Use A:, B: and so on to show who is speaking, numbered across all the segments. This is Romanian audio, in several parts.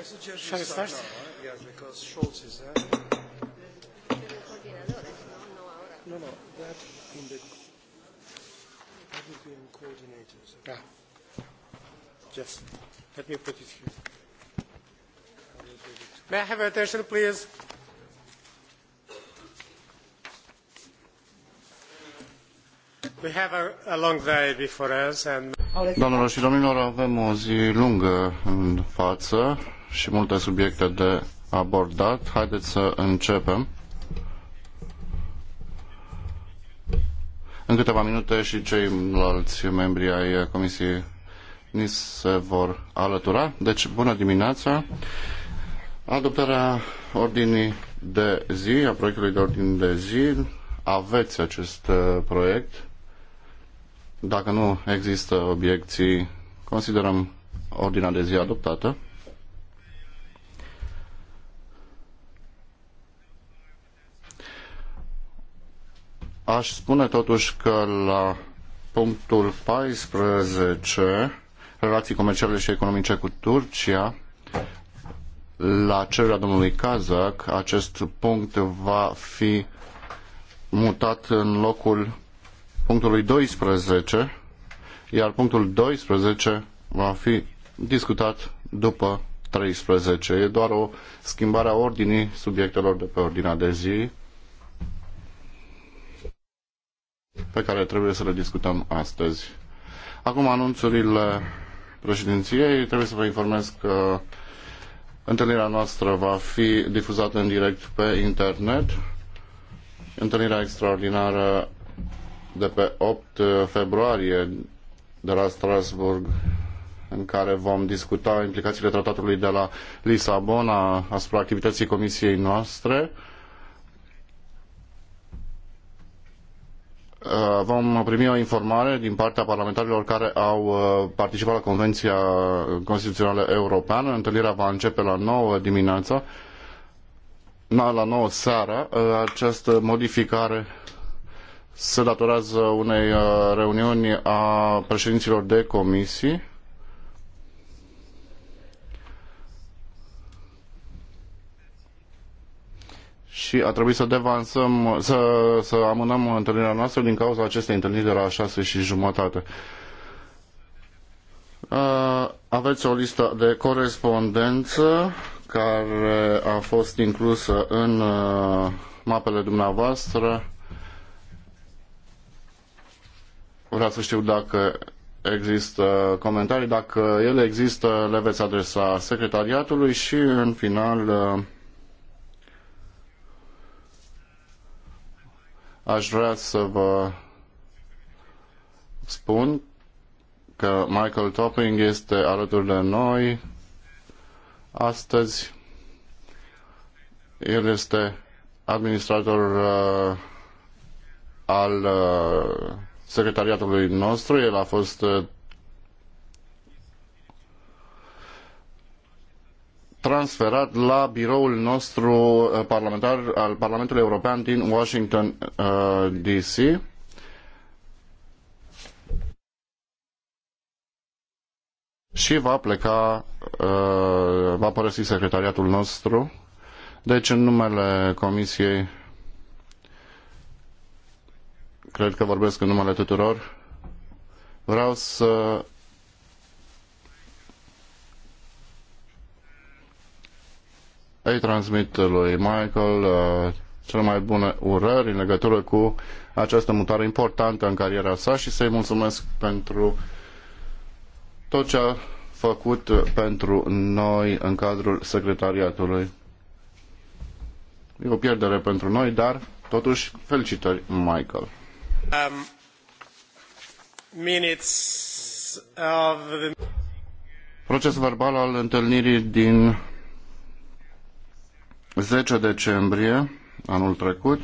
A: I suggest Shall we start? No, no, that in the that would be coordinators. Yeah. Yes. Let me put it here. May I have your attention, please? We have a, a long day before us and...
B: Doamnelor și domnilor, avem o zi lungă în față și multe subiecte de abordat. Haideți să începem. În câteva minute și ceilalți membri ai Comisiei ni se vor alătura. Deci, bună dimineața! Adoptarea ordinii de zi, a proiectului de ordin de zi, aveți acest uh, proiect. Dacă nu există obiecții, considerăm ordinea de zi adoptată. Aș spune totuși că la punctul 14, relații comerciale și economice cu Turcia, la cererea domnului Kazak, acest punct va fi mutat în locul punctului 12, iar punctul 12 va fi discutat după 13. E doar o schimbare a ordinii subiectelor de pe ordinea de zi. pe care trebuie să le discutăm astăzi. Acum anunțurile președinției. Trebuie să vă informez că întâlnirea noastră va fi difuzată în direct pe internet. Întâlnirea extraordinară de pe 8 februarie de la Strasburg în care vom discuta implicațiile tratatului de la Lisabona asupra activității comisiei noastre. Uh, vom primi o informare din partea parlamentarilor care au uh, participat la Convenția Constituțională Europeană. Întâlnirea va începe la 9 dimineața, la 9 seara. Uh, această modificare se datorează unei reuniuni a președinților de comisii și a trebuit să devansăm, să, să amânăm întâlnirea noastră din cauza acestei întâlniri de la 6 și jumătate. Uh, aveți o listă de corespondență care a fost inclusă în uh, mapele dumneavoastră. Vreau să știu dacă există comentarii. Dacă ele există, le veți adresa secretariatului și în final uh, Aș vrea să vă spun că Michael Topping este alături de noi astăzi. El este administrator uh, al uh, secretariatului nostru. El a fost uh, transferat la biroul nostru uh, parlamentar al Parlamentului European din Washington uh, DC. Și va pleca, uh, va părăsi secretariatul nostru. Deci, în numele Comisiei, cred că vorbesc în numele tuturor, vreau să Îi transmit lui Michael uh, cele mai bune urări în legătură cu această mutare importantă în cariera sa și să-i mulțumesc pentru tot ce a făcut pentru noi în cadrul secretariatului. E o pierdere pentru noi, dar totuși felicitări, Michael. Um, minutes
A: of...
B: Procesul verbal al întâlnirii din 10 decembrie anul trecut.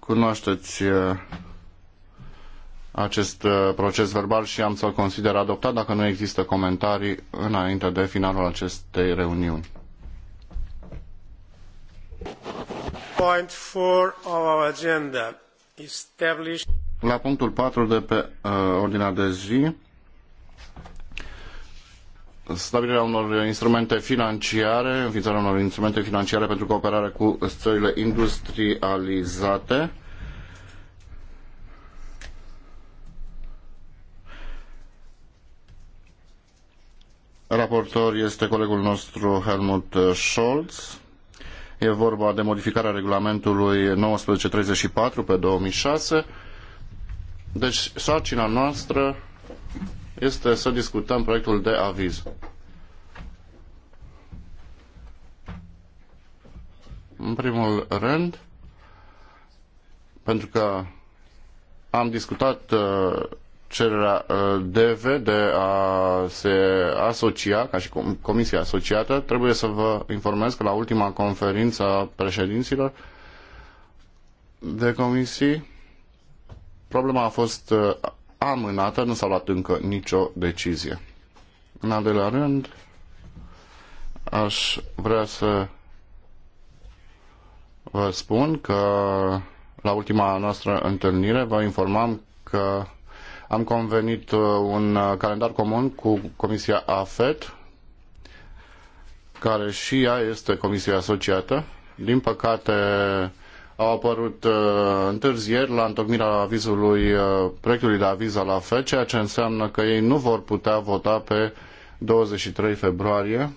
B: Cunoașteți uh, acest uh, proces verbal și am să-l consider adoptat dacă nu există comentarii înainte de finalul acestei reuniuni.
A: Point four of agenda. Established...
B: La punctul 4 de pe uh, ordinea de zi, stabilirea unor instrumente financiare, înființarea unor instrumente financiare pentru cooperare cu țările industrializate. Raportor este colegul nostru Helmut Scholz. E vorba de modificarea regulamentului 1934 pe 2006. Deci sarcina noastră este să discutăm proiectul de aviz. În primul rând, pentru că am discutat uh, cererea uh, DV de a se asocia, ca și comisia asociată, trebuie să vă informez că la ultima conferință a președinților de comisii, problema a fost uh, amânată, nu s-a luat încă nicio decizie. În al doilea rând, aș vrea să vă spun că la ultima noastră întâlnire vă informam că am convenit uh, un uh, calendar comun cu Comisia AFET, care și ea este Comisia Asociată. Din păcate, au apărut uh, întârzieri la întocmirea avizului, uh, proiectului de aviz al AFE, ceea ce înseamnă că ei nu vor putea vota pe 23 februarie,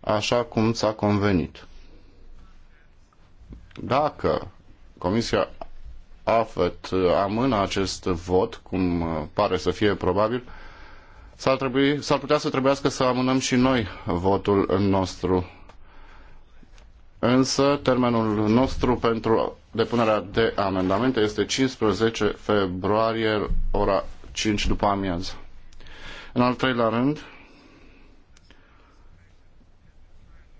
B: așa cum s-a convenit. Dacă Comisia AFET amână acest vot, cum uh, pare să fie probabil, s-ar, trebui, s-ar putea să trebuiască să amânăm și noi votul nostru însă termenul nostru pentru depunerea de amendamente este 15 februarie, ora 5 după amiază. În al treilea rând,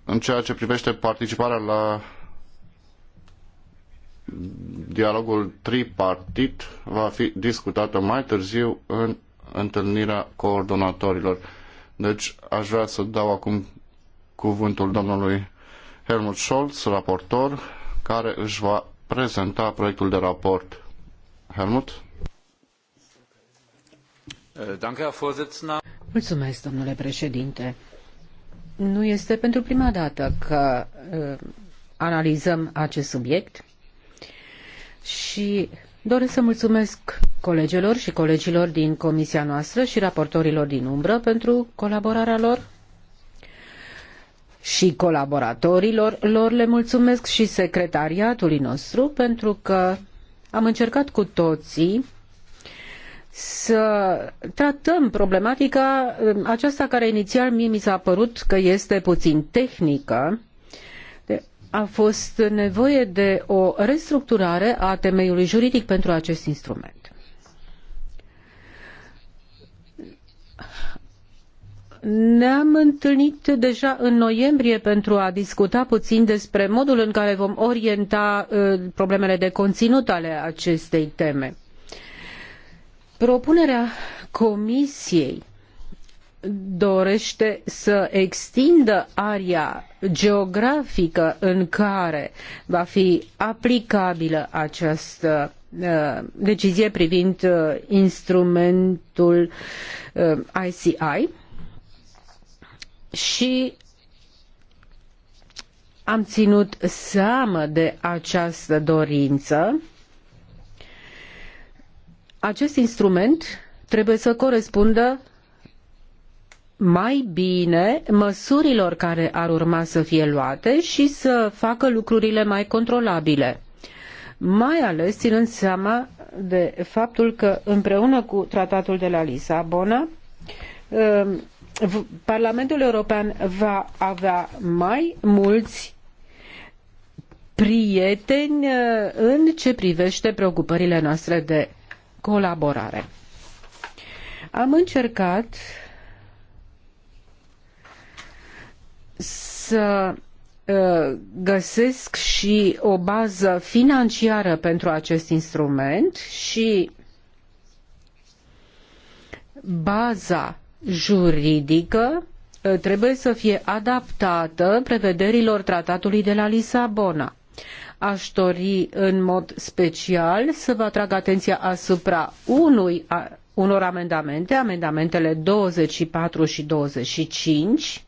B: în ceea ce privește participarea la dialogul tripartit va fi discutată mai târziu în întâlnirea coordonatorilor. Deci aș vrea să dau acum cuvântul domnului Helmut Scholz, raportor, care își va prezenta proiectul de raport. Helmut? Mulțumesc,
C: domnule președinte. Nu este pentru prima dată că uh, analizăm acest subiect și doresc să mulțumesc colegelor și colegilor din comisia noastră și raportorilor din umbră pentru colaborarea lor și colaboratorilor lor le mulțumesc și secretariatului nostru pentru că am încercat cu toții să tratăm problematica aceasta care inițial mie mi s-a părut că este puțin tehnică. A fost nevoie de o restructurare a temeiului juridic pentru acest instrument. ne-am întâlnit deja în noiembrie pentru a discuta puțin despre modul în care vom orienta uh, problemele de conținut ale acestei teme. Propunerea Comisiei dorește să extindă aria geografică în care va fi aplicabilă această uh, decizie privind uh, instrumentul ICI și am inut seamă de această dorință. Acest instrument trebuie să corespundă mai bine măsurilor care ar urma să fie luate și să facă lucrurile mai controlabile. Mai ales ținând seama de faptul că împreună cu tratatul de la Lisabona Parlamentul European va avea mai mulți prieteni uh, în ce privește preocupările noastre de colaborare. Am încercat să uh, găsesc și o bază financiară pentru acest instrument și baza juridică ă, trebuie să fie adaptată prevederilor tratatului de la Lisabona. Aș dori în mod special să vă atrag atenția asupra unui, a, unor amendamente, amendamentele 24 și 25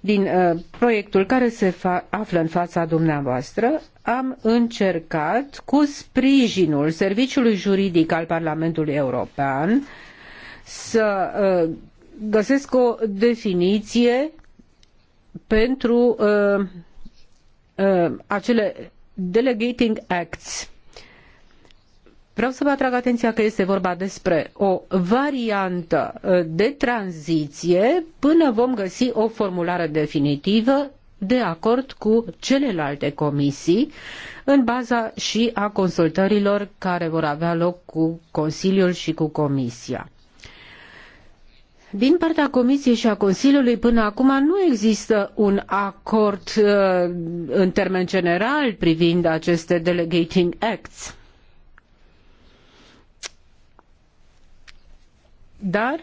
C: din ă, proiectul care se află în fața dumneavoastră, am încercat, cu sprijinul Serviciului Juridic al Parlamentului European, să uh, găsesc o definiție pentru uh, uh, acele delegating acts. Vreau să vă atrag atenția că este vorba despre o variantă de tranziție până vom găsi o formulare definitivă de acord cu celelalte comisii, în baza și a consultărilor care vor avea loc cu Consiliul și cu Comisia. Din partea Comisiei și a Consiliului până acum nu există un acord uh, în termen general privind aceste delegating acts. Dar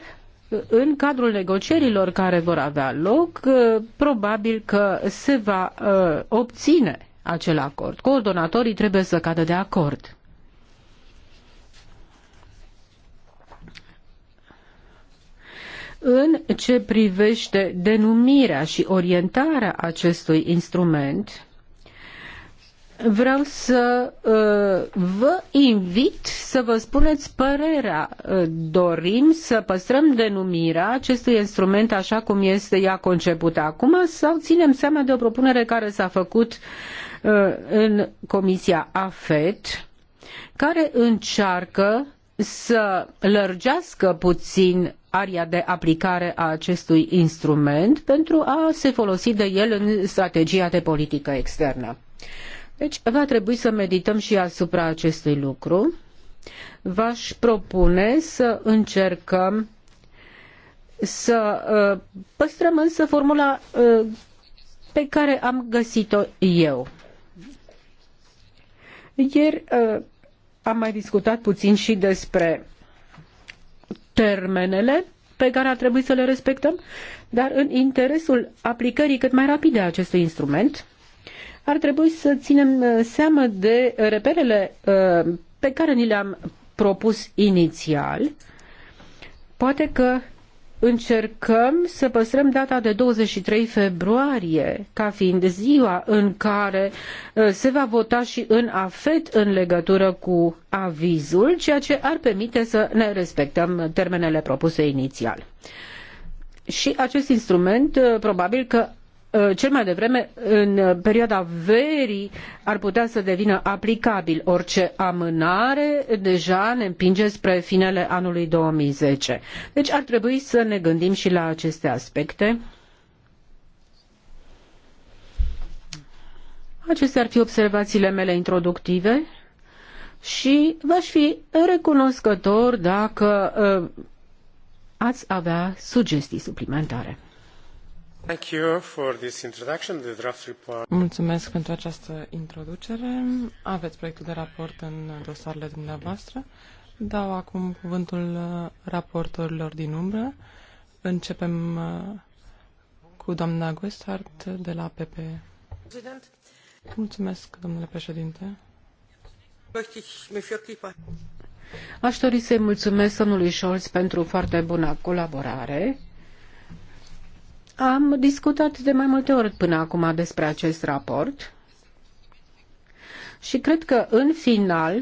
C: în cadrul negocierilor care vor avea loc, uh, probabil că se va uh, obține acel acord. Coordonatorii trebuie să cadă de acord. În ce privește denumirea și orientarea acestui instrument, vreau să uh, vă invit să vă spuneți părerea. Uh, dorim să păstrăm denumirea acestui instrument așa cum este ea concepută acum sau ținem seama de o propunere care s-a făcut uh, în Comisia AFET care încearcă să lărgească puțin aria de aplicare a acestui instrument pentru a se folosi de el în strategia de politică externă. Deci va trebui să medităm și asupra acestui lucru. V-aș propune să încercăm să uh, păstrăm însă formula uh, pe care am găsit-o eu. Ieri uh, am mai discutat puțin și despre termenele pe care ar trebui să le respectăm, dar în interesul aplicării cât mai rapide a acestui instrument, ar trebui să ținem uh, seama de reperele uh, pe care ni le-am propus inițial. Poate că încercăm să păstrăm data de 23 februarie ca fiind ziua în care uh, se va vota și în afet în legătură cu avizul, ceea ce ar permite să ne respectăm termenele propuse inițial. Și acest instrument uh, probabil că Uh, cel mai devreme în uh, perioada verii ar putea să devină aplicabil. Orice amânare deja ne împinge spre finele anului 2010. Deci ar trebui să ne gândim și la aceste aspecte. Acestea ar fi observațiile mele introductive și v-aș fi recunoscător dacă uh, ați avea sugestii
D: suplimentare. Mulțumesc pentru această introducere. Aveți proiectul de raport în dosarele dumneavoastră. Dau acum cuvântul uh, raportorilor din umbră. Începem uh, cu doamna Guesthardt de la PP. Mulțumesc, domnule președinte.
C: Aș dori să-i mulțumesc domnului Scholz pentru foarte bună colaborare am discutat de mai multe ori până acum despre acest raport și cred că în final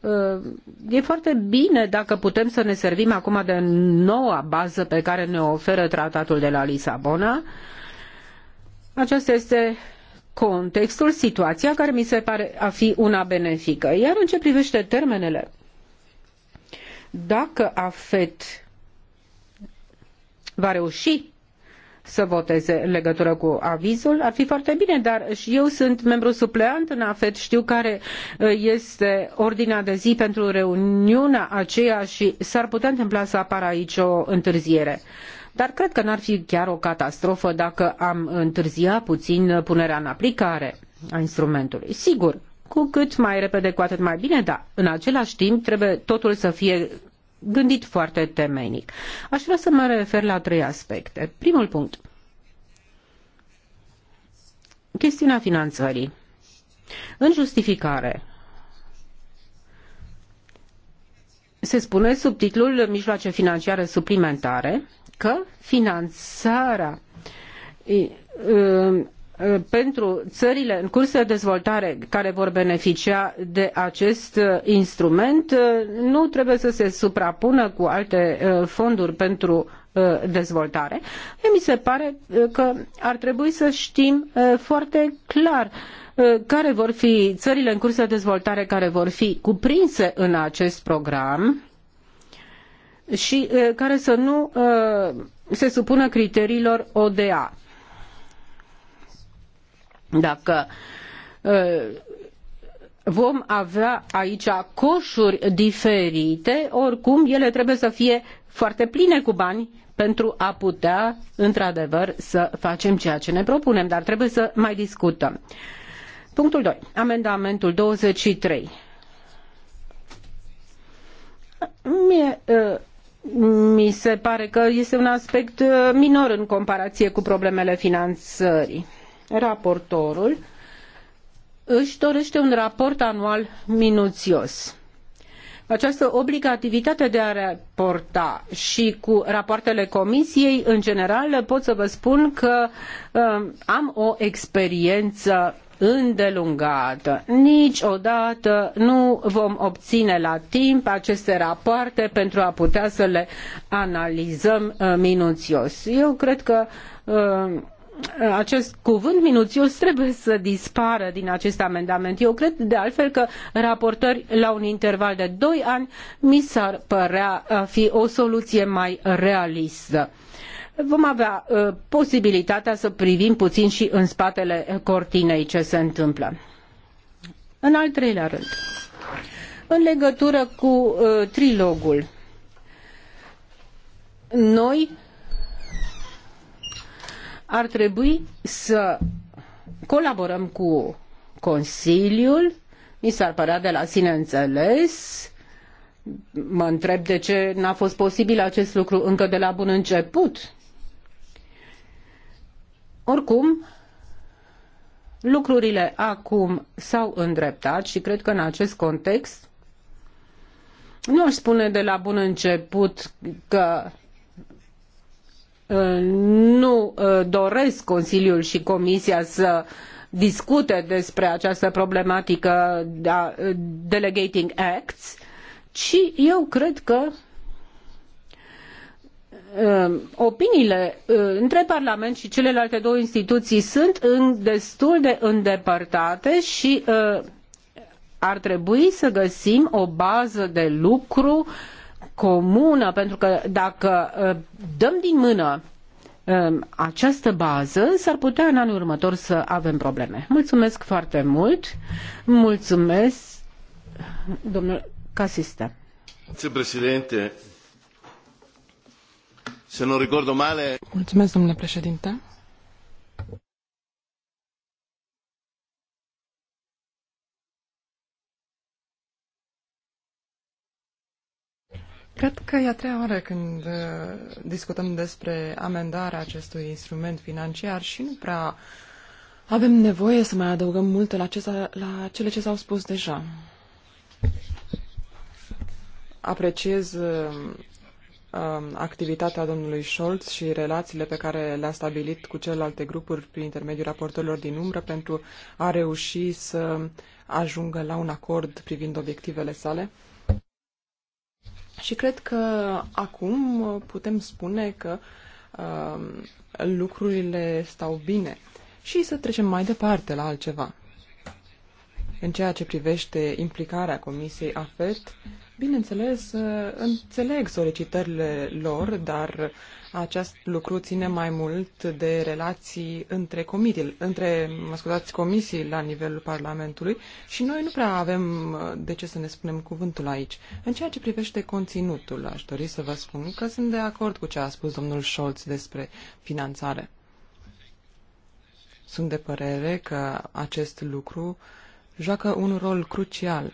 C: uh, e foarte bine dacă putem să ne servim acum de noua bază pe care ne oferă tratatul de la Lisabona. Aceasta este contextul, situația care mi se pare a fi una benefică. Iar în ce privește termenele, dacă AFET va reuși să voteze în legătură cu avizul. Ar fi foarte bine, dar și eu sunt membru supleant în AFET, știu care uh, este ordinea de zi pentru reuniunea aceea și s-ar putea întâmpla să apară aici o întârziere. Dar cred că n-ar fi chiar o catastrofă dacă am întârzia puțin punerea în aplicare a instrumentului. Sigur, cu cât mai repede, cu atât mai bine, dar în același timp trebuie totul să fie gândit foarte temeinic. Aș vrea să mă refer la trei aspecte. Primul punct. Chestiunea finanțării. În justificare, se spune sub titlul Mijloace financiare suplimentare că finanțarea Uh, pentru țările în curs de dezvoltare care vor beneficia de acest uh, instrument uh, nu trebuie să se suprapună cu alte fonduri pentru dezvoltare. Mi se pare că ar trebui să știm foarte clar care vor fi țările în curs de dezvoltare care vor fi cuprinse în acest program și care să nu se supună criteriilor ODA dacă ă, vom avea aici coșuri diferite, oricum ele trebuie să fie foarte pline cu bani pentru a putea, într-adevăr, să facem ceea ce ne propunem, dar trebuie să mai discutăm. Punctul 2. Amendamentul 23. Mie, ă, mi se pare că este un aspect ă, minor în comparație cu problemele finanțării raportorul își dorește un raport anual minuțios. Această obligativitate de a raporta și cu rapoartele comisiei, în general, pot să vă spun că um, am o experiență îndelungată. Niciodată nu vom obține la timp aceste rapoarte pentru a putea să le analizăm uh, minuțios. Eu cred că uh, acest cuvânt minuțios trebuie să dispară din acest amendament. Eu cred de altfel că raportări la un interval de doi ani mi s-ar părea a fi o soluție mai realistă. Vom avea uh, posibilitatea să privim puțin și în spatele cortinei ce se întâmplă. În al treilea rând, în legătură cu uh, trilogul, noi ar trebui să colaborăm cu Consiliul, mi s-ar părea de la sine înțeles, mă întreb de ce n-a fost posibil acest lucru încă de la bun început. Oricum, lucrurile acum s-au îndreptat și cred că în acest context nu aș spune de la bun început că Uh, nu uh, doresc Consiliul și Comisia să discute despre această problematică a uh, Delegating Acts, ci eu cred că opiniile între Parlament și celelalte două instituții sunt destul de îndepărtate și ar trebui să găsim o bază de lucru uh, comună, pentru că dacă uh, dăm din mână um, această bază, s-ar putea în anul următor să avem probleme. Mulțumesc foarte mult. Mulțumesc, domnul
D: Casista. Mulțumesc, domnule președinte. Cred că e a treia oară când uh, discutăm despre amendarea acestui instrument financiar și nu prea avem nevoie să mai adăugăm multe la, ce la cele ce s-au spus deja. Apreciez um, um, activitatea domnului Scholz și relațiile pe care le-a stabilit cu celelalte grupuri prin intermediul raportorilor din umbră pentru a reuși să ajungă la un acord privind obiectivele sale. Și cred că acum putem spune că uh, lucrurile stau bine și să trecem mai departe la altceva. În ceea ce privește implicarea Comisiei AFET Bineînțeles, uh, înțeleg solicitările lor, dar acest lucru ține mai mult de relații între comitii, între, mă scuzați, comisii la nivelul Parlamentului și noi nu prea avem uh, de ce să ne spunem cuvântul aici. În ceea ce privește conținutul, aș dori să vă spun că sunt de acord cu ce a spus domnul Scholz despre finanțare. Sunt de părere că acest lucru joacă un rol crucial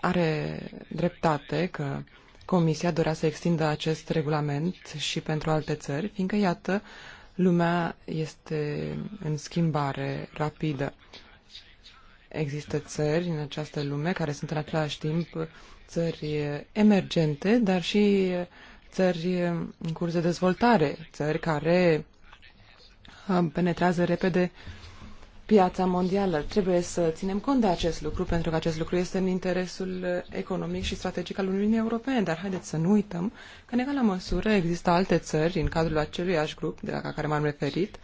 D: are dreptate că Comisia dorea să extindă acest regulament și pentru alte țări, fiindcă, iată, lumea este în schimbare rapidă. Există țări în această lume care sunt în același timp țări emergente, dar și țări în curs de dezvoltare, țări care uh, penetrează repede piața mondială. Trebuie să ținem cont de acest lucru, pentru că acest lucru este în interesul uh, economic și strategic al Uniunii Europene. Dar haideți să nu uităm că, în egală măsură, există alte țări în cadrul aceluiași grup de la care m-am referit,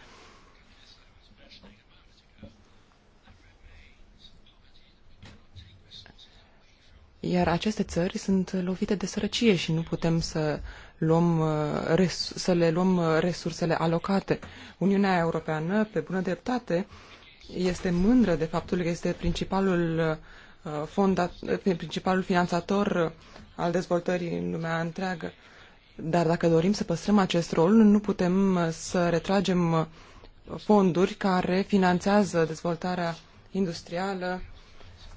D: Iar aceste țări sunt lovite de sărăcie și nu putem să, luăm, uh, să le luăm uh, resursele alocate. Uniunea Europeană, pe bună dreptate, este mândră de faptul că este principalul, uh, fondat, uh, principalul finanțator uh, al dezvoltării în lumea întreagă. Dar dacă dorim să păstrăm acest rol, nu putem să retragem fonduri care finanțează dezvoltarea industrială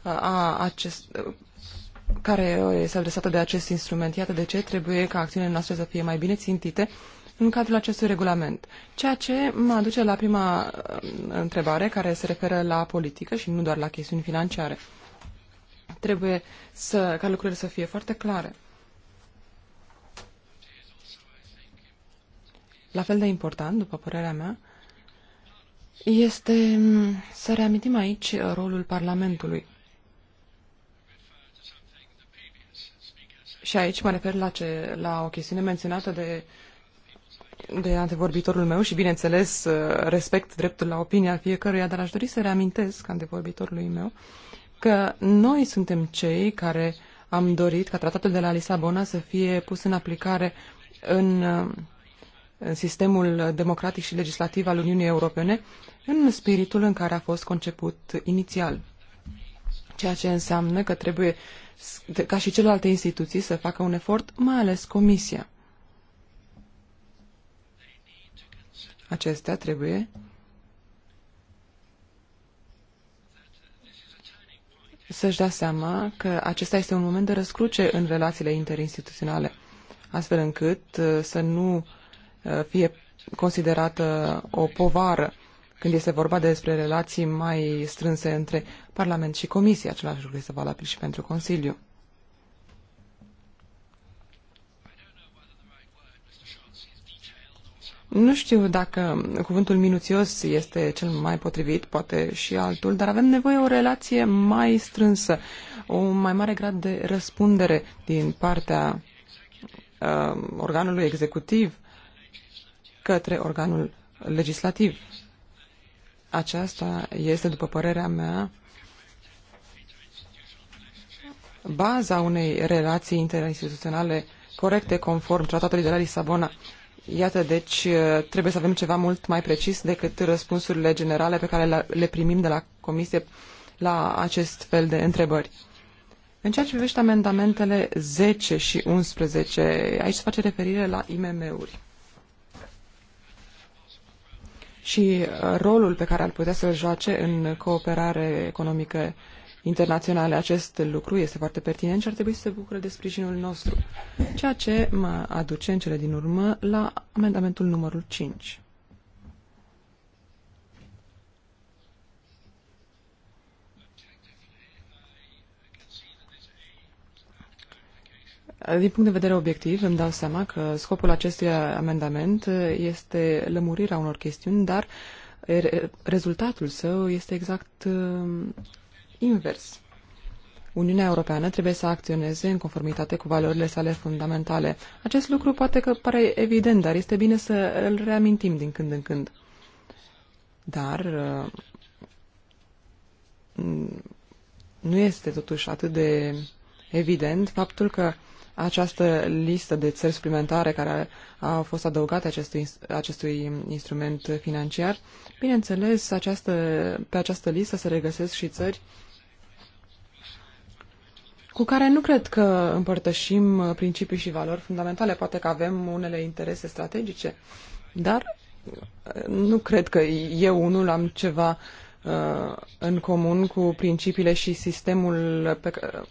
D: a acest, care este adresată de acest instrument. Iată de ce trebuie ca acțiunile noastre să fie mai bine țintite în cadrul acestui regulament. Ceea ce mă aduce la prima um, întrebare, care se referă la politică și nu doar la chestiuni financiare. Trebuie să, ca lucrurile să fie foarte clare. La fel de important, după părerea mea, este um, să reamintim aici rolul Parlamentului. Și aici mă refer la, ce, la o chestiune menționată de de antevorbitorul meu și, bineînțeles, uh, respect dreptul la opinia fiecăruia, dar aș dori să reamintesc antevorbitorului meu că noi suntem cei care am dorit ca tratatul de la Lisabona să fie pus în aplicare în, uh, în sistemul democratic și legislativ al Uniunii Europene în spiritul în care a fost conceput inițial. Ceea ce înseamnă că trebuie ca și celelalte instituții să facă un efort, mai ales Comisia. Acestea trebuie să-și dea seama că acesta este un moment de răscruce în relațiile interinstituționale, astfel încât uh, să nu uh, fie considerată o povară când este vorba despre relații mai strânse între Parlament și Comisie. Același lucru este valabil și pentru Consiliu. Nu știu dacă cuvântul minuțios este cel mai potrivit, poate și altul, dar avem nevoie o relație mai strânsă, un mai mare grad de răspundere din partea uh, organului executiv către organul legislativ. Aceasta este, după părerea mea, baza unei relații interinstituționale corecte conform tratatului de la Lisabona. Iată, deci, uh, trebuie să avem ceva mult mai precis decât răspunsurile generale pe care le primim de la Comisie la acest fel de întrebări. În ceea ce privește amendamentele 10 și 11, aici se face referire la IMM-uri. Și uh, rolul pe care ar putea să-l joace în cooperare economică internaționale. Acest lucru este foarte pertinent și ar trebui să se bucure de sprijinul nostru. Ceea ce mă aduce în cele din urmă la amendamentul numărul 5. Din punct de vedere obiectiv, îmi dau seama că scopul acestui amendament este lămurirea unor chestiuni, dar er, er, rezultatul său este exact invers. Uniunea Europeană trebuie să acționeze în conformitate cu valorile sale fundamentale. Acest lucru poate că pare evident, dar este bine să îl reamintim din când în când. Dar uh, nu este totuși atât de evident faptul că această listă de țări suplimentare care au fost adăugate acestui, acestui instrument financiar, bineînțeles, această, pe această listă se regăsesc și țări uh, cu care nu cred că împărtășim uh, principii și valori fundamentale. Poate că avem unele interese strategice, dar uh, nu cred că eu unul am ceva uh, în comun cu principiile și sistemul pe, uh,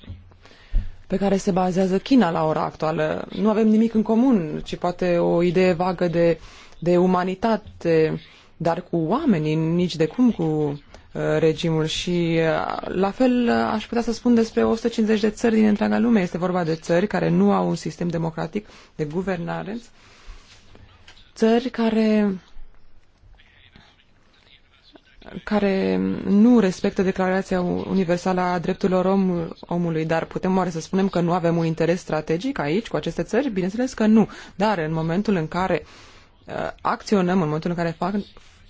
D: pe care se bazează China la ora actuală. Nu avem nimic în comun, ci poate o idee vagă de, de umanitate, dar cu oamenii, nici de cum cu Uh, regimul și uh, la fel uh, aș putea să spun despre 150 de țări din întreaga lume. Este vorba de țări care nu au un sistem democratic de guvernare, țări care care nu respectă Declarația Universală a Drepturilor om, Omului, dar putem oare să spunem că nu avem un interes strategic aici cu aceste țări? Bineînțeles că nu, dar în momentul în care acționăm, în momentul în care fac,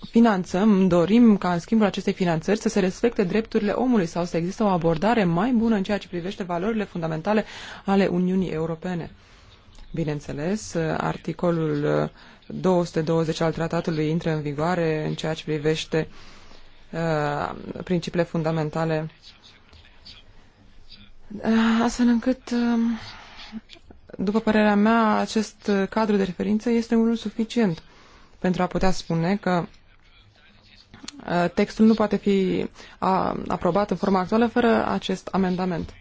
D: finanțăm, dorim ca în schimbul acestei finanțări să se respecte drepturile omului sau să existe o abordare mai bună în ceea ce privește valorile fundamentale ale Uniunii Europene. Bineînțeles, articolul 220 al tratatului intră în vigoare în ceea ce privește uh, principiile fundamentale, uh, astfel încât um, după părerea mea, acest cadru de referință este unul suficient pentru a putea spune că Uh, textul nu poate fi aprobat în forma actuală fără acest amendament.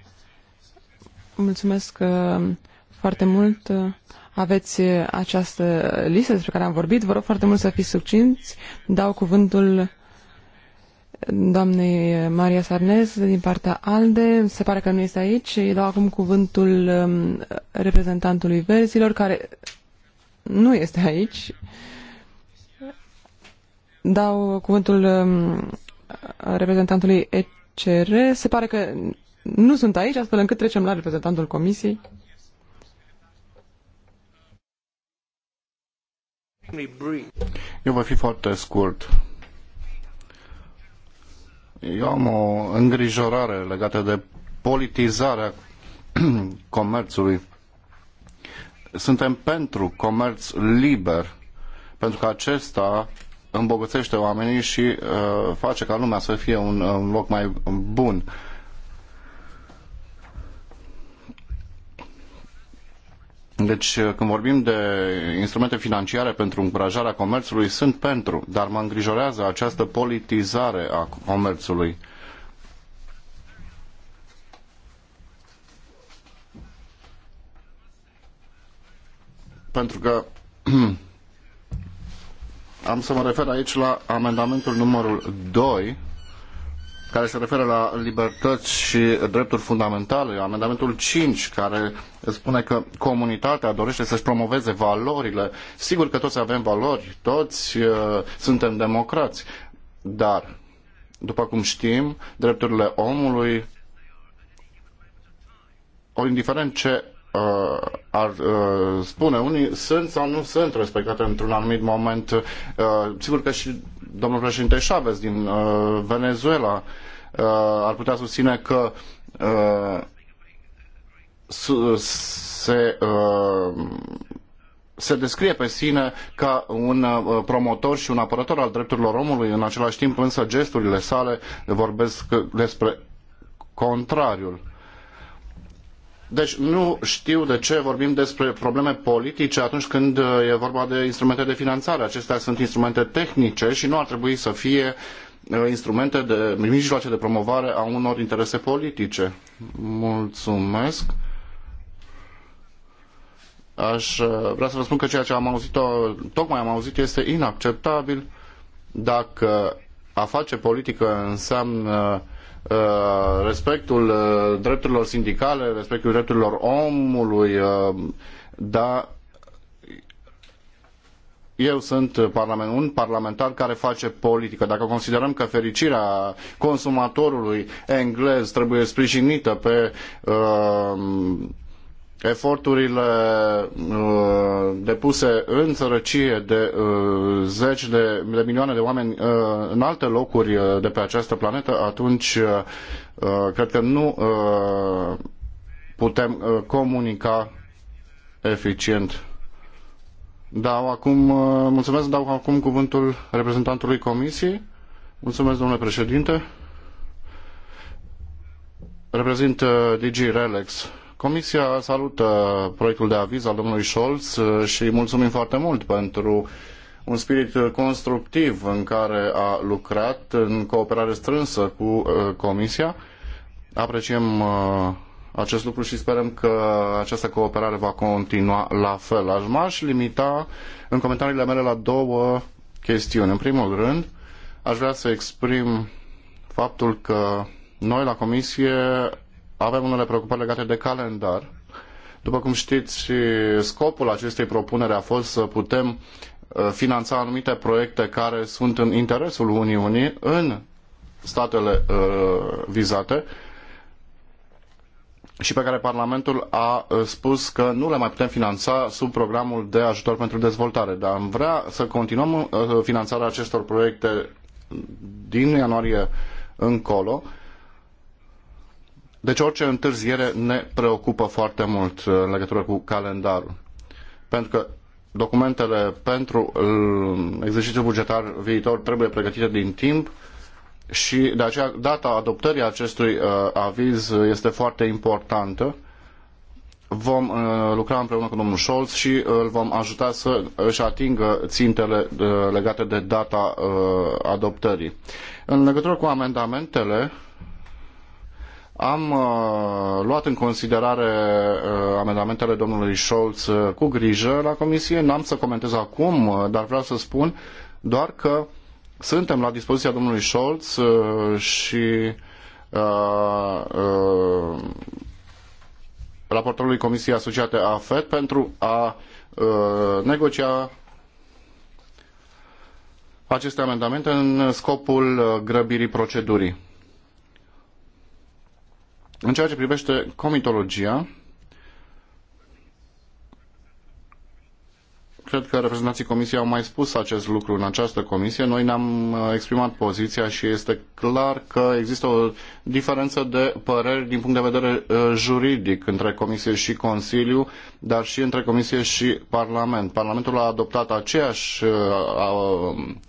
D: Mulțumesc uh, foarte mult. Uh, aveți această listă despre care am vorbit. Vă rog foarte mult să fiți succinți. Dau cuvântul doamnei Maria Sarnez din partea ALDE. Se pare că nu este aici. Îi dau acum cuvântul um, reprezentantului Verzilor, care nu este aici. Uh, dau cuvântul um, reprezentantului ECR. Se pare că nu sunt aici, astfel încât trecem la reprezentantul Comisiei.
B: Eu voi fi foarte scurt. Eu am o îngrijorare legată de politizarea comerțului. Suntem pentru comerț liber, pentru că acesta îmbogățește oamenii și uh, face ca lumea să fie un, uh, un loc mai bun. Deci, uh, când vorbim de instrumente financiare pentru încurajarea comerțului, sunt pentru, dar mă îngrijorează această politizare a comerțului. Pentru că Am să mă refer aici la amendamentul numărul 2, care se referă la libertăți și drepturi fundamentale, amendamentul 5, care spune că comunitatea dorește să-și promoveze valorile. Sigur că toți avem valori, toți uh, suntem democrați, dar, după cum știm, drepturile omului, indiferent ce Uh, ar uh, spune unii sunt sau nu sunt respectate într-un anumit moment. Uh, sigur că și domnul președinte Chavez din Venezuela ar putea susține că se, se descrie pe sine ca un promotor și un apărător al drepturilor omului, în același timp însă gesturile sale vorbesc despre contrariul. Deci nu știu de ce vorbim despre probleme politice atunci când uh, e vorba de instrumente de finanțare. Acestea sunt instrumente tehnice și nu ar trebui să fie uh, instrumente de mijloace de promovare a unor interese politice. Mulțumesc. Aș uh, vrea să vă spun că ceea ce am auzit, tocmai am auzit, este inacceptabil dacă a face politică înseamnă Uh, respectul uh, drepturilor sindicale, respectul drepturilor omului, uh, dar eu sunt parlament, un parlamentar care face politică. Dacă considerăm că fericirea consumatorului englez trebuie sprijinită pe uh, eforturile uh, depuse în sărăcie de uh, zeci de, de milioane de oameni uh, în alte locuri de pe această planetă, atunci cred că nu putem comunica eficient. Dau acum, mulțumesc, dau acum cuvântul reprezentantului Comisiei. Mulțumesc, domnule președinte. Reprezint DG Relex Comisia salută proiectul de aviz al domnului Scholz uh, și mulțumim foarte mult pentru un spirit constructiv în care a lucrat în cooperare strânsă cu uh, Comisia. Apreciem uh, acest lucru și sperăm că această cooperare va continua la fel. Aș m-aș limita în comentariile mele la două chestiuni. În primul rând, aș vrea să exprim faptul că noi la Comisie avem unele preocupări legate de calendar. După cum știți, scopul acestei propuneri a fost să putem uh, finanța anumite proiecte care sunt în interesul Uniunii în statele uh, vizate și pe care Parlamentul a uh, spus că nu le mai putem finanța sub programul de ajutor pentru dezvoltare. Dar am vrea să continuăm finanțarea acestor proiecte din ianuarie încolo deci orice întârziere ne preocupă foarte mult uh, în legătură cu calendarul. Pentru că documentele pentru uh, exercițiul bugetar viitor trebuie pregătite din timp și de aceea data adoptării acestui uh, aviz este foarte importantă. Vom lucra împreună cu domnul Scholz și îl vom ajuta să își atingă țintele legate de data adoptării. În legătură cu amendamentele, am uh, luat în considerare uh, amendamentele domnului Scholz uh, cu grijă la comisie. N-am să comentez acum, dar vreau să spun doar că suntem la dispoziția domnului Scholz și uh, uh, raportorului Comisiei Asociate AFET pentru a uh, negocia aceste amendamente în scopul grăbirii procedurii. În ceea ce privește comitologia, cred că reprezentanții Comisiei au mai spus acest lucru în această comisie. Noi ne-am uh, exprimat poziția și este clar că există o diferență de păreri din punct de vedere uh, juridic între Comisie și Consiliu, dar și între Comisie și Parlament. Parlamentul a adoptat aceeași uh, um,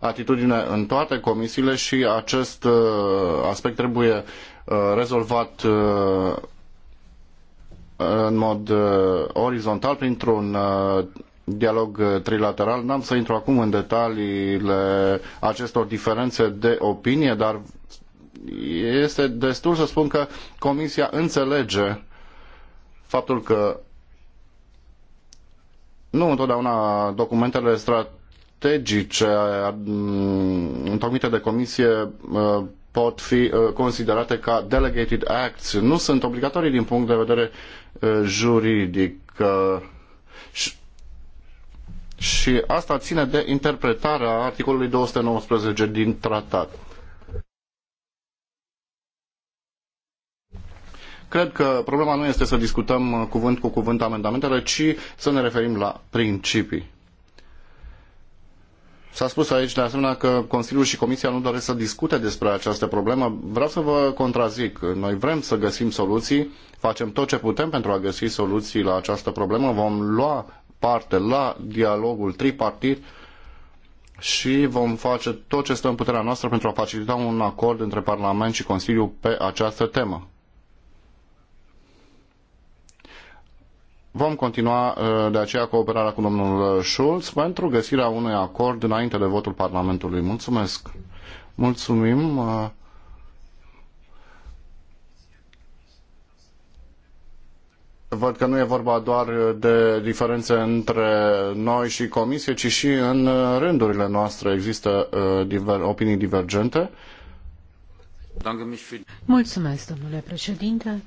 B: atitudine în toate comisiile și acest aspect trebuie Uh, rezolvat uh, în mod uh, orizontal printr-un dialog trilateral. N-am să intru acum în detaliile acestor diferențe de opinie, dar este destul să spun că Comisia înțelege faptul că nu întotdeauna documentele strategice întocmite de Comisie pot fi uh, considerate ca delegated acts. Nu sunt obligatorii din punct de vedere uh, juridic. Uh, și asta ține de interpretarea articolului 219 din tratat. Cred că problema nu este să discutăm cuvânt cu cuvânt amendamentele, ci să ne referim la principii. S-a spus aici de asemenea că Consiliul și Comisia nu doresc să discute despre această problemă. Vreau să vă contrazic. Noi vrem să găsim soluții, facem tot ce putem pentru a găsi soluții la această problemă, vom lua parte la dialogul tripartit și vom face tot ce stă în puterea noastră pentru a facilita un acord între Parlament și Consiliu pe această temă. Vom continua uh, de aceea cooperarea cu domnul uh, Schulz pentru găsirea unui acord înainte de votul Parlamentului. Mulțumesc! Mulțumim! Uh, văd că nu e vorba doar de diferențe între noi și Comisie, ci și în rândurile noastre există diver, opinii divergente.
C: Mulțumesc, domnule președinte.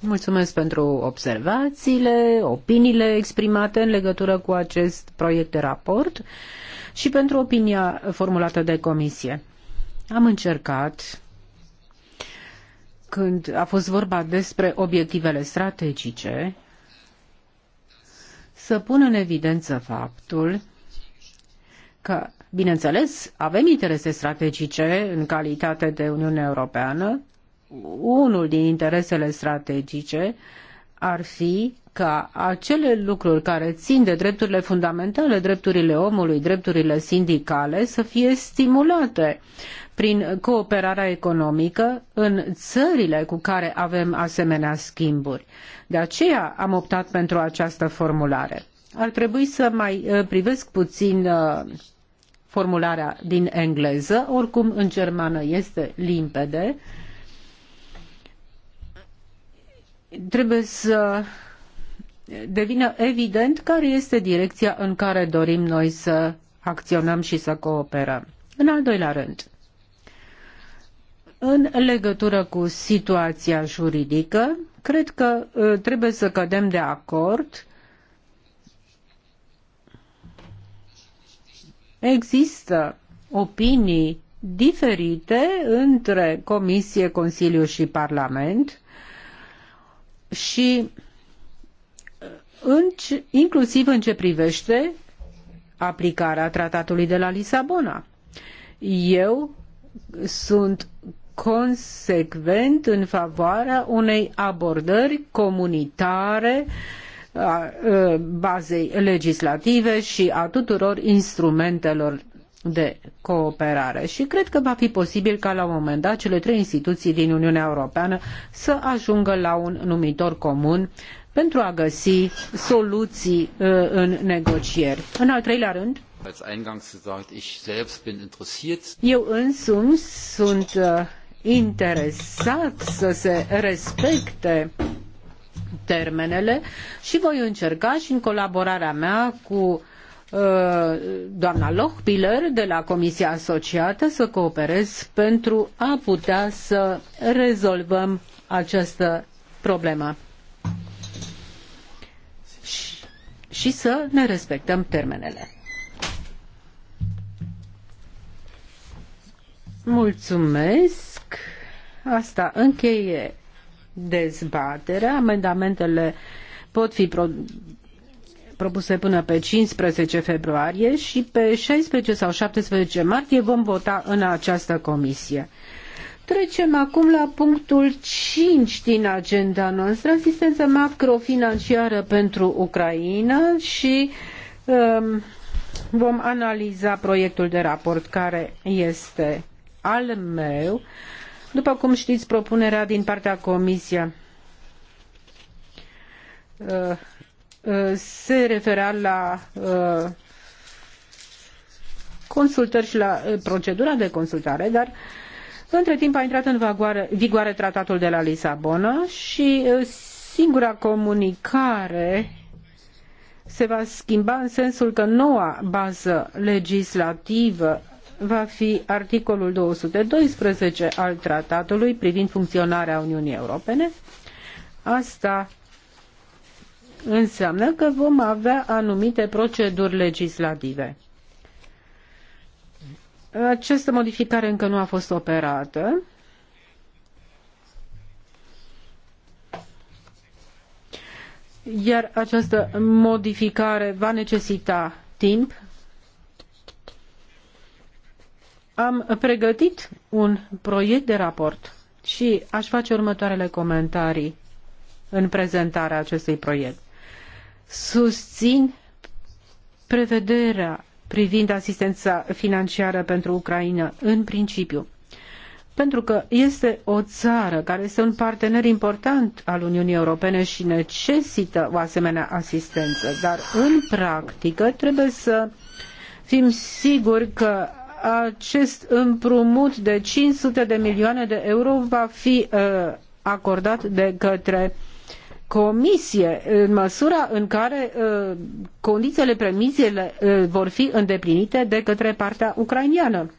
C: Mulțumesc pentru observațiile, opiniile exprimate în legătură cu acest proiect de raport și pentru opinia formulată de comisie. Am încercat, când a fost vorba despre obiectivele strategice, să pun în evidență faptul că, bineînțeles, avem interese strategice în calitate de Uniune Europeană, unul din interesele strategice ar fi ca acele lucruri care țin de drepturile fundamentale, drepturile omului, drepturile sindicale, să fie stimulate prin cooperarea economică în țările cu care avem asemenea schimburi. De aceea am optat pentru această formulare. Ar trebui să mai uh, privesc puțin uh, formularea din engleză, oricum în germană este limpede. Uh, trebuie să devină evident care este direcția în care dorim noi să acționăm și să cooperăm. În al doilea rând, în legătură cu situația juridică, cred că ă, trebuie să cădem de acord. Există opinii diferite între Comisie, Consiliu și Parlament și în, inclusiv în ce privește aplicarea tratatului de la Lisabona. Eu sunt consecvent în favoarea unei abordări comunitare a bazei legislative și a tuturor instrumentelor de cooperare și cred că va fi posibil ca la un moment dat cele trei instituții din Uniunea Europeană să ajungă la un numitor comun pentru a găsi soluții uh, în negocieri. În al treilea rând, eu însumi sunt uh, interesat să se respecte termenele și voi încerca și în colaborarea mea cu Uh, doamna Lochbiller de la Comisia Asociată să cooperez pentru a putea să rezolvăm această problemă și, și să ne respectăm termenele. Mulțumesc. Asta încheie dezbaterea. Amendamentele pot fi propuse până pe 15 februarie și pe 16 sau 17 martie vom vota în această comisie. Trecem acum la punctul 5 din agenda noastră, asistență macrofinanciară pentru Ucraina și um, vom analiza proiectul de raport care este al meu. După cum știți, propunerea din partea Comisiei uh, Uh, se referea la uh, consultări și la uh, procedura de consultare, dar între timp a intrat în vigoare tratatul de la Lisabona și singura comunicare se va schimba în sensul că noua bază legislativă va fi articolul 212 al tratatului privind funcționarea Uniunii Europene. Asta înseamnă că vom avea anumite proceduri legislative. Această modificare încă nu a fost operată. Iar această modificare va necesita timp. Am pregătit un proiect de raport și aș face următoarele comentarii în prezentarea acestui proiect susțin prevederea privind asistența financiară pentru Ucraina în principiu. Pentru că este o țară care este un partener important al Uniunii Europene și necesită o asemenea asistență, dar în practică trebuie să fim siguri că acest împrumut de 500 de milioane de euro va fi uh, acordat de către Comisie, în măsura în care uh, condițiile, premisele uh, vor fi îndeplinite de către partea ucraineană.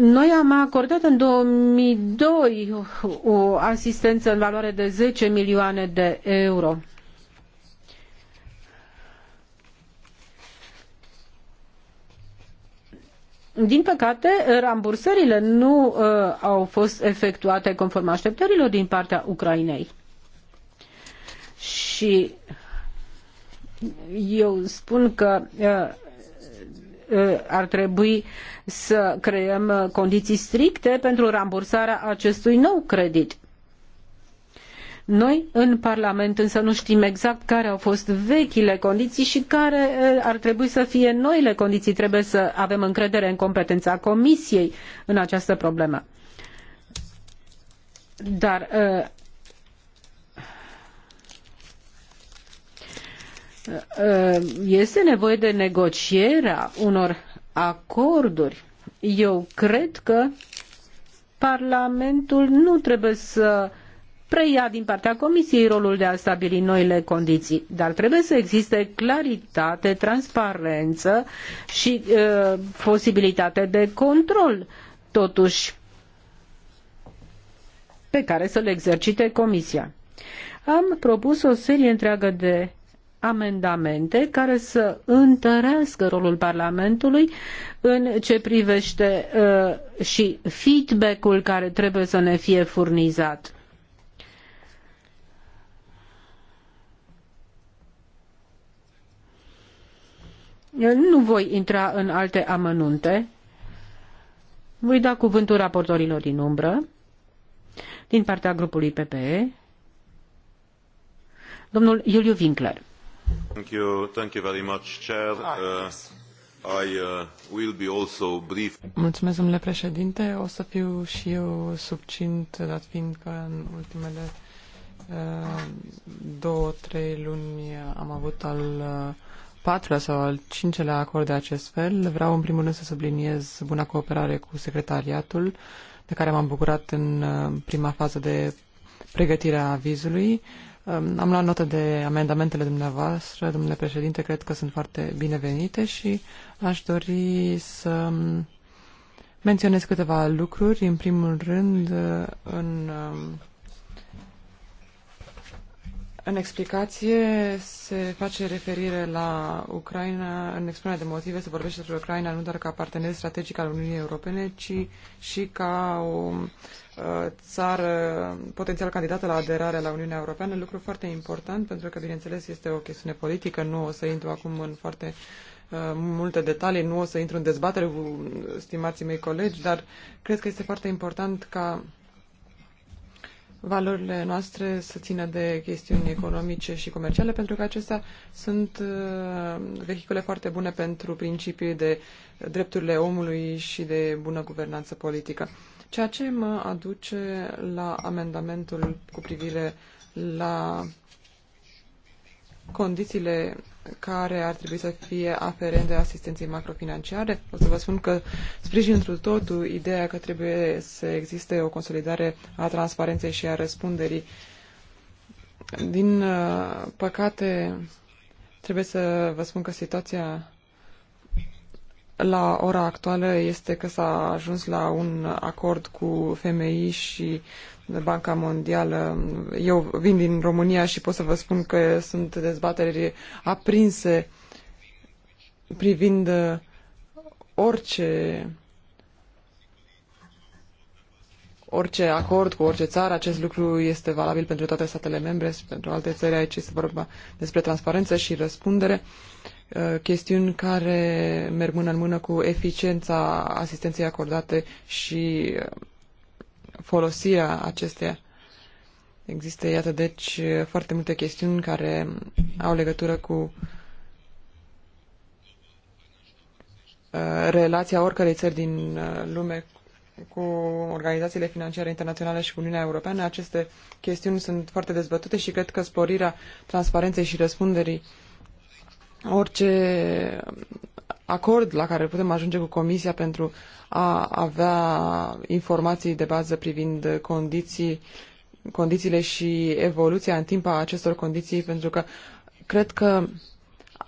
C: Noi am acordat în 2002 o asistență în valoare de 10 milioane de euro Din păcate, rambursările nu uh, au fost efectuate conform așteptărilor din partea Ucrainei. Și eu spun că uh, uh ar trebui să creăm uh, condiții stricte pentru rambursarea acestui nou credit. Noi în Parlament însă nu știm exact care au fost vechile condiții și care ar trebui să fie noile condiții. Trebuie să avem încredere în competența Comisiei în această problemă. Dar este nevoie de negocierea unor acorduri. Eu cred că Parlamentul nu trebuie să preia din partea Comisiei rolul de a stabili noile condiții. Dar trebuie să existe claritate, transparență și uh, posibilitate de control, totuși, pe care să le exercite Comisia. Am propus o serie întreagă de amendamente care să întărească rolul Parlamentului în ce privește uh, și feedback-ul care trebuie să ne fie furnizat. Nu voi intra în alte amănunte. Voi da cuvântul raportorilor din umbră, din partea grupului PPE, domnul Iuliu Winkler.
A: Thank you, thank you very much, Chair. Ah, uh, I uh, will be also brief.
D: Mulțumesc, domnule președinte. O să fiu și eu subcint, dat fiind că în ultimele uh, două, trei luni am avut al uh, patrulea sau al cincelea acord de acest fel, vreau în primul rând să subliniez buna cooperare cu secretariatul, de care m-am bucurat în uh, prima fază de pregătire a vizului. Um, am luat notă de amendamentele dumneavoastră, domnule președinte, cred că sunt foarte binevenite și aș dori să um, menționez câteva lucruri. În primul rând, uh, în um, în explicație se face referire la Ucraina, în expunerea de motive se vorbește despre Ucraina nu doar ca partener strategic al Uniunii Europene, ci și ca o uh, țară potențial candidată la aderare la Uniunea Europeană, lucru foarte important pentru că, bineînțeles, este o chestiune politică, nu o să intru acum în foarte uh, multe detalii, nu o să intru în dezbatere cu stimații mei colegi, dar cred că este foarte important ca valorile noastre să țină de chestiuni economice și comerciale, pentru că acestea sunt uh, vehicule foarte bune pentru principii de drepturile omului și de bună guvernanță politică. Ceea ce mă aduce la amendamentul cu privire la condițiile care ar trebui să fie aferente asistenței macrofinanciare. O să vă spun că sprijin într totul ideea că trebuie să existe o consolidare a transparenței și a răspunderii. Din uh, păcate, trebuie să vă spun că situația la ora actuală este că s-a ajuns la un acord cu FMI și Banca Mondială. Eu vin din România și pot să vă spun că sunt dezbateri aprinse privind orice orice acord cu orice țară, acest lucru este valabil pentru toate statele membre, pentru alte țări aici este vorba despre transparență și răspundere. Uh, Uh, chestiuni care merg mână în mână cu eficiența asistenței acordate și uh, folosirea acesteia. Există, iată, deci, uh, foarte multe chestiuni care au legătură cu relația oricărei țări din lume cu organizațiile financiare internaționale și cu Uniunea Europeană. Aceste chestiuni sunt foarte dezbătute și cred că sporirea transparenței și răspunderii uh, orice acord la care putem ajunge cu Comisia pentru a avea informații de bază privind condiții, condițiile și evoluția în timp a acestor condiții, pentru că cred că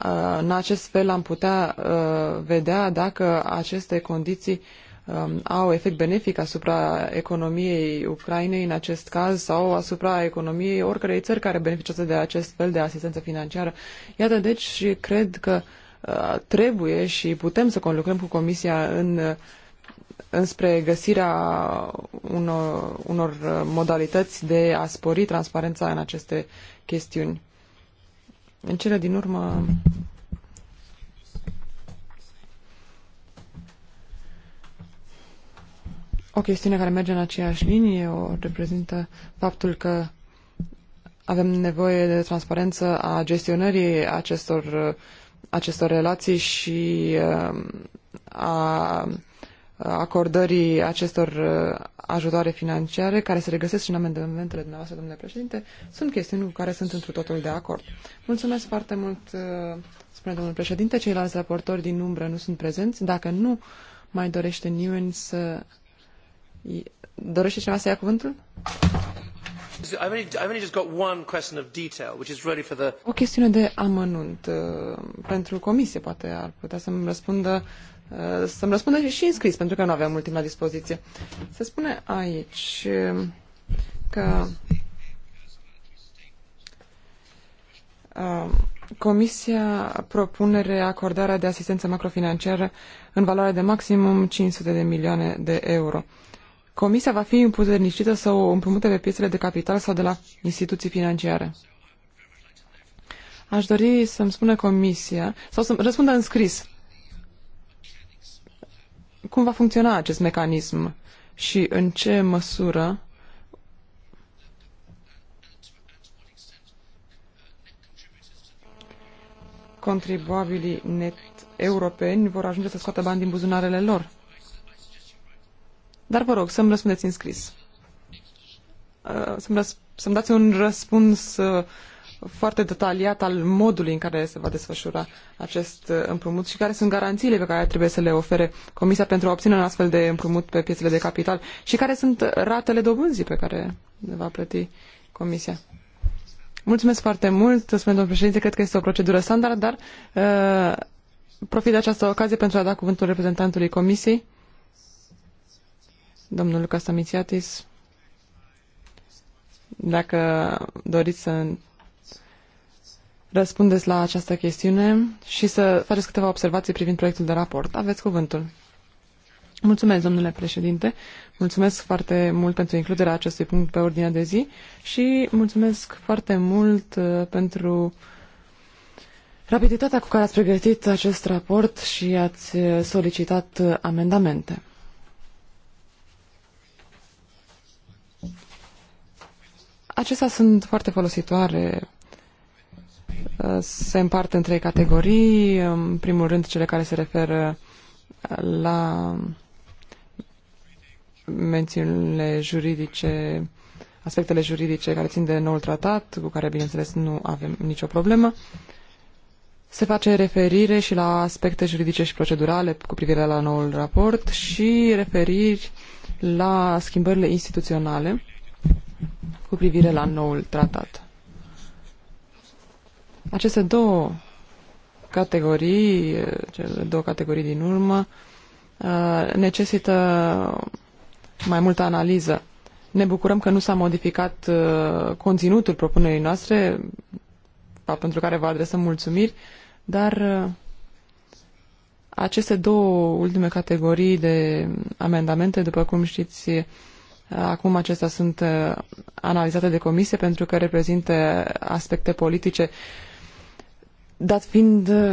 D: uh, în acest fel am putea uh, vedea dacă aceste condiții uh, Um, au efect benefic asupra economiei Ucrainei în acest caz sau asupra economiei oricărei țări care beneficiază de acest fel de asistență financiară. Iată, deci, cred că uh, trebuie și putem să conlucrăm cu Comisia în uh, înspre găsirea unor, unor uh, modalități de a spori transparența în aceste chestiuni. În cele din urmă, O chestiune care merge în aceeași linie o reprezintă faptul că avem nevoie de transparență a gestionării acestor, acestor relații și um, a acordării acestor uh, ajutoare financiare care se regăsesc și în amendamentele dumneavoastră, domnule președinte, sunt chestiuni cu care sunt într totul de acord. Mulțumesc foarte mult, uh, spune domnul președinte, ceilalți raportori din umbră nu sunt prezenți. Dacă nu mai dorește nimeni să Dorește cineva să ia cuvântul? O chestiune de amănunt uh, pentru comisie, poate ar putea să-mi răspundă uh, să-mi răspundă și în scris, pentru că nu aveam mult timp la dispoziție. Se spune aici uh, că Comisia propune acordarea de asistență macrofinanciară în valoare de maximum 500 de milioane de euro. Comisia va fi împuternicită să o împrumute pe piețele de capital sau de la instituții financiare. Aș dori să-mi spună Comisia, sau să-mi răspundă în scris, cum va funcționa acest mecanism și în ce măsură contribuabilii net europeni vor ajunge să scoată bani din buzunarele lor. Dar vă rog să-mi răspundeți în scris. Uh, să-mi, răs- să dați un răspuns uh, foarte detaliat al modului în care se va desfășura acest uh, împrumut și care sunt garanțiile pe care trebuie să le ofere Comisia pentru a obține un astfel de împrumut pe piețele de capital și care sunt ratele dobânzii pe care le va plăti Comisia. Mulțumesc foarte mult, spune domnul președinte, cred că este o procedură standard, dar uh, profit de această ocazie pentru a da cuvântul reprezentantului Comisiei Domnul Lucas Amitiatis, dacă doriți să răspundeți la această chestiune și să faceți câteva observații privind proiectul de raport. Aveți cuvântul. Mulțumesc, domnule președinte. Mulțumesc foarte mult pentru includerea acestui punct pe ordinea de zi și mulțumesc foarte mult uh, pentru rapiditatea cu care ați pregătit acest raport și ați uh, solicitat uh, amendamente. Acestea sunt foarte folositoare. Uh, se împart în trei categorii. În primul rând, cele care se referă la mențiunile juridice, aspectele juridice care țin de noul tratat, cu care, bineînțeles, nu avem nicio problemă. Se face referire și la aspecte juridice și procedurale cu privire la noul raport și referiri la schimbările instituționale cu privire la noul tratat. Aceste două categorii, cele două categorii din urmă, uh, necesită mai multă analiză. Ne bucurăm că nu s-a modificat uh, conținutul propunerii noastre, pentru care vă adresăm mulțumiri, dar uh, aceste două ultime categorii de amendamente, după cum știți, Acum acestea sunt uh, analizate de comisie pentru că reprezintă aspecte politice. Dat fiind, uh,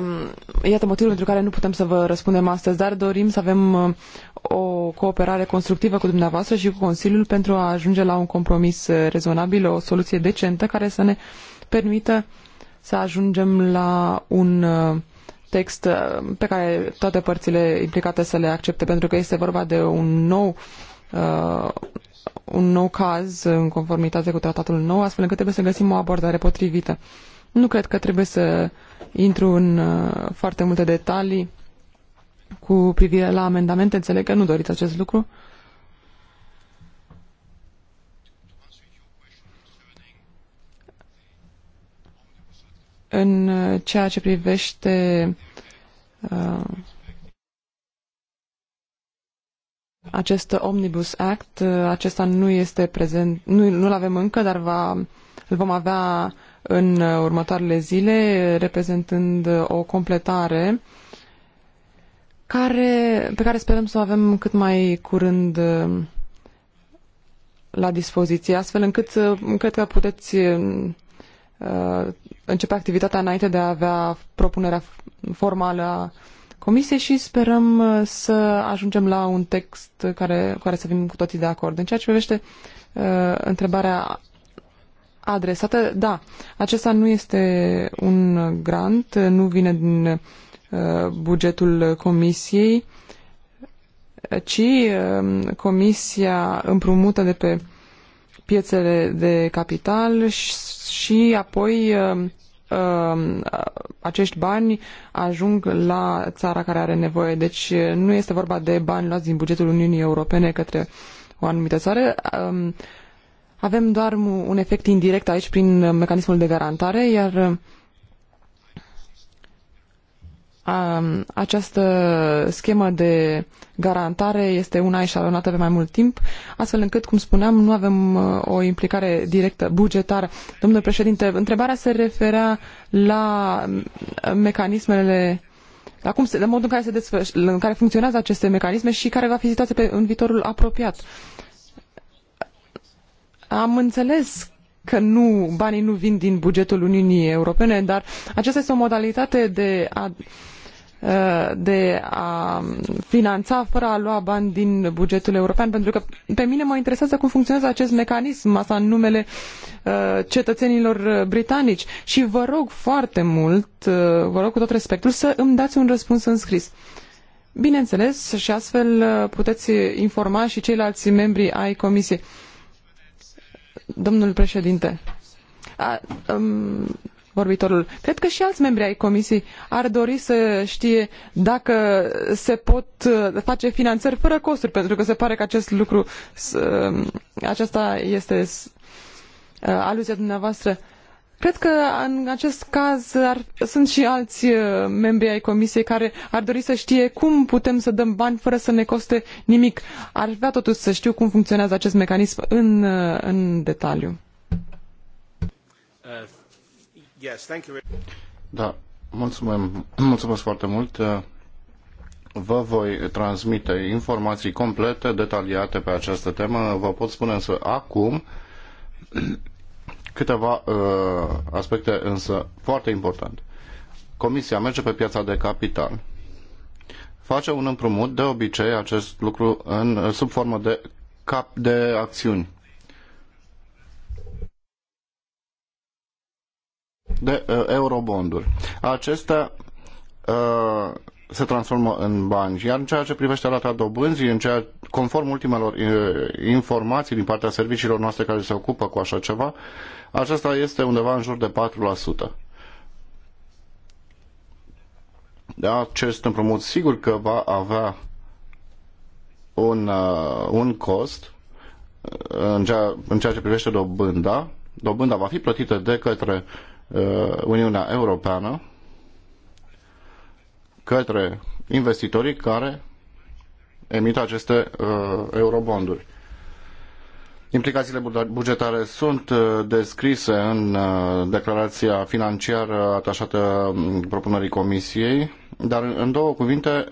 D: um, iată motivul pentru care nu putem să vă răspundem astăzi, dar dorim să avem uh, o cooperare constructivă cu dumneavoastră și cu Consiliul pentru a ajunge la un compromis rezonabil, o soluție decentă care să ne permită să ajungem la un text pe care toate părțile implicate să le accepte, pentru că este vorba de un nou uh, un nou caz în conformitate cu tratatul nou, astfel încât trebuie să găsim o abordare potrivită. Nu cred că trebuie să intru în uh, foarte multe detalii cu privire la amendamente. Înțeleg că nu doriți acest lucru. În ceea ce privește uh, Acest Omnibus Act, acesta nu este prezent, nu, nu-l avem încă, dar va, îl vom avea în următoarele zile, reprezentând o completare care, pe care sperăm să o avem cât mai curând uh, la dispoziție, astfel încât uh, cred că puteți uh, începe activitatea înainte de a avea propunerea formală a comisie și sperăm uh, să ajungem la un text care, care să fim cu toții de acord. În ceea ce privește uh, întrebarea adresată, da, acesta nu este un grant, nu vine din uh, bugetul comisiei, ci uh, comisia împrumută de pe piețele de capital și, și apoi uh, Um, acești bani ajung la țara care are nevoie. Deci uh, nu este vorba de bani luați din bugetul Uniunii Europene către o anumită țară. Um, avem doar un efect indirect aici prin mecanismul de garantare, iar această schemă de garantare este una eșalonată pe mai mult timp, astfel încât, cum spuneam, nu avem uh, o implicare directă bugetară. Domnule președinte, întrebarea se referea la mm, mecanismele Acum, la modul în care, se desfăș- în care funcționează aceste mecanisme și care va fi situația pe, în viitorul apropiat. Am înțeles că nu, banii nu vin din bugetul Uniunii Europene, dar aceasta este o modalitate de a, de a finanța fără a lua bani din bugetul european, pentru că pe mine mă interesează cum funcționează acest mecanism, asta în numele uh, cetățenilor britanici. Și vă rog foarte mult, uh, vă rog cu tot respectul, să îmi dați un răspuns în scris. Bineînțeles, și astfel uh, puteți informa și ceilalți membri ai comisiei. Domnul președinte, a, um, vorbitorul. Cred că și alți membri ai comisiei ar dori să știe dacă se pot uh, face finanțări fără costuri, pentru că se pare că acest lucru, uh, aceasta este uh, aluzia dumneavoastră. Cred că în acest caz ar, sunt și alți membri ai comisiei care ar dori să știe cum putem să dăm bani fără să ne coste nimic. Ar vrea totuși să știu cum funcționează acest mecanism în, în detaliu.
B: Da, mulțumim. mulțumesc foarte mult. Vă voi transmite informații complete, detaliate pe această temă. Vă pot spune însă acum câteva uh, aspecte însă foarte importante. Comisia merge pe piața de capital. Face un împrumut, de obicei acest lucru în, sub formă de cap de acțiuni. de uh, eurobonduri. Acestea uh, se transformă în bani. Iar în ceea ce privește rata dobânzii, în ceea, conform ultimelor uh, informații din partea serviciilor noastre care se ocupă cu așa ceva, acesta este undeva în jur de 4%. De acest împrumut sigur că va avea un, uh, un cost uh, în ceea, în ceea ce privește dobânda. Dobânda va fi plătită de către Uh, Uniunea Europeană către investitorii care emit aceste uh, eurobonduri. Implicațiile bugetare sunt uh, descrise în uh, declarația financiară atașată um, propunerii Comisiei, dar în două cuvinte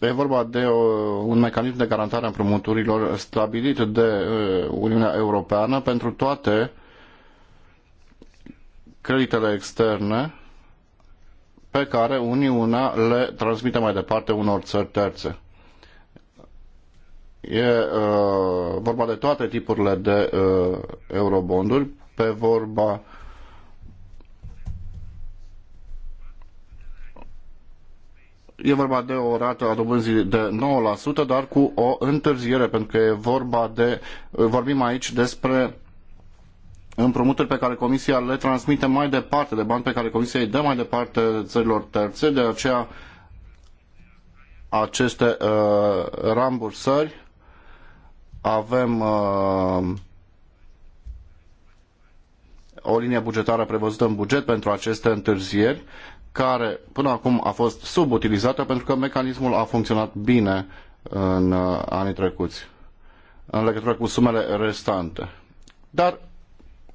B: e vorba de o, un mecanism de garantare a împrumuturilor stabilit de Uniunea Europeană pentru toate uh, creditele externe pe care Uniunea le transmite mai departe unor țări terțe. E uh, vorba de toate tipurile de uh, eurobonduri, pe vorba E vorba de o rată a dobânzii de 9%, dar cu o întârziere, pentru că e vorba de, vorbim aici despre împrumuturi pe care Comisia le transmite mai departe, de bani pe care Comisia îi dă mai departe țărilor terțe, de aceea aceste uh, rambursări avem uh, o linie bugetară prevăzută în buget pentru aceste întârzieri, care până acum a fost subutilizată pentru că mecanismul a funcționat bine în uh, anii trecuți în legătură cu sumele restante. Dar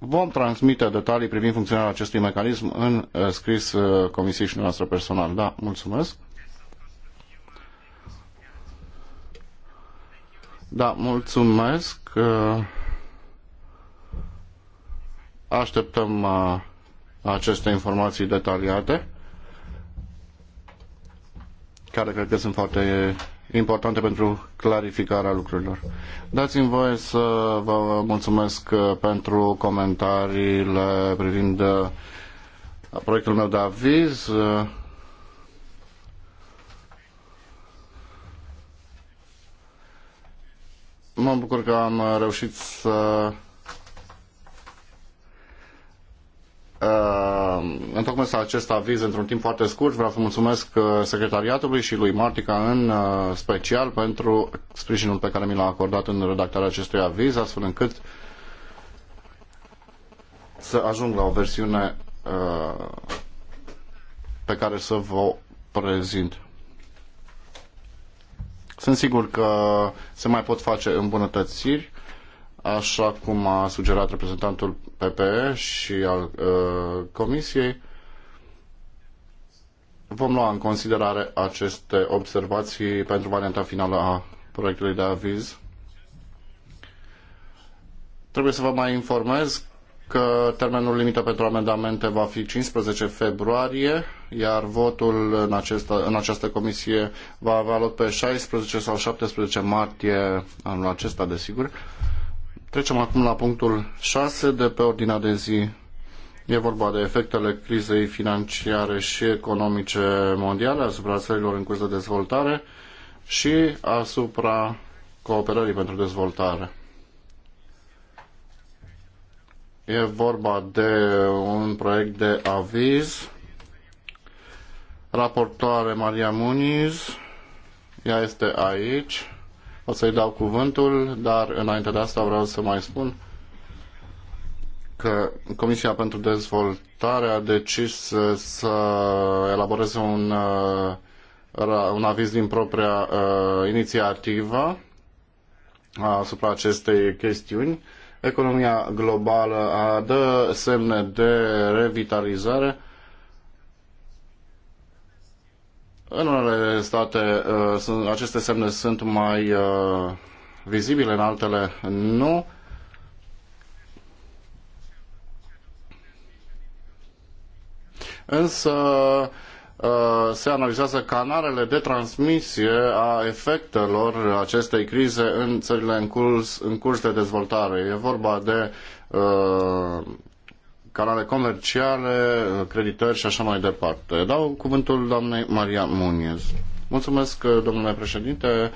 B: Vom transmite detalii privind funcționarea acestui mecanism în uh, scris uh, comisiei și noastră personal. Da, mulțumesc. Da, mulțumesc. Uh, așteptăm aceste informații detaliate, care cred că sunt foarte importante pentru clarificarea lucrurilor. Dați-mi voie să vă mulțumesc pentru comentariile privind uh, proiectul meu de aviz. Mă bucur că am reușit să răspuns la acest aviz într-un timp foarte scurt. Vreau să mulțumesc uh, secretariatului și lui Martica în uh, special pentru sprijinul pe care mi l-a acordat în redactarea acestui aviz, astfel încât să ajung la o versiune uh, pe care să vă prezint. Sunt sigur că se mai pot face îmbunătățiri, așa cum a sugerat reprezentantul PPE și al uh, Comisiei. Vom lua în considerare aceste observații pentru varianta finală a proiectului de aviz. Trebuie să vă mai informez că termenul limită pentru amendamente va fi 15 februarie, iar votul în, acesta, în această comisie va avea loc pe 16 sau 17 martie anul acesta, desigur. Trecem acum la punctul 6 de pe ordinea de zi E vorba de efectele crizei financiare și economice mondiale asupra țărilor în curs de dezvoltare și asupra cooperării pentru dezvoltare. E vorba de un proiect de aviz. Raportoare Maria Muniz, ea este aici. O să-i dau cuvântul, dar înainte de asta vreau să mai spun că Comisia pentru Dezvoltare a decis uh, să elaboreze un, uh, un aviz din propria uh, inițiativă asupra acestei chestiuni. Economia globală dă semne de revitalizare. În unele state aceste semne sunt mai vizibile, în altele nu. însă uh, se analizează canalele de transmisie a efectelor acestei crize în țările în curs, în curs de dezvoltare. E vorba de uh, canale comerciale, creditări și așa mai departe. Dau cuvântul doamnei Maria Muniez. Mulțumesc, uh, domnule președinte.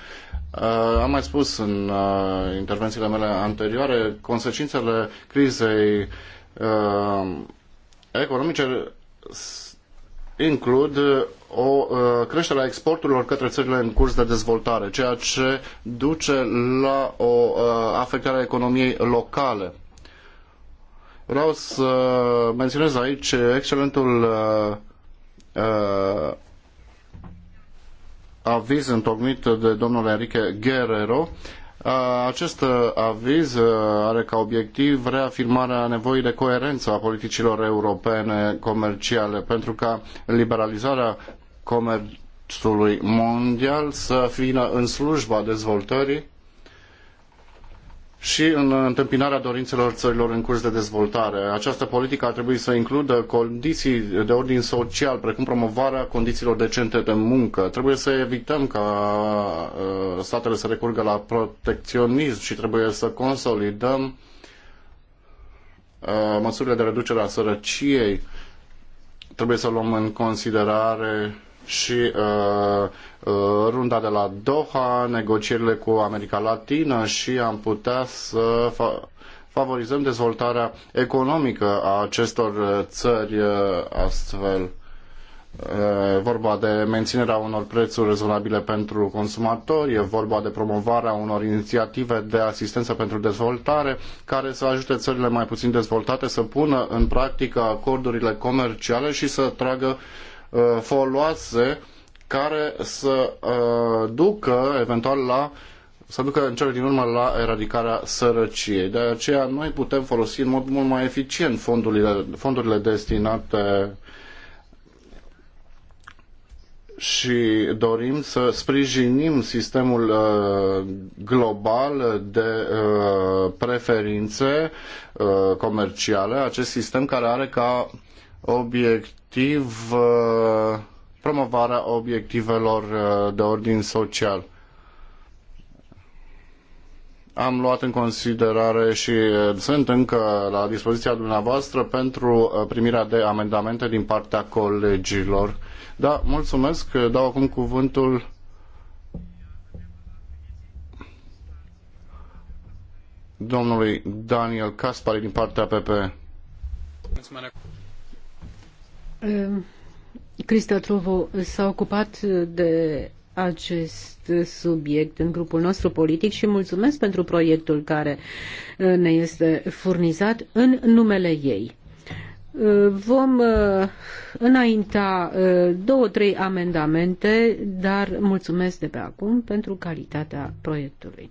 B: Uh, am mai spus în uh, intervențiile mele anterioare, consecințele crizei uh, economice includ uh, o uh, creștere a exporturilor către țările în curs de dezvoltare, ceea ce duce la o uh, afectare a economiei locale. Vreau să menționez aici excelentul uh, aviz întocmit de domnul Enrique Guerrero acest aviz are ca obiectiv reafirmarea nevoii de coerență a politicilor europene comerciale pentru ca liberalizarea comerțului mondial să vină în slujba dezvoltării și în întâmpinarea dorințelor țărilor în curs de dezvoltare. Această politică ar trebui să includă condiții de ordin social, precum promovarea condițiilor decente de muncă. Trebuie să evităm ca uh, statele să recurgă la protecționism și trebuie să consolidăm uh, măsurile de reducere a sărăciei. Trebuie să luăm în considerare și uh, uh, runda de la Doha, negocierile cu America Latină și am putea să fa- favorizăm dezvoltarea economică a acestor uh, țări uh, astfel uh, e vorba de menținerea unor prețuri rezonabile pentru consumatori, e vorba de promovarea unor inițiative de asistență pentru dezvoltare care să ajute țările mai puțin dezvoltate să pună în practică acordurile comerciale și să tragă Uh, foloase care să uh, ducă eventual la să ducă în cele din urmă la eradicarea sărăciei. De aceea noi putem folosi în mod mult mai eficient fondurile, fondurile destinate și dorim să sprijinim sistemul uh, global de preferințe comerciale, acest sistem care are ca obiectiv uh, promovarea obiectivelor uh, de ordin social. Am luat în considerare și uh, sunt încă la dispoziția dumneavoastră pentru primirea de amendamente din partea colegilor. Da, mulțumesc. Dau acum cuvântul domnului Daniel Caspari din partea PP.
C: Ehm, Trovo s-a ocupat de acest subiect în grupul nostru politic și mulțumesc pentru proiectul care eh, ne este furnizat în numele ei. Eh, Vom eh, înainta două, trei amendamente, dar mulțumesc de pe acum pentru calitatea proiectului.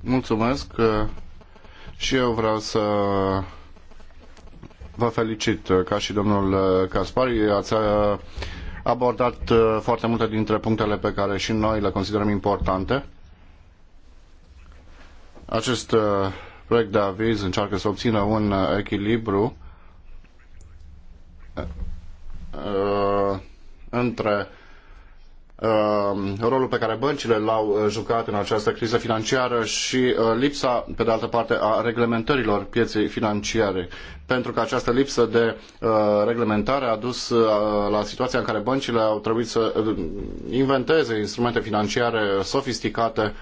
B: Mulțumesc. Uh, și eu vreau să vă felicit uh, ca și domnul uh, Caspari. Ați abordat foarte multe dintre punctele pe care și noi le considerăm importante. Acest proiect de aviz încearcă să obțină un echilibru între Um, rolul pe care băncile l-au uh, jucat în această criză financiară și uh, lipsa, pe de altă parte, a reglementărilor pieței financiare. Pentru că această lipsă de uh, reglementare a dus la situația în care băncile au trebuit să inventeze instrumente financiare sofisticate.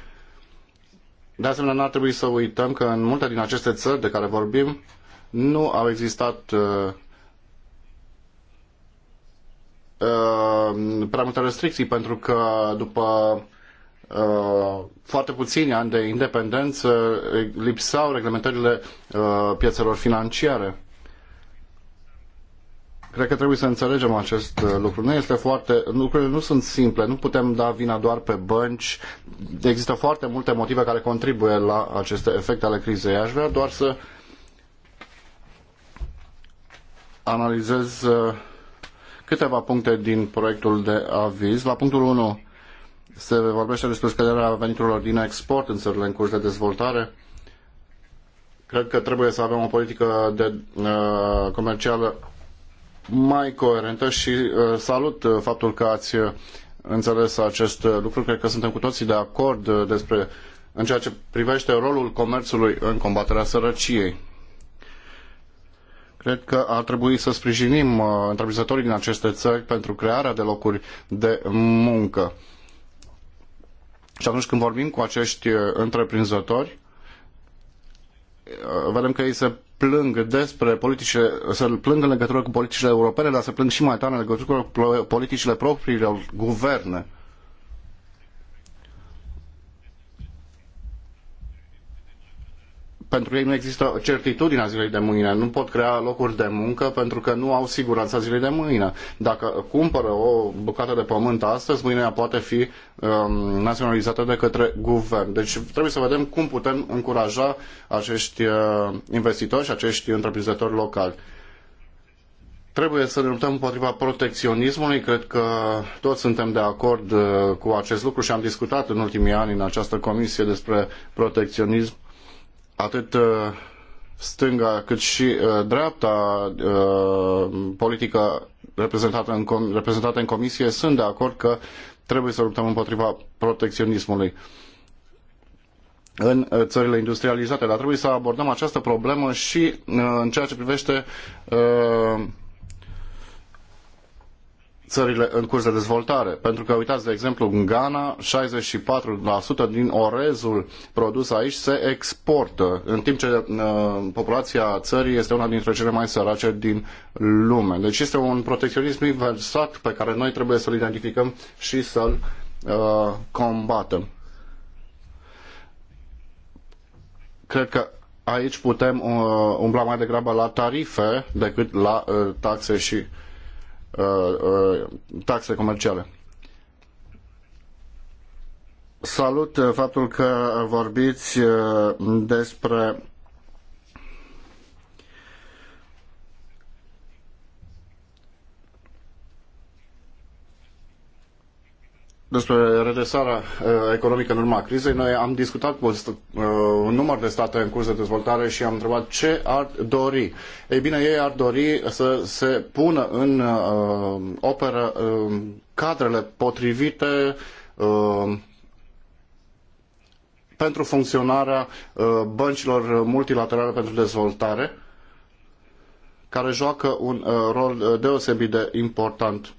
B: De asemenea, n-ar trebui să uităm că în multe din aceste țări de care vorbim nu au existat uh, Uh, prea multe restricții, pentru că după uh, foarte puțini ani de independență uh, lipsau reglementările piețelor financiare. Cred că trebuie să înțelegem acest lucru. Nu este foarte, lucrurile nu sunt simple, nu putem da vina doar pe bănci. Există foarte multe motive care contribuie la aceste efecte ale crizei. Aș vrea doar să analizez câteva puncte din proiectul de aviz. La punctul 1 se vorbește despre scăderea veniturilor din export în țările în curs de dezvoltare. Cred că trebuie să avem o politică de, uh, comercială mai coerentă și uh, salut faptul că ați uh, înțeles acest lucru. Cred că suntem cu toții de acord uh, despre în ceea ce privește rolul comerțului în combaterea sărăciei. Cred că ar trebui să sprijinim uh, întreprinzătorii din aceste țări pentru crearea de locuri de muncă. Și atunci când vorbim cu acești uh, întreprinzători, uh, vedem că ei se plâng despre politicile, se plâng în legătură cu politicile europene, dar se plâng și mai tare în legătură cu politicile propriilor guverne. pentru ei nu există certitudinea zilei de mâine, nu pot crea locuri de muncă pentru că nu au siguranța zilei de mâine. Dacă cumpără o bucată de pământ astăzi, mâine ea poate fi um, naționalizată de către guvern. Deci trebuie să vedem cum putem încuraja acești uh, investitori și acești întreprinzători locali. Trebuie să ne luptăm împotriva protecționismului. Cred că toți suntem de acord uh, cu acest lucru și am discutat în ultimii ani în această comisie despre protecționism atât uh, stânga cât și uh, dreapta uh, politică reprezentată în, în comisie sunt de acord că trebuie să luptăm împotriva protecționismului în țările industrializate, dar trebuie să abordăm această problemă și în ceea ce privește țările în curs de dezvoltare. Pentru că, uitați, de exemplu, în Ghana, 64% din orezul produs aici se exportă, în timp ce uh, populația țării este una dintre cele mai sărace din lume. Deci este un protecționism inversat pe care noi trebuie să-l identificăm și să-l uh, combatem. Cred că aici putem uh, umbla mai degrabă la tarife decât la uh, taxe și Uh, uh, taxe comerciale. Salut uh, faptul că vorbiți despre despre redresarea uh, economică în urma crizei, noi am discutat cu uh, un număr de state în curs de dezvoltare și am întrebat ce ar dori. Ei bine, ei ar dori să se pună în uh, operă uh, cadrele potrivite uh, pentru funcționarea uh, băncilor multilaterale pentru dezvoltare, care joacă un uh, rol uh, deosebit de important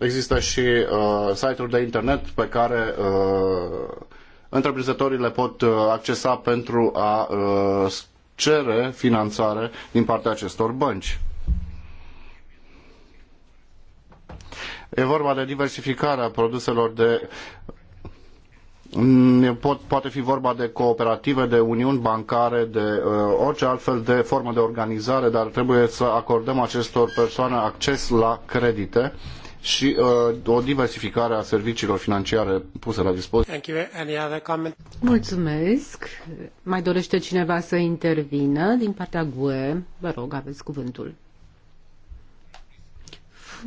B: Există și uh, site-uri de internet pe care uh, întreprinzătorii le pot uh, accesa pentru a uh, cere finanțare din partea acestor bănci. E vorba de diversificarea produselor de mm, Pot, poate fi vorba de cooperative, de uniuni bancare, de uh, orice altfel de formă de organizare, dar trebuie să acordăm acestor persoane acces la credite. Uh, și uh, o diversificare a serviciilor financiare puse la dispoziție.
A: Mulțumesc.
C: Mai dorește cineva să intervină din partea GUE? Vă rog, aveți cuvântul.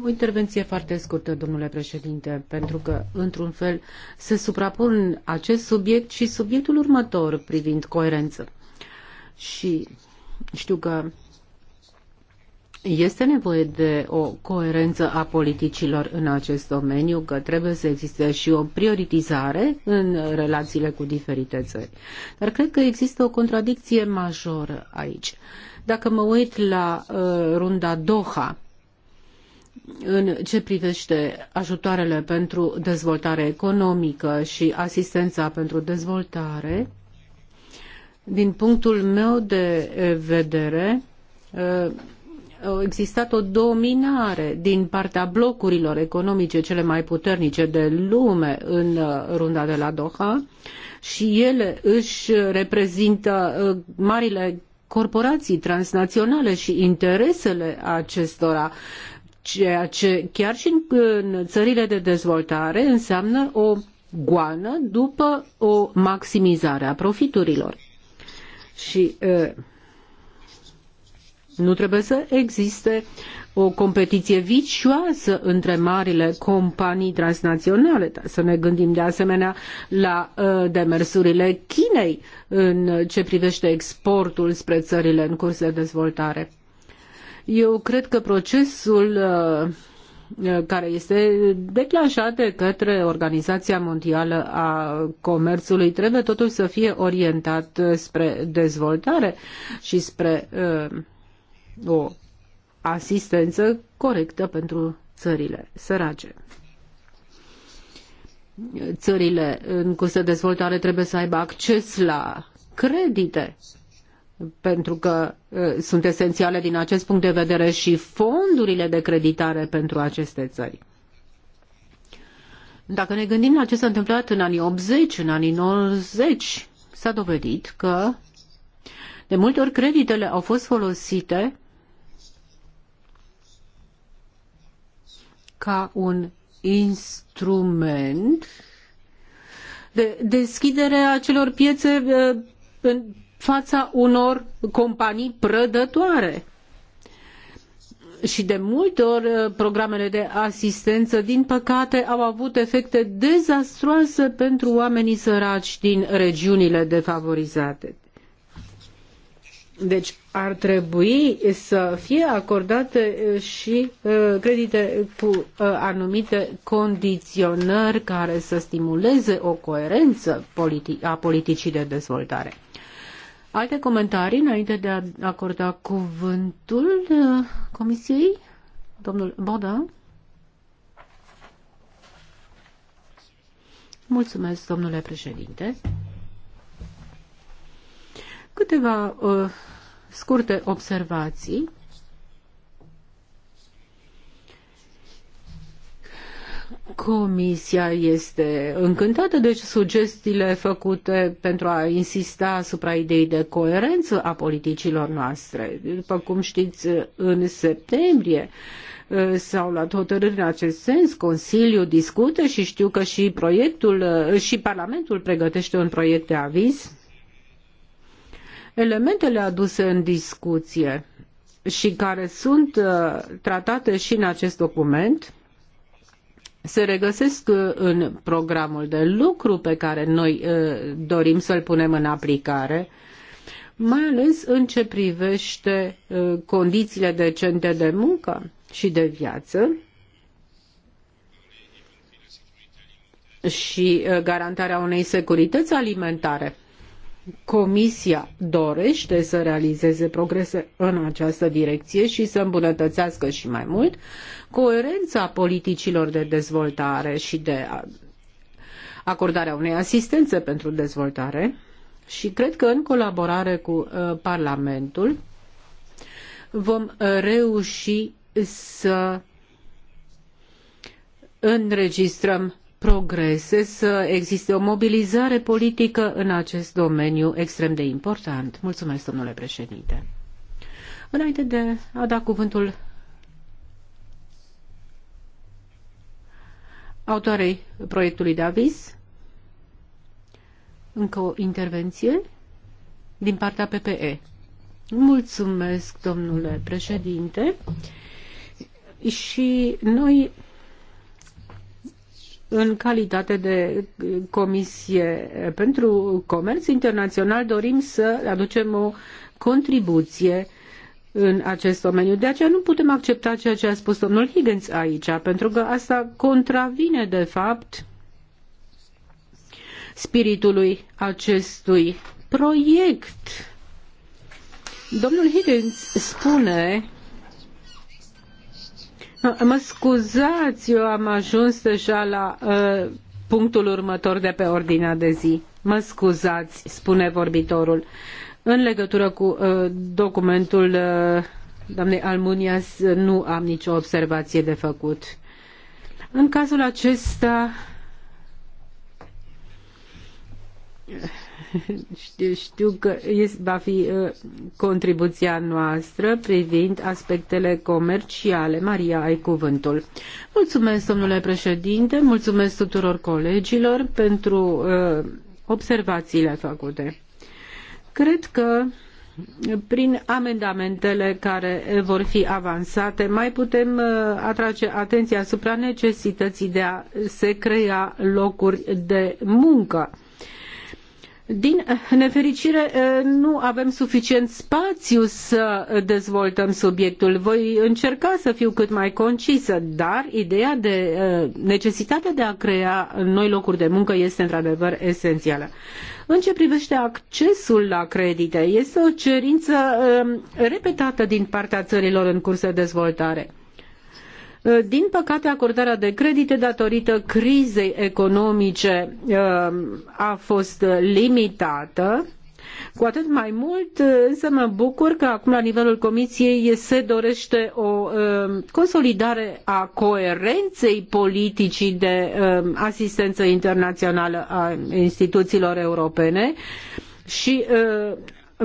C: O intervenție foarte scurtă, domnule președinte, pentru că, într-un fel, se suprapun acest subiect și subiectul următor privind coerență. Și știu că este nevoie de o coerență a politicilor în acest domeniu, că trebuie să existe și o prioritizare în relațiile cu diferite țări. Dar cred că există o contradicție majoră aici. Dacă mă uit la uh, runda Doha, în ce privește ajutoarele pentru dezvoltare economică și asistența pentru dezvoltare, din punctul meu de vedere, uh, au existat o dominare din partea blocurilor economice cele mai puternice de lume în uh, runda de la Doha și ele își reprezintă uh, marile corporații transnaționale și interesele acestora ceea ce chiar și în, în țările de dezvoltare înseamnă o goană după o maximizare a profiturilor. Și uh, nu trebuie să existe o competiție vicioasă între marile companii transnaționale. Să ne gândim de asemenea la uh, demersurile Chinei în ce privește exportul spre țările în curs de dezvoltare. Eu cred că procesul uh, uh, care este declanșat de către Organizația Mondială a Comerțului trebuie totuși să fie orientat spre dezvoltare și spre uh, o asistență corectă pentru țările sărace. Țările în curs de dezvoltare trebuie să aibă acces la credite pentru că uh, sunt esențiale din acest punct de vedere și fondurile de creditare pentru aceste țări. Dacă ne gândim la ce s-a întâmplat în anii 80, în anii 90, s-a dovedit că de multe ori creditele au fost folosite ca un instrument de deschidere a celor piețe uh, în fața unor companii prădătoare. Și de multe ori uh, programele de asistență, din păcate, au avut efecte dezastroase pentru oamenii săraci din regiunile defavorizate. Deci ar trebui să fie acordate uh, și uh, credite cu uh, anumite condiționări care să stimuleze o coerență politi a politicii de dezvoltare. Alte comentarii înainte de a acorda cuvântul Comisiei? Domnul Boda? Mulțumesc, domnule președinte. Câteva uh, scurte observații. Comisia este încântată de sugestiile făcute pentru a insista asupra ideii de coerență a politicilor noastre. După cum știți, în septembrie uh, s-au luat hotărâri în acest sens, Consiliul discută și știu că și proiectul uh, și Parlamentul pregătește un proiect de aviz elementele aduse în discuție și care sunt uh, tratate și în acest document se regăsesc uh, în programul de lucru pe care noi uh, dorim să-l punem în aplicare, mai ales în ce privește condițiile decente de muncă și de viață și garantarea unei securități alimentare. Comisia dorește să realizeze progrese în această direcție și să îmbunătățească și mai mult coerența politicilor de dezvoltare și de acordarea unei asistențe pentru dezvoltare și cred că în colaborare cu uh, Parlamentul vom uh, reuși să înregistrăm progrese, să existe o mobilizare politică în acest domeniu extrem de important. Mulțumesc, domnule președinte. Înainte de a da cuvântul autoarei proiectului de aviz, încă o intervenție din partea PPE. Mulțumesc, domnule președinte. Și noi în calitate de Comisie pentru Comerț Internațional dorim să aducem o contribuție în acest domeniu. De aceea nu putem accepta ceea ce a spus domnul Higgins aici, pentru că asta contravine, de fapt, spiritului acestui proiect. Domnul Higgins spune Mă scuzați, eu am ajuns deja la uh, punctul următor de pe ordinea de zi. Mă scuzați, spune vorbitorul. În legătură cu uh, documentul uh, doamnei Almunias, nu am nicio observație de făcut. În cazul acesta știu că va fi uh, contribuția noastră privind aspectele comerciale. Maria, ai cuvântul. Mulțumesc, domnule președinte, mulțumesc tuturor colegilor pentru uh, observațiile făcute. Cred că prin amendamentele care vor fi avansate, mai putem uh, atrage atenția asupra necesității de a se crea locuri de muncă din nefericire, nu avem suficient spațiu să dezvoltăm subiectul. Voi încerca să fiu cât mai concisă, dar ideea de necesitatea de a crea noi locuri de muncă este într-adevăr esențială. În ce privește accesul la credite, este o cerință repetată din partea țărilor în curs de dezvoltare Uh, din păcate, acordarea de credite datorită crizei economice uh, a fost uh, limitată. Cu atât mai mult, însă mă bucur că acum la nivelul Comisiei se dorește o consolidare a coerenței politicii de asistență internațională a instituțiilor europene și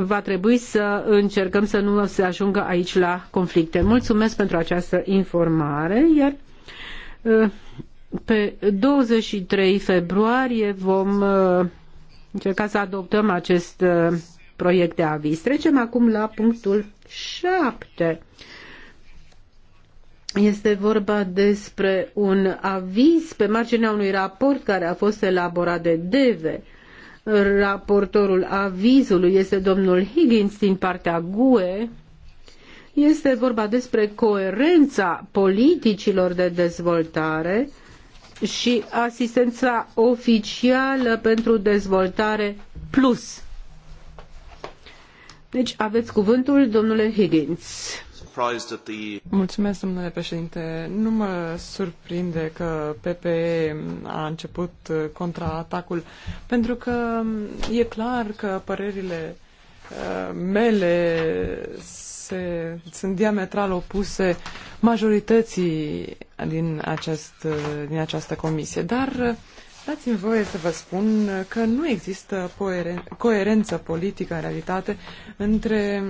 C: va trebui să încercăm să nu se ajungă aici la conflicte. Mulțumesc pentru această informare, iar ă, pe 23 februarie vom ă, încerca să adoptăm acest ă, proiect de aviz. Trecem acum la punctul 7. Este vorba despre un aviz pe marginea unui raport care a fost elaborat de DEVE raportorul avizului este domnul Higgins din partea GUE, este vorba despre coerența politicilor de dezvoltare și asistența oficială pentru dezvoltare plus.
D: Deci aveți cuvântul, domnule Higgins. Mulțumesc, domnule președinte. Nu mă surprinde că PPE a început contraatacul, pentru că e clar că părerile uh, mele se, sunt diametral opuse majorității din, acest, din această comisie. Dar uh, dați-mi voie să vă spun că nu există coeren, coerență politică în realitate între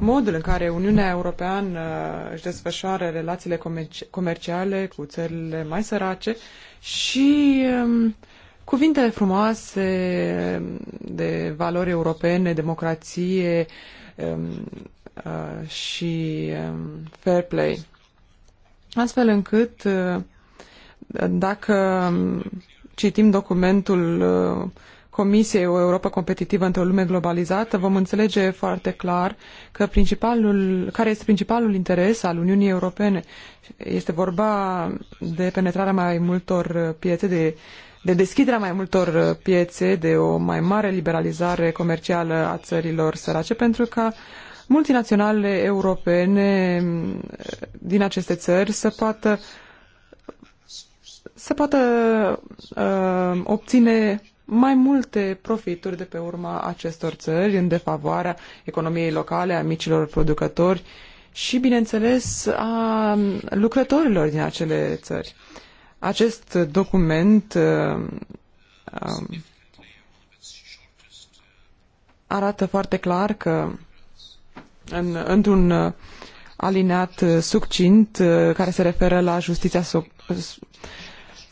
D: modul în care Uniunea Europeană uh, își desfășoară relațiile comerciale cu țările mai sărace și um, cuvintele frumoase um, de valori europene, democrație um, uh, și fair play. Astfel încât, uh, dacă citim documentul Comisiei O Europa competitivă într-o lume globalizată, vom înțelege foarte clar că principalul, care este principalul interes al Uniunii Europene. Este vorba de penetrarea mai multor piețe, de, de deschiderea mai multor piețe, de o mai mare liberalizare comercială a țărilor sărace, pentru ca multinaționale europene din aceste țări să poată să poată uh, obține mai multe profituri de pe urma acestor țări în defavoarea economiei locale, a micilor producători și, bineînțeles, a lucrătorilor din acele țări. Acest document um, arată foarte clar că în, într-un alineat succint uh, care se referă la justiția so-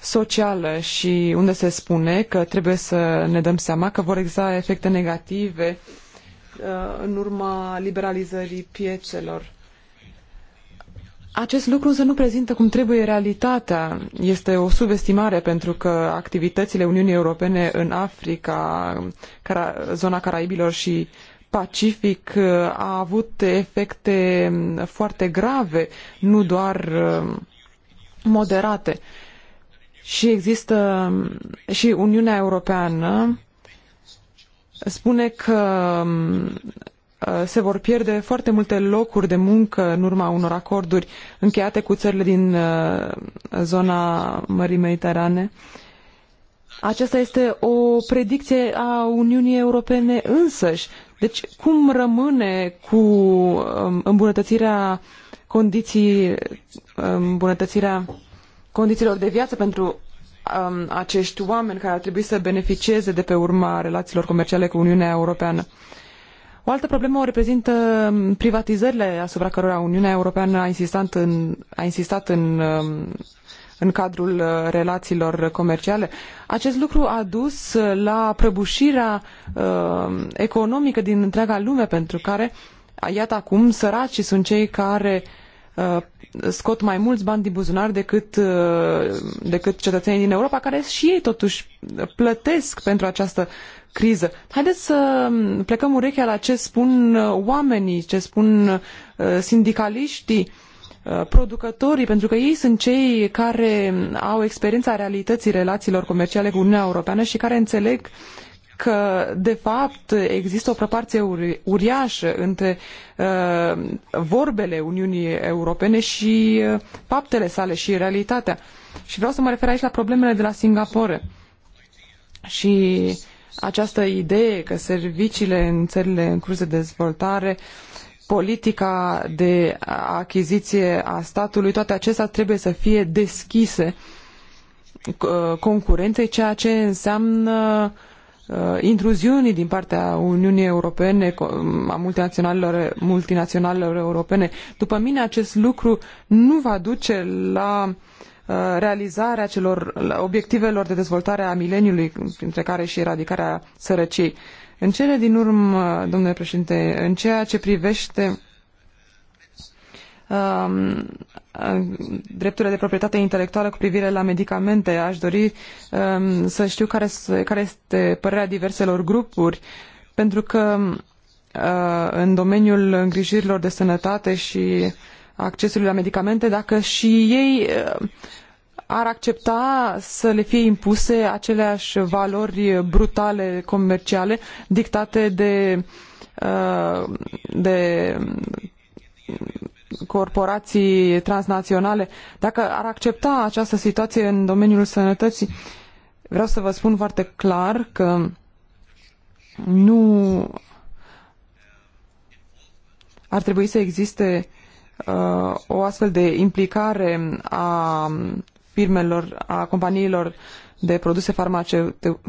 D: socială și unde se spune că trebuie să ne dăm seama că vor exista efecte negative uh, în urma liberalizării piețelor. Acest lucru însă nu prezintă cum trebuie realitatea. Este o subestimare pentru că activitățile Uniunii Europene în Africa, zona Caraibilor și Pacific uh, a avut efecte mm, foarte grave, nu doar uh, moderate și există și Uniunea Europeană spune că um, uh, se vor pierde foarte multe locuri de muncă în urma unor acorduri încheiate cu țările din uh, zona Mării Mediterane. Aceasta este o predicție a Uniunii Europene însăși. Deci cum rămâne cu um, îmbunătățirea condiții, um, îmbunătățirea condițiilor de viață pentru um, acești oameni care ar trebui să beneficieze de pe urma relațiilor comerciale cu Uniunea Europeană. O altă problemă o reprezintă um, privatizările asupra cărora Uniunea Europeană a insistat în, a insistat în, um, în cadrul uh, relațiilor comerciale. Acest lucru a dus la prăbușirea uh, economică din întreaga lume, pentru care, iată acum, săracii sunt cei care Uh, scot mai mulți bani din buzunar decât, uh, decât cetățenii din Europa, care și ei totuși plătesc pentru această criză. Haideți să plecăm urechea la ce spun uh, oamenii, ce spun sindicaliștii, producătorii, pentru că ei sunt cei care au experiența realității relațiilor comerciale cu Uniunea Europeană și care înțeleg uh, că, de fapt, există o proporție uri uriașă între uh, vorbele Uniunii Europene și uh, faptele sale și realitatea. Și vreau să mă refer aici la problemele de la Singapore. Și această idee că serviciile în țările în curs de dezvoltare politica de achiziție a statului, toate acestea trebuie să fie deschise uh, concurenței, ceea ce înseamnă uh, Uh, intruziunii din partea Uniunii Europene, a multinaționalelor, multinaționalelor europene. După mine, acest lucru nu va duce la uh, realizarea celor obiectivelor de dezvoltare a mileniului, printre care și eradicarea sărăciei. În cele din urmă, domnule președinte, în ceea ce privește Um, uh, drepturile de proprietate intelectuală cu privire la medicamente. Aș dori um, să știu care, este părerea diverselor grupuri, pentru că uh, în domeniul îngrijirilor de sănătate și accesului la medicamente, dacă și ei uh, ar accepta să le fie impuse aceleași valori brutale comerciale dictate de, de corporații transnaționale, dacă ar accepta această situație în domeniul sănătății, vreau să vă spun foarte clar că nu ar trebui să existe uh, o astfel de implicare a firmelor, a companiilor de produse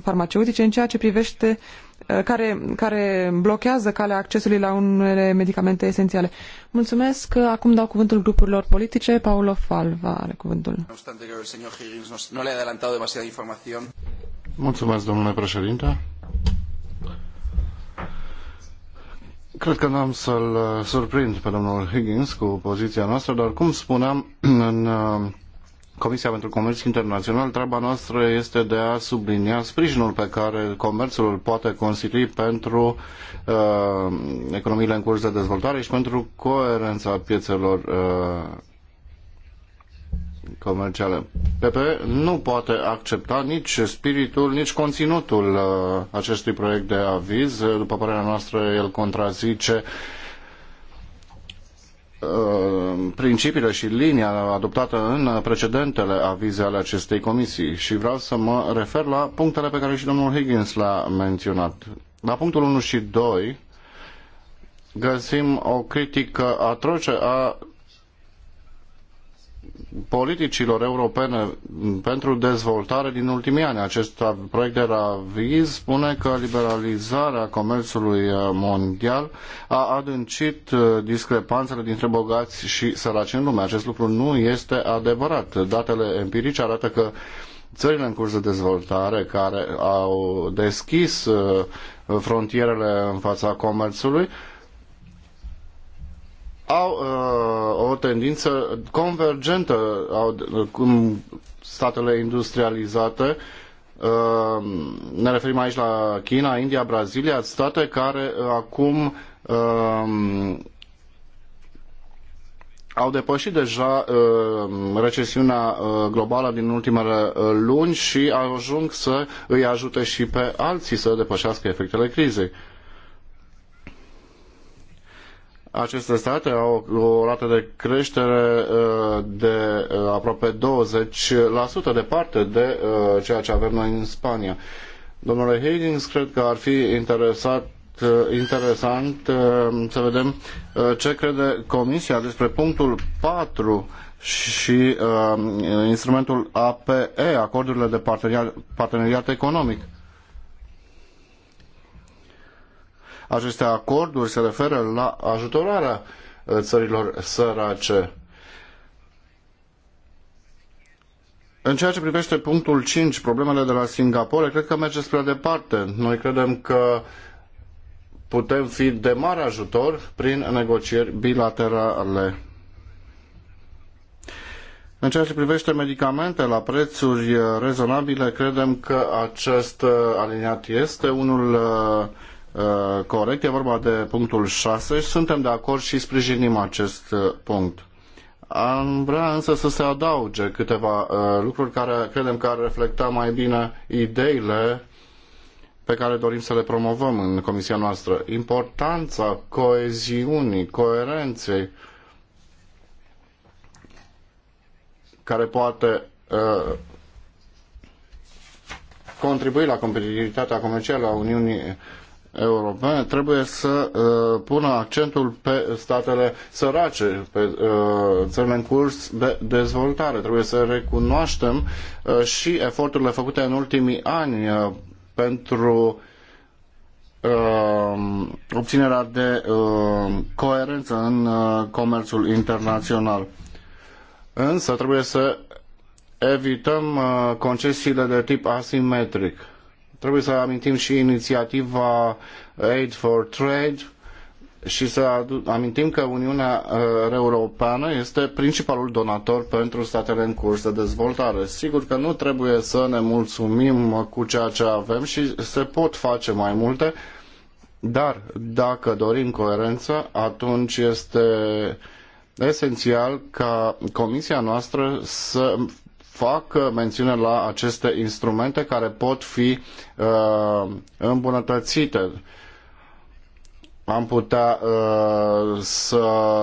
D: farmaceutice în ceea ce privește uh, Eh, care, care blochează calea accesului la unele medicamente esențiale. Mulțumesc. Acum dau cuvântul grupurilor politice. Paulo Falva are cuvântul.
B: Mulțumesc, domnule președinte. Cred că n-am să-l eh, surprind pe domnul Higgins cu poziția noastră, dar cum spuneam în eh, Comisia pentru Comerț Internațional, treaba noastră este de a sublinia sprijinul pe care comerțul îl poate constitui pentru uh, economiile în curs de dezvoltare și pentru coerența piețelor uh, comerciale. PP nu poate accepta nici spiritul, nici conținutul uh, acestui proiect de aviz. După părerea noastră, el contrazice uh, Uh, principiile și linia adoptată în precedentele avize ale acestei comisii și vreau să mă refer la punctele pe care și domnul Higgins le a menționat. La punctul 1 și 2 găsim o critică atroce a politicilor europene pentru dezvoltare din ultimii ani. Acest proiect de raviz spune că liberalizarea comerțului mondial a adâncit uh, discrepanțele dintre bogați și săraci în lume. Acest lucru nu este adevărat. Datele empirice arată că țările în curs de dezvoltare care au deschis uh, frontierele în fața comerțului au uh, o tendință convergentă au, cum statele industrializate. Uh, ne referim aici la China, India, Brazilia, state care uh, acum uh, au depășit deja uh, recesiunea uh, globală din ultimele uh, luni și ajung să îi ajute și pe alții să depășească efectele crizei. Aceste state au o rată de creștere uh, de uh, aproape 20%, departe de uh, ceea ce avem noi în Spania. Domnule Higgins, cred că ar fi interesat interesant să vedem ce crede Comisia despre punctul 4 și instrumentul APE, acordurile de parteneriat, parteneriat economic. Aceste acorduri se referă la ajutorarea uh, țărilor sărace. În ceea ce privește punctul 5, problemele de la Singapore, cred că merge spre departe. Noi credem că putem fi de mare ajutor prin negocieri bilaterale. În ceea ce privește medicamente la prețuri uh, rezonabile, credem că acest uh, aliniat este unul Uh, corect. E vorba de punctul 6 și suntem de acord și sprijinim acest uh, punct. Am vrea însă să se adauge câteva uh, lucruri care credem că ar reflecta mai bine ideile pe care dorim să le promovăm în comisia noastră. Importanța coeziunii, coerenței, care poate uh, contribui la competitivitatea comercială a Uniunii europene trebuie să uh, pună accentul pe statele sărace, pe uh, țările în curs de dezvoltare. Trebuie să recunoaștem uh, și eforturile făcute în ultimii ani uh, pentru uh, obținerea de uh, coerență în uh, comerțul internațional. Însă trebuie să evităm uh, concesiile de tip asimetric Trebuie să amintim și inițiativa Aid for Trade și să amintim că Uniunea uh, Europeană este principalul donator pentru statele în curs de dezvoltare. Sigur că nu trebuie să ne mulțumim cu ceea ce avem și se pot face mai multe, dar dacă dorim coerență, atunci este esențial ca comisia noastră să fac mențiune la aceste instrumente care pot fi uh, îmbunătățite. Am putea uh, să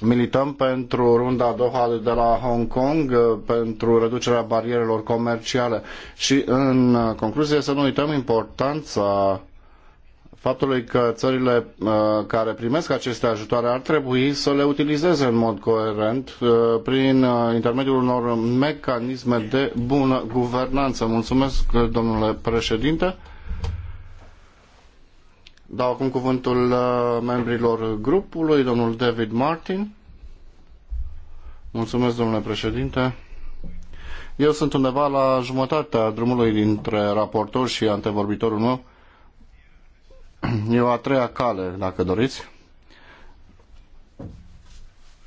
B: milităm pentru runda Doha de la Hong Kong, uh, pentru reducerea barierelor comerciale și, în concluzie, să nu uităm importanța faptului că țările uh, care primesc aceste ajutoare ar trebui să le utilizeze în mod coerent uh, prin uh, intermediul unor mecanisme de bună guvernanță. Mulțumesc, domnule președinte. Dau acum cuvântul membrilor grupului, domnul David Martin. Mulțumesc, domnule președinte. Eu sunt undeva la jumătatea drumului dintre raportor și antevorbitorul meu. E o a treia cale, dacă doriți.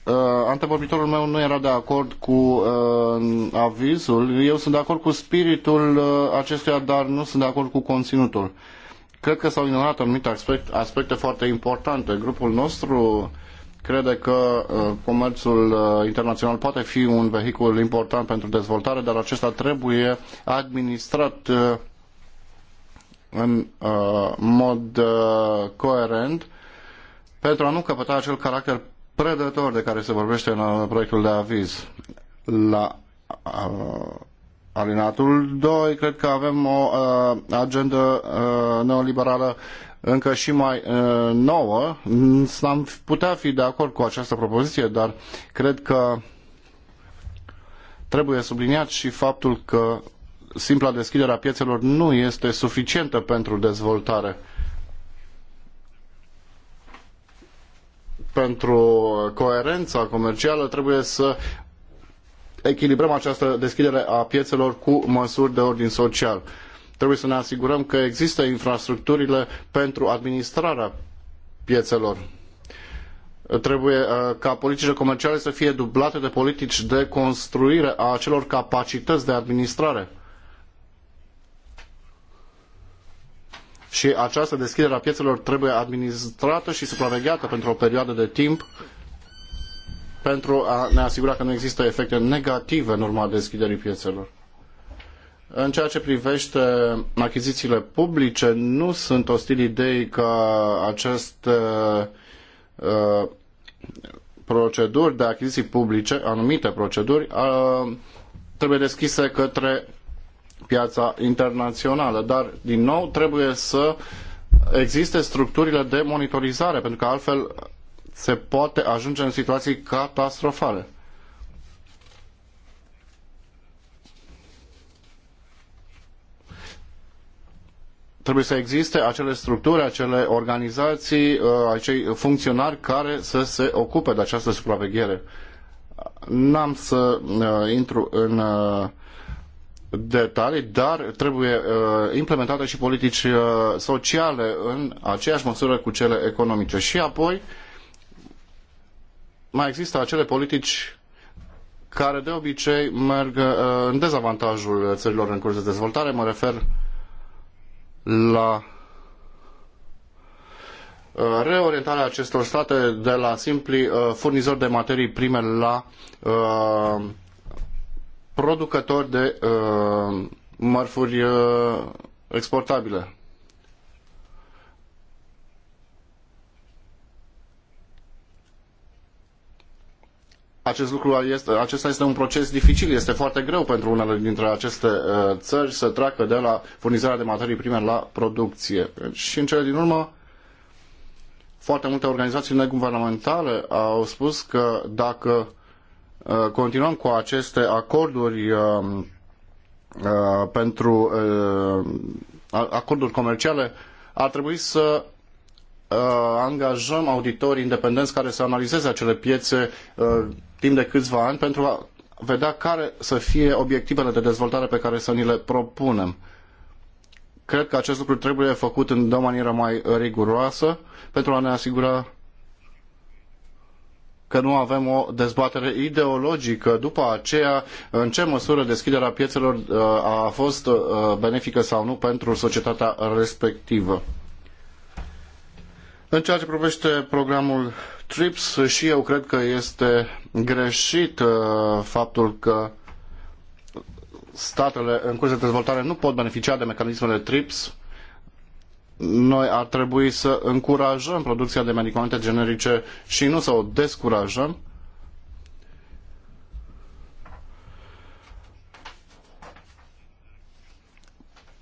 B: Uh, antevorbitorul meu nu era de acord cu uh, avizul. Eu sunt de acord cu spiritul uh, acestuia, dar nu sunt de acord cu conținutul. Cred că s-au ignorat anumite aspect, aspecte foarte importante. Grupul nostru crede că uh, comerțul uh, internațional poate fi un vehicul important pentru dezvoltare, dar acesta trebuie administrat uh, în uh, mod uh, coerent pentru a nu căpăta acel caracter predător de care se vorbește în uh, proiectul de aviz. La uh, alinatul 2 cred că avem o uh, agendă uh, neoliberală încă și mai uh, nouă. Am putea fi de acord cu această propoziție, dar cred că trebuie subliniat și faptul că simpla deschidere a piețelor nu este suficientă pentru dezvoltare. Pentru coerența comercială trebuie să echilibrăm această deschidere a piețelor cu măsuri de ordin social. Trebuie să ne asigurăm că există infrastructurile pentru administrarea piețelor. Trebuie uh, ca politicile comerciale să fie dublate de politici de construire a acelor capacități de administrare. și această deschidere a piețelor trebuie administrată și supravegheată pentru o perioadă de timp pentru a ne asigura că nu există efecte negative în urma deschiderii piețelor. În ceea ce privește achizițiile publice, nu sunt ostil idei ca aceste uh, proceduri de achiziții publice, anumite proceduri, uh, trebuie deschise către piața internațională. Dar, din nou, trebuie să existe structurile de monitorizare, pentru că altfel se poate ajunge în situații catastrofale. Trebuie să existe acele structuri, acele organizații, uh, acei funcționari care să se ocupe de această supraveghere. N-am să uh, intru în uh, detalii, dar trebuie uh, implementate și politici uh, sociale în aceeași măsură cu cele economice. Și apoi mai există acele politici care de obicei merg uh, în dezavantajul țărilor în curs de dezvoltare. Mă refer la uh, reorientarea acestor state de la simpli uh, furnizori de materii prime la uh, producători de uh, mărfuri uh, exportabile. Acest lucru este, acesta este un proces dificil, este foarte greu pentru unele dintre aceste uh, țări să treacă de la furnizarea de materii prime la producție. Și în cele din urmă, foarte multe organizații neguvernamentale au spus că dacă Uh, continuăm cu aceste acorduri uh, uh, pentru acorduri comerciale, ar trebui să angajăm auditori independenți care să analizeze acele piețe timp de câțiva ani pentru a vedea care să fie obiectivele de dezvoltare pe care să ni le propunem. Cred că acest lucru trebuie făcut de o manieră mai riguroasă pentru a ne asigura că nu avem o dezbatere ideologică după aceea în ce măsură deschiderea piețelor uh, a fost uh, benefică sau nu pentru societatea respectivă. În ceea ce privește programul TRIPS, și eu cred că este greșit uh, faptul că statele în curs de dezvoltare nu pot beneficia de mecanismele TRIPS noi ar trebui să încurajăm producția de medicamente generice și nu să o descurajăm.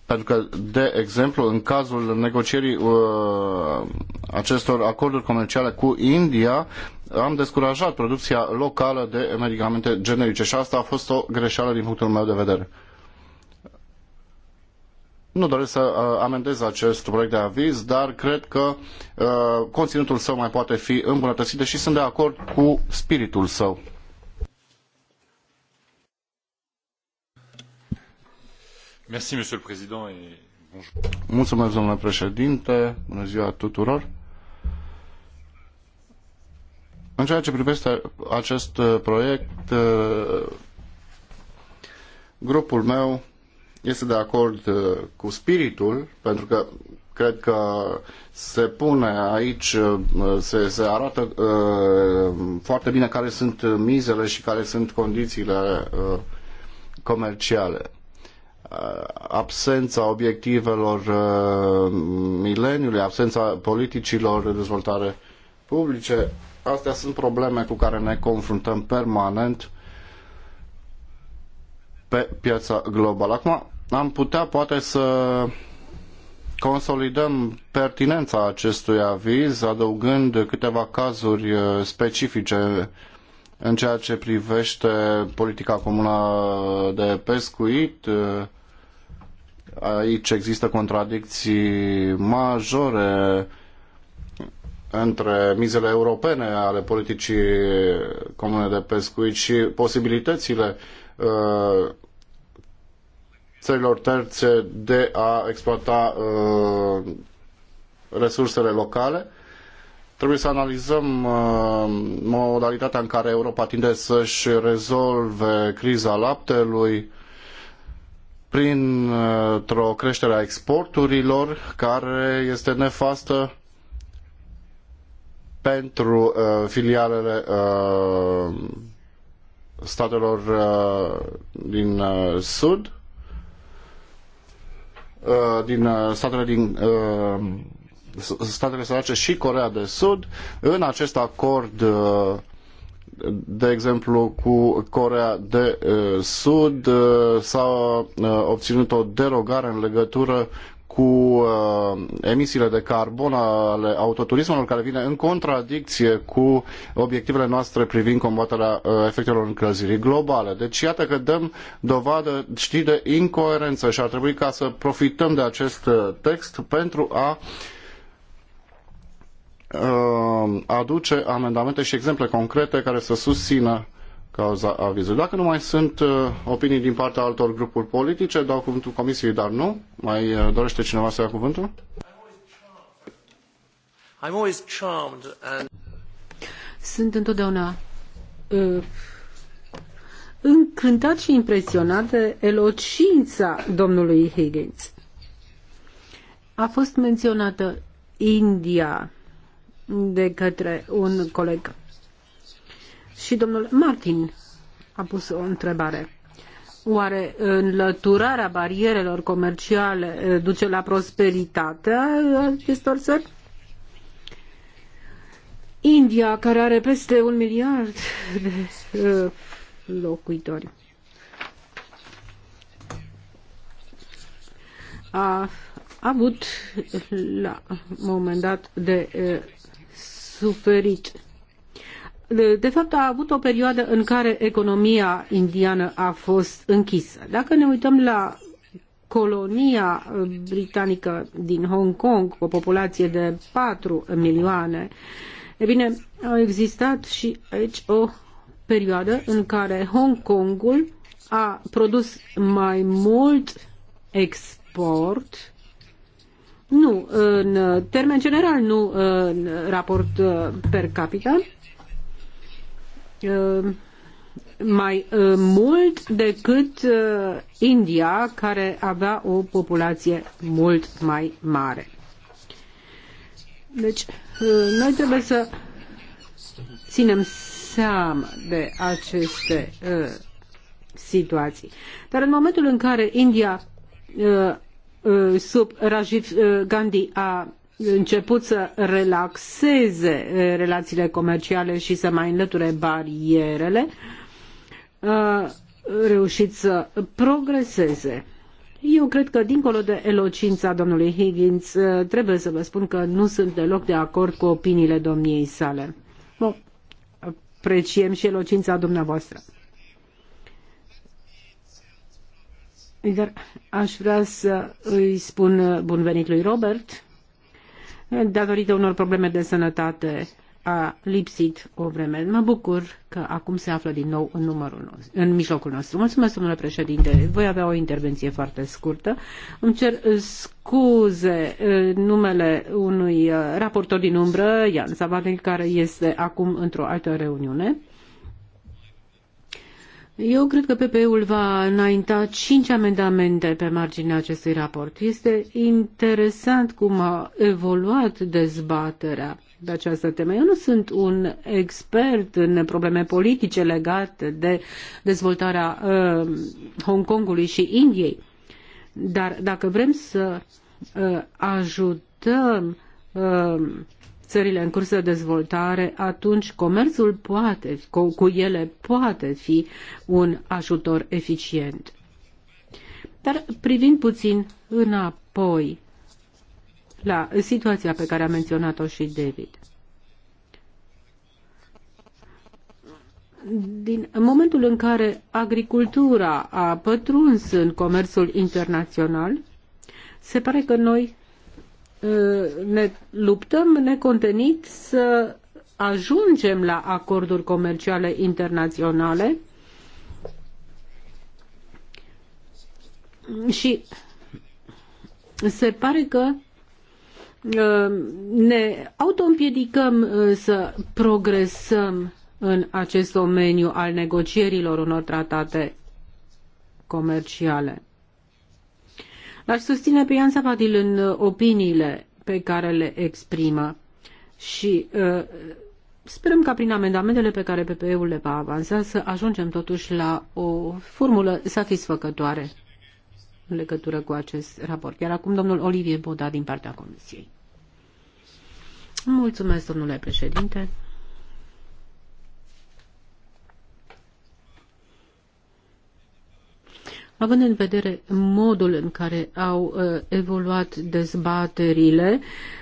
B: Pentru că, de exemplu, în cazul negocierii uh, acestor acorduri comerciale cu India, am descurajat producția locală de medicamente generice și asta a fost o greșeală din punctul meu de vedere. Nu doresc să uh, amendez acest proiect de aviz, dar cred că uh, conținutul său mai poate fi îmbunătățit și sunt de acord cu spiritul său. Mulțumesc, domnule președinte. Bună ziua tuturor. În ceea ce privește acest proiect, uh, grupul meu este de acord uh, cu spiritul, pentru că cred că se pune aici, uh, se, se arată uh, foarte bine care sunt mizele și care sunt condițiile uh, comerciale. Uh, absența obiectivelor uh, mileniului, absența politicilor de dezvoltare publice, astea sunt probleme cu care ne confruntăm permanent pe piața globală. Acum, am putea poate să consolidăm pertinența acestui aviz, adăugând câteva cazuri uh, specifice în ceea ce privește politica comună de pescuit. Uh, aici există contradicții majore între mizele europene ale politicii comune de pescuit și posibilitățile uh, țărilor terțe de a exploata uh, resursele locale. Trebuie să analizăm uh, modalitatea în care Europa tinde să-și rezolve criza laptelui printr-o uh, creștere a exporturilor care este nefastă pentru uh, filialele uh, statelor uh, din uh, Sud Uh, din uh, statele din uh, statele sărace și Corea de Sud în acest acord de exemplu cu Corea de Sud s-a obținut o derogare în legătură cu uh, emisiile de carbon ale autoturismelor care vine în contradicție cu obiectivele noastre privind combaterea uh, efectelor încălzirii globale. Deci iată că dăm dovadă, știi, de incoerență și ar trebui ca să profităm de acest uh, text pentru a uh, aduce amendamente și exemple concrete care să susțină cauza avizului. Dacă nu mai sunt uh, opinii din partea altor grupuri politice, dau cuvântul Comisiei, dar nu. Mai uh, dorește cineva să ia cuvântul?
C: Sunt întotdeauna uh, încântat și impresionat de elocința domnului Higgins. A fost menționată India de către un coleg și domnul Martin a pus o întrebare. Oare înlăturarea barierelor comerciale duce la prosperitatea acestor țări? India, care are peste un miliard de locuitori, a avut la un moment dat de suferit de fapt a avut o perioadă în care economia indiană a fost închisă. Dacă ne uităm la colonia uh, britanică din Hong Kong, cu o populație de 4 milioane, e bine, a existat și aici o perioadă în care Hong Kongul a produs mai mult export nu, în uh, termen general, nu în uh, raport per capita, Uh, mai uh, mult decât uh, India, care avea o populație mult mai mare. Deci, noi trebuie să ținem seama de aceste situații. Dar în momentul în care India sub Rajiv Gandhi a început să relaxeze eh, relațiile comerciale și să mai înlăture barierele, eh, a reușit să progreseze. Eu cred că, dincolo de elocința domnului Higgins, eh, trebuie să vă spun că nu sunt deloc de acord cu opiniile domniei sale. Bun, apreciem și elocința dumneavoastră. Dar aș vrea să îi spun bun venit lui Robert datorită unor probleme de sănătate, a lipsit o vreme. Mă bucur că acum se află din nou în, numărul nostru, în mijlocul nostru. Mulțumesc, domnule președinte. Voi avea o intervenție foarte scurtă. Îmi cer uh, scuze uh, numele unui uh, raportor din umbră, Ian Sabadel, care este acum într-o altă reuniune. Eu cred că PPE-ul va înainta cinci amendamente pe marginea acestui raport. Este interesant cum a evoluat dezbaterea de această temă. Eu nu sunt un expert în probleme politice legate de dezvoltarea uh, Hong Kongului și Indiei, dar dacă vrem să uh, ajutăm uh, țările în curs de dezvoltare, atunci comerțul poate, cu, ele poate fi un ajutor eficient. Dar privind puțin înapoi la situația pe care a menționat-o și David. Din momentul în care agricultura a pătruns în comerțul internațional, se pare că noi Eh, ne luptăm necontenit să ajungem la acorduri comerciale internaționale și se pare că eh, ne autoîmpiedicăm eh, să progresăm în acest domeniu al negocierilor unor tratate comerciale. L-aș susține pe Ian Savadil în uh, opiniile pe care le exprimă și uh, sperăm ca prin amendamentele pe care PPE-ul le va avansa să ajungem totuși la o formulă satisfăcătoare în legătură cu acest raport. Iar acum domnul Olivier Boda din partea Comisiei. Mulțumesc, domnule președinte. Având în vedere modul în care au uh, evoluat dezbaterile,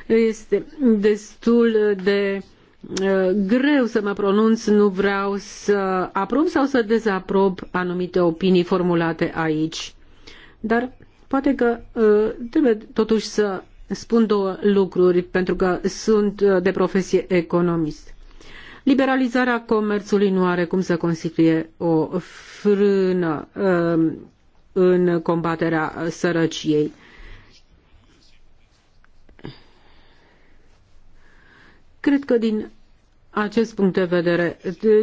C: este destul de uh, greu să mă pronunț, nu vreau să aprob sau să dezaprob anumite opinii formulate aici. Dar poate că uh, trebuie totuși să spun două lucruri, pentru că sunt de profesie economist. Liberalizarea comerțului nu are cum să constituie o frână în combaterea sărăciei. Cred că din acest punct de vedere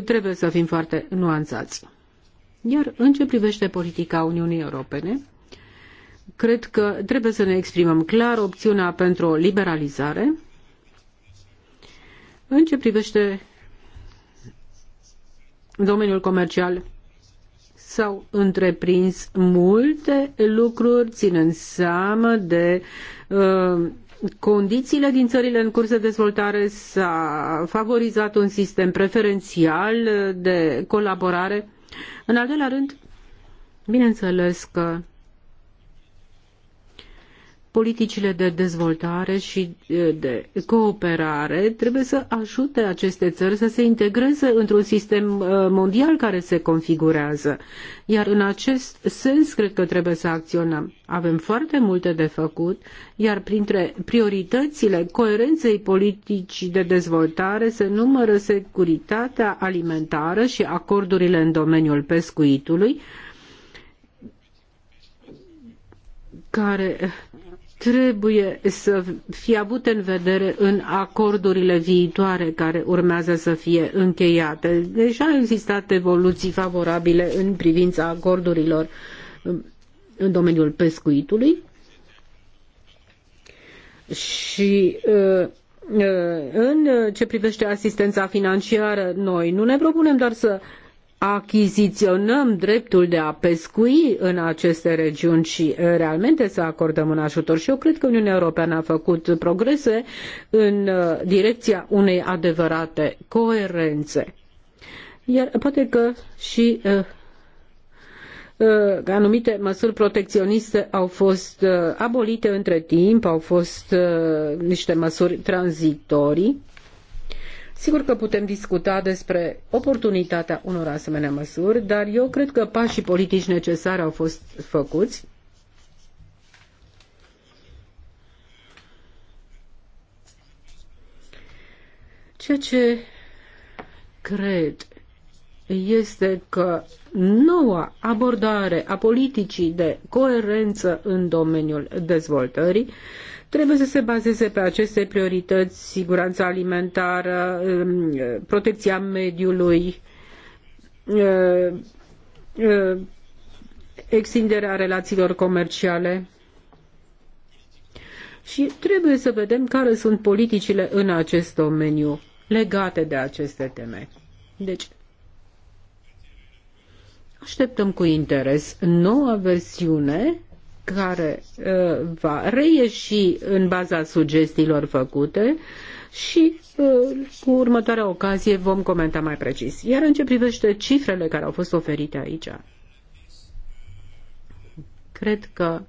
C: trebuie să fim foarte nuanțați. Iar în ce privește politica Uniunii Europene, cred că trebuie să ne exprimăm clar opțiunea pentru o liberalizare. În ce privește domeniul comercial, s-au întreprins multe lucruri ținând seamă de uh, condițiile din țările în curs de dezvoltare s-a favorizat un sistem preferențial de colaborare. În al doilea rând, bineînțeles că politicile de dezvoltare și de cooperare trebuie să ajute aceste țări să se integreze într-un sistem mondial care se configurează. Iar în acest sens cred că trebuie să acționăm. Avem foarte multe de făcut, iar printre prioritățile coerenței politicii de dezvoltare se numără securitatea alimentară și acordurile în domeniul pescuitului, care trebuie să fie avut în vedere în acordurile viitoare care urmează să fie încheiate. Deja au existat evoluții favorabile în privința acordurilor um, în domeniul pescuitului și uh, uh, în ce privește asistența financiară, noi nu ne propunem doar să achiziționăm dreptul de a pescui în aceste regiuni și realmente să acordăm un ajutor. Și eu cred că Uniunea Europeană a făcut progrese în direcția unei adevărate coerențe. Iar poate că și uh, uh, anumite măsuri protecționiste au fost uh, abolite între timp, au fost niște măsuri tranzitorii Sigur că putem discuta despre oportunitatea unor asemenea măsuri, dar eu cred că pașii politici necesari au fost făcuți. Ceea ce cred este că noua abordare a politicii de coerență în domeniul dezvoltării trebuie să se bazeze pe aceste priorități, siguranța alimentară, um, protecția mediului, uh, uh, extinderea relațiilor comerciale. Și trebuie să vedem care sunt politicile în acest domeniu legate de aceste teme. Deci, Așteptăm cu interes noua versiune care uh, va reieși în baza sugestiilor făcute și uh, cu următoarea ocazie vom comenta mai precis. Iar în ce privește cifrele care au fost oferite aici, cred că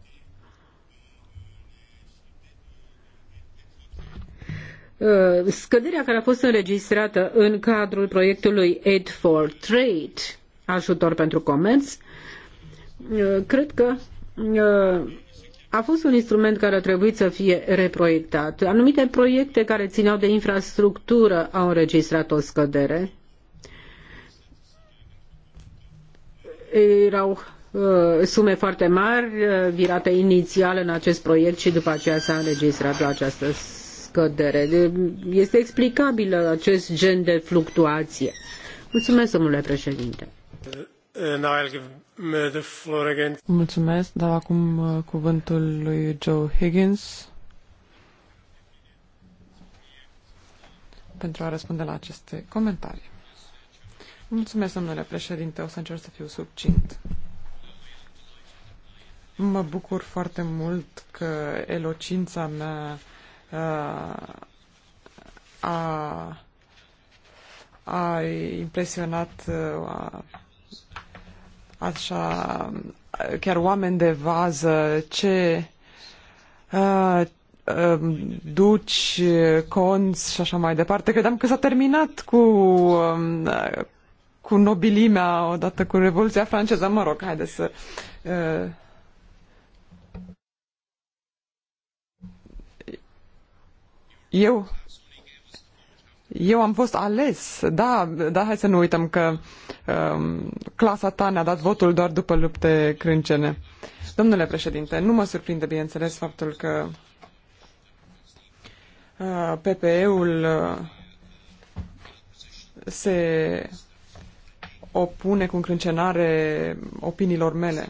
C: uh, scăderea care a fost înregistrată în cadrul proiectului Aid for Trade ajutor pentru comerț. Uh, cred că uh, a fost un instrument care a trebuit să fie reproiectat. Anumite proiecte care țineau de infrastructură au înregistrat o scădere. Erau uh, sume foarte mari virate inițial în acest proiect și după aceea s-a înregistrat la această scădere. Este explicabil acest gen de fluctuație. Mulțumesc,
D: domnule președinte. Mulțumesc, dau acum uh, cuvântul lui Joe Higgins pentru a răspunde la aceste comentarii. Mulțumesc, domnule președinte, o să încerc să fiu subcint. Mă bucur foarte mult că elocința mea uh, a, a impresionat a, uh, așa, chiar oameni de vază, ce uh, uh, duci, conți și așa mai departe. Credeam că s-a terminat cu, uh, cu nobilimea odată cu Revoluția franceză. Mă rog, haide să... Uh, eu eu am fost ales. Da, dar hai să nu uităm că um, clasa ta ne-a dat votul doar după lupte crâncene. Domnule președinte, nu mă surprinde, bineînțeles, faptul că uh, PPE-ul uh, se opune cu încrâncenare opiniilor mele.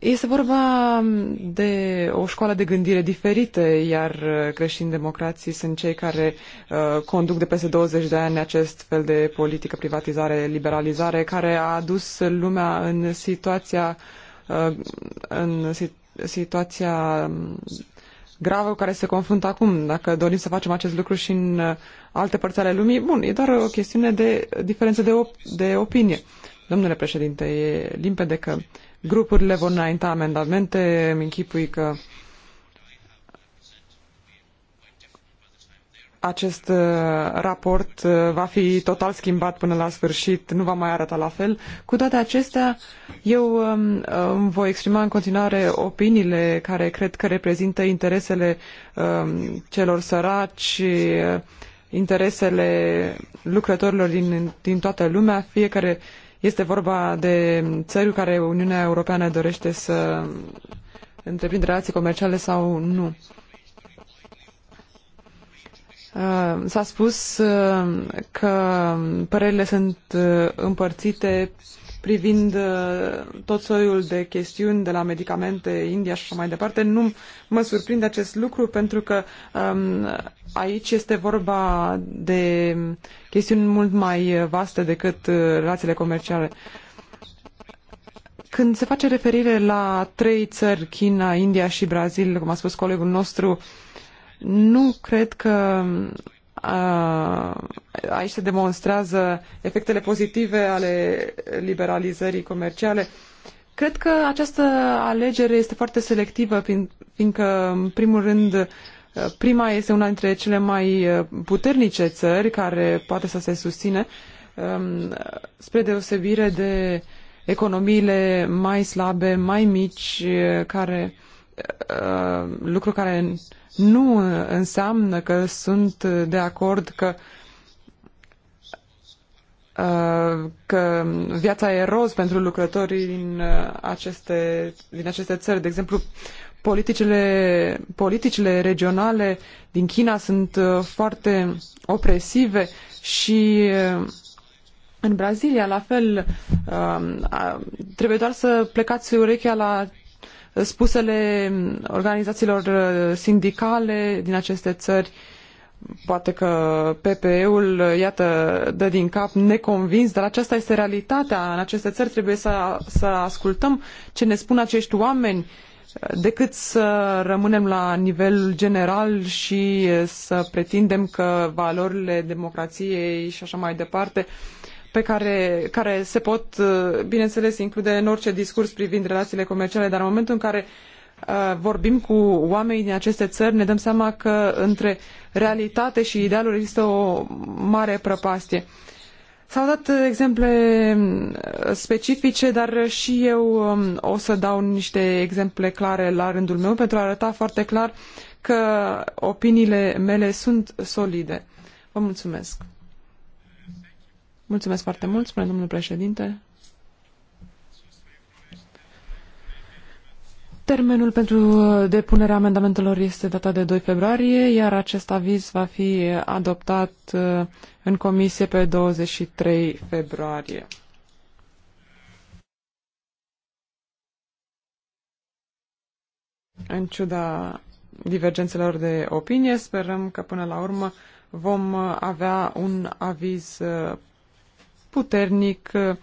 D: Este vorba de o școală de gândire diferită, iar uh, creștini-democrații sunt cei care uh, conduc de peste 20 de ani acest fel de politică, privatizare, liberalizare, care a adus lumea în situația, uh, în situația um, gravă cu care se confruntă acum. Dacă dorim să facem acest lucru și în uh, alte părți ale lumii, bun, e doar o chestiune de diferență de, op- de opinie. Domnule președinte, e limpede că grupurile vor înainta amendamente. Îmi închipui că acest uh, raport uh, va fi total schimbat până la sfârșit, nu va mai arăta la fel. Cu toate acestea, eu um, îmi voi exprima în continuare opiniile care cred că reprezintă interesele um, celor săraci, uh, interesele lucrătorilor din, din toată lumea, fiecare uh, este vorba de țări care Uniunea Europeană dorește să întreprindă relații comerciale sau nu. Uh, s-a spus uh, că părerile sunt uh, împărțite privind uh, tot soiul de chestiuni de la medicamente, India și așa mai departe. Nu mă surprinde acest lucru pentru că um, aici este vorba de chestiuni mult mai vaste decât uh, relațiile comerciale. Când se face referire la trei țări, China, India și Brazil, cum a spus colegul nostru, nu cred că Aici se demonstrează efectele pozitive ale liberalizării comerciale. Cred că această alegere este foarte selectivă, fiindcă, în primul rând, prima este una dintre cele mai puternice țări care poate să se susține, um, spre deosebire de economiile mai slabe, mai mici, care Uh, lucru care nu înseamnă că sunt de acord că uh, că viața e roz pentru lucrătorii din uh, aceste, din aceste țări. De exemplu, politicile, politicile regionale din China sunt foarte opresive și în Brazilia, la fel, trebuie doar să plecați urechea la spusele organizațiilor sindicale din aceste țări. Poate că PPE-ul, iată, dă din cap neconvins, dar aceasta este realitatea. În aceste țări trebuie să, să ascultăm ce ne spun acești oameni decât să rămânem la nivel general și să pretindem că valorile democrației și așa mai departe uh, pe care, care se pot, uh, bineînțeles, include în orice discurs privind relațiile comerciale, dar în momentul în care uh, vorbim cu oamenii din aceste țări, ne dăm seama că între realitate și idealuri există o mare prăpastie. S-au dat exemple uh, specifice, dar și eu um, o să dau niște exemple clare la rândul meu pentru a arăta foarte clar că opiniile mele sunt solide. Vă mulțumesc! Mulțumesc foarte mult, spune domnul președinte. Termenul pentru depunerea amendamentelor este data de 2 februarie, iar acest aviz va fi adoptat uh, în comisie pe 23 februarie. În ciuda divergențelor de opinie, sperăm că până la urmă vom avea un aviz uh, puternic uh,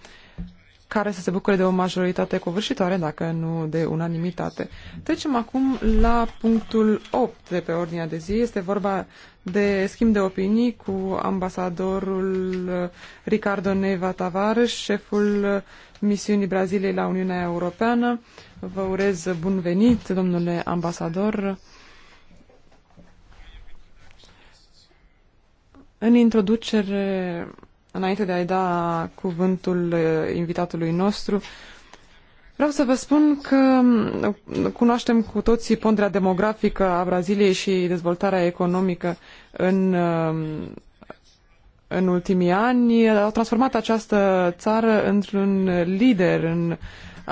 D: care să se bucure de o majoritate covârșitoare, dacă nu de unanimitate. Trecem acum la punctul 8 de pe ordinea de zi. Este vorba de schimb de opinii cu ambasadorul uh, Ricardo Neva Tavares, șeful uh, misiunii Braziliei la Uniunea Europeană. Vă urez bun venit, domnule ambasador. În introducere înainte de a-i da cuvântul uh, invitatului nostru, Vreau să vă spun că uh, cunoaștem cu toții ponderea demografică a Braziliei și dezvoltarea economică în, uh, în ultimii ani. Au transformat această țară într-un lider în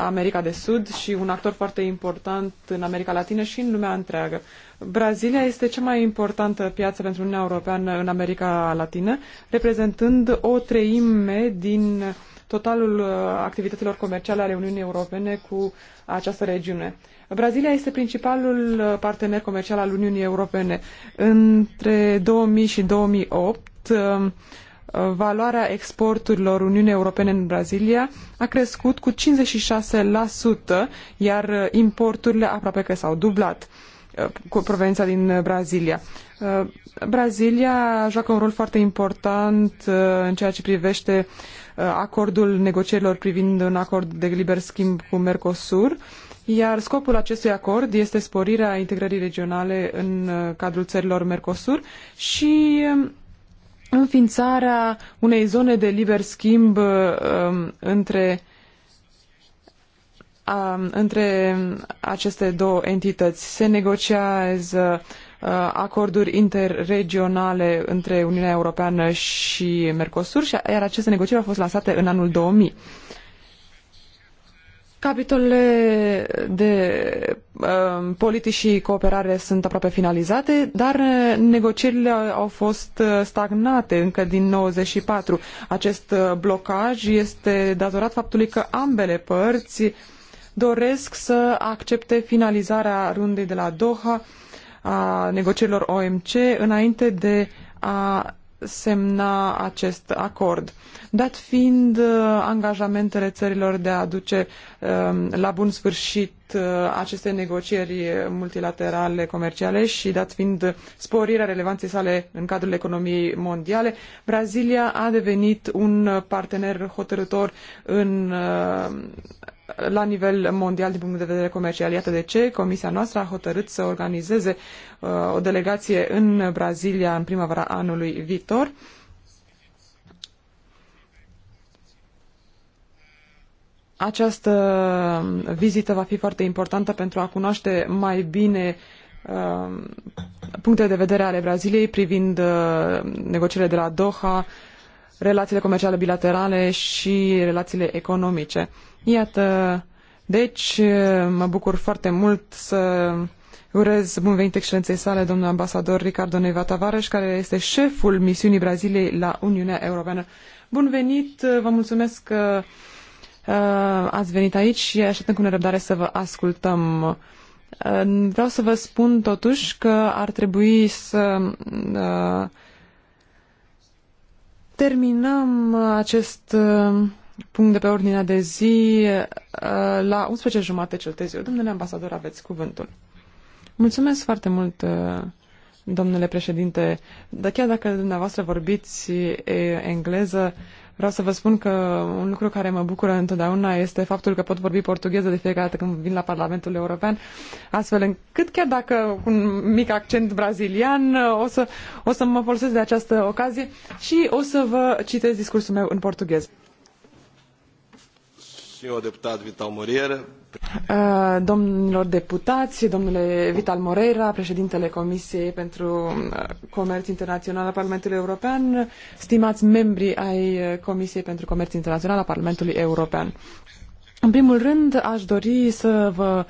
D: America de Sud și un actor foarte important în America Latină și în lumea întreagă. Brazilia este cea mai importantă piață pentru Uniunea Europeană în America Latină, reprezentând o treime din totalul uh, activităților comerciale ale Uniunii Europene cu această regiune. Brazilia este principalul uh, partener comercial al Uniunii Europene. Între 2000 și 2008, valoarea exporturilor Uniunii Europene în Brazilia a crescut cu 56%, iar importurile aproape că s-au dublat uh, cu proveniența din Brazilia. Uh, Brazilia joacă un rol foarte important uh, în ceea ce privește acordul negocierilor privind un acord de liber schimb cu Mercosur, iar scopul acestui acord este sporirea integrării regionale în cadrul țărilor Mercosur și um, înființarea unei zone de liber schimb uh, um, între um, între aceste două entități. Se negociază uh, acorduri interregionale între Uniunea Europeană și Mercosur, iar aceste negocieri au fost lansate în anul 2000. Capitolele de uh, politici și cooperare sunt aproape finalizate, dar uh, negocierile au fost uh, stagnate încă din 94. Acest uh, blocaj este datorat faptului că ambele părți doresc să accepte finalizarea rundei de la Doha a negocierilor OMC înainte de a semna acest acord, dat fiind uh, angajamentele țărilor de a duce um, la bun sfârșit uh, aceste negocieri multilaterale comerciale și dat fiind sporirea relevanței sale în cadrul economiei mondiale, Brazilia a devenit un partener hotărător în uh, la nivel mondial din punct de vedere comercial. Iată de ce comisia noastră a hotărât să organizeze uh, o delegație în Brazilia în primăvara anului viitor. Această vizită va fi foarte importantă pentru a cunoaște mai bine uh, punctele de vedere ale Braziliei privind uh, negocierile de la Doha, uh, relațiile comerciale bilaterale și relațiile economice. Iată, deci mă bucur foarte mult să urez bun venit excelenței sale, domnul ambasador Ricardo Neiva Tavares, care este șeful misiunii Braziliei la Uniunea Europeană. Bun venit, vă mulțumesc că uh, ați venit aici și așteptăm cu nerăbdare să vă ascultăm. Uh, vreau să vă spun totuși că ar trebui să uh, terminăm uh, acest uh, punct de pe ordinea de zi uh, la 11 jumate cel târziu. Domnule ambasador, aveți cuvântul. Mulțumesc foarte mult, domnule președinte. Dar chiar dacă dumneavoastră vorbiți engleză, Vreau să vă spun că un lucru care mă bucură întotdeauna este faptul că pot vorbi portugheză de fiecare dată când vin la Parlamentul European, astfel încât chiar dacă cu un mic accent brazilian o să, o să mă folosesc de această ocazie și o să vă citesc discursul meu în portugheză
B: senhor deputat Vital Moreira.
D: Uh, domnilor deputați, domnule Vital Moreira, președintele Comisiei pentru uh, Comerț Internațional al Parlamentului European, stimați membri ai uh, Comisiei pentru Comerț Internațional al Parlamentului European. În primul rând, aș dori să vă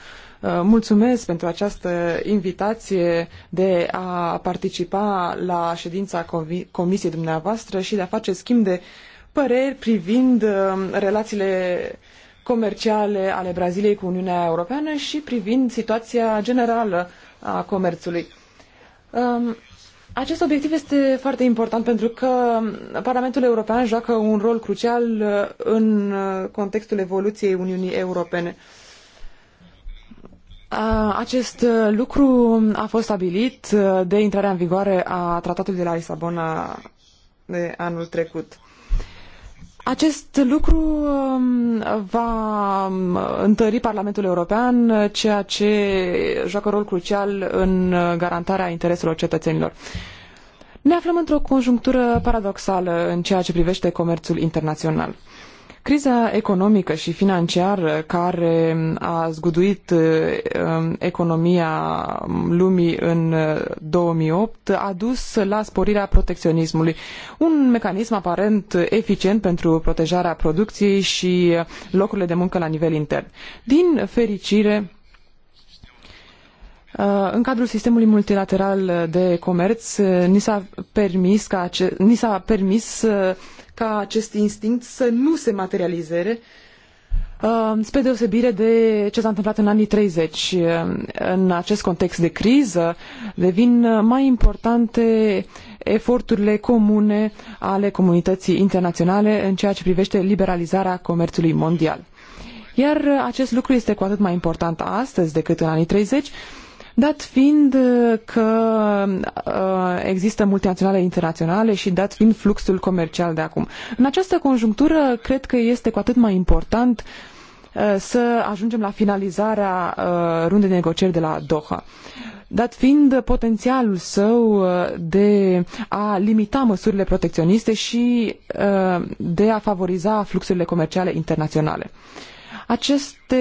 D: mulțumesc pentru această invitație de a participa la ședința comisiei dumneavoastră și de a face schimb de păreri privind relațiile comerciale ale Braziliei cu Uniunea Europeană și privind situația generală a comerțului. Um, acest obiectiv este foarte important pentru că Parlamentul European joacă un rol crucial uh, în uh, contextul evoluției Uniunii Europene. Acest uh, lucru a fost stabilit de intrarea în vigoare a Tratatului de la Lisabona de anul trecut. Acest lucru um, va um, întări Parlamentul European, ceea ce joacă rol crucial în garantarea intereselor cetățenilor. Ne aflăm într-o conjunctură paradoxală în ceea ce privește comerțul internațional. Criza economică și financiară care a zguduit uh, um, economia lumii în 2008 uh, a dus la sporirea protecționismului, un mecanism aparent eficient pentru protejarea producției și uh, locurile de muncă la nivel intern. Din fericire, în cadrul sistemului multilateral de comerț, ni s-a permis, ca ace- ni s-a permis ca acest instinct să nu se materializeze uh, spre deosebire de ce s-a întâmplat în anii 30. Uh, în acest context de criză devin uh, mai importante eforturile comune ale comunității internaționale în ceea ce privește liberalizarea comerțului mondial. Iar acest lucru este cu atât mai important astăzi decât în anii 30, Dat fiind uh, că uh, există multinaționale internaționale și dat fiind fluxul comercial de acum. În această conjunctură, cred că este cu atât mai important uh, să ajungem la finalizarea rundei de negocieri de la Doha dat fiind potențialul său de a limita măsurile protecționiste și de a favoriza fluxurile comerciale internaționale. Aceste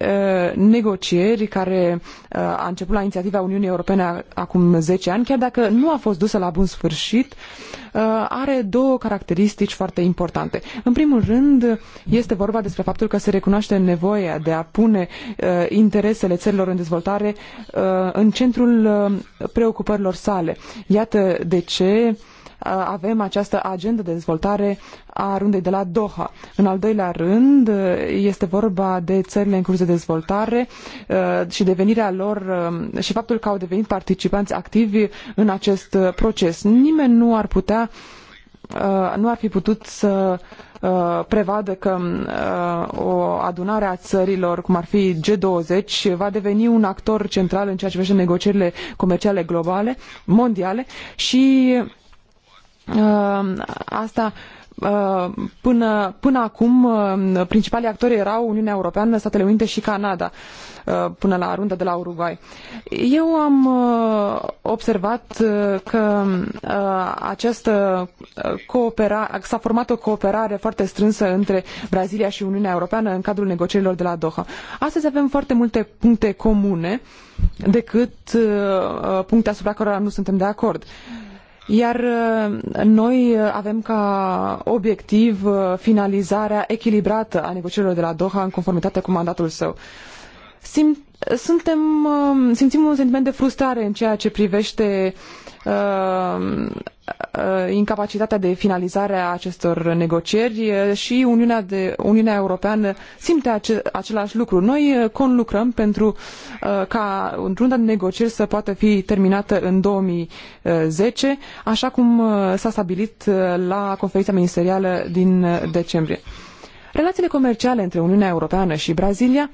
D: uh, negocieri care uh, a început la inițiativa Uniunii Europene acum 10 ani, chiar dacă nu a fost dusă la bun sfârșit, uh, are două caracteristici foarte importante. În primul rând, este vorba despre faptul că se recunoaște nevoia de a pune uh, interesele țărilor în dezvoltare uh, în centrul uh, preocupărilor sale. Iată de ce uh, Uh, avem această agendă de dezvoltare a rundei de la Doha. În al doilea rând, uh, este vorba de țările în curs de dezvoltare uh, și devenirea lor și faptul că au devenit participanți activi în acest proces. Nimeni nu ar putea nu ar fi putut să prevadă că o adunare a țărilor, cum ar fi G20, va deveni un actor central în ceea ce privește negocierile comerciale globale, mondiale și Uh, asta uh, până, până acum uh, principalii actori erau Uniunea Europeană, Statele Unite și Canada până la runda de la Uruguay. Eu am observat că această cooperare, s-a format o cooperare foarte strânsă între Brazilia și Uniunea Europeană în cadrul negocierilor de la Doha. Astăzi avem foarte multe puncte comune decât puncte asupra cărora nu suntem de acord iar uh, noi uh, avem ca obiectiv uh, finalizarea echilibrată a negocierilor de la Doha în conformitate cu mandatul său. Sim, suntem, simțim un sentiment de frustrare în ceea ce privește uh, Uh, uh, incapacitatea de finalizare a acestor negocieri și Uniunea, de, Uniunea Europeană simte ace, același lucru. Noi uh, conlucrăm pentru ca runda de negocieri să poată fi terminată în 2010, așa cum s-a stabilit la conferința ministerială din decembrie. Relațiile comerciale între Uniunea Europeană și Brazilia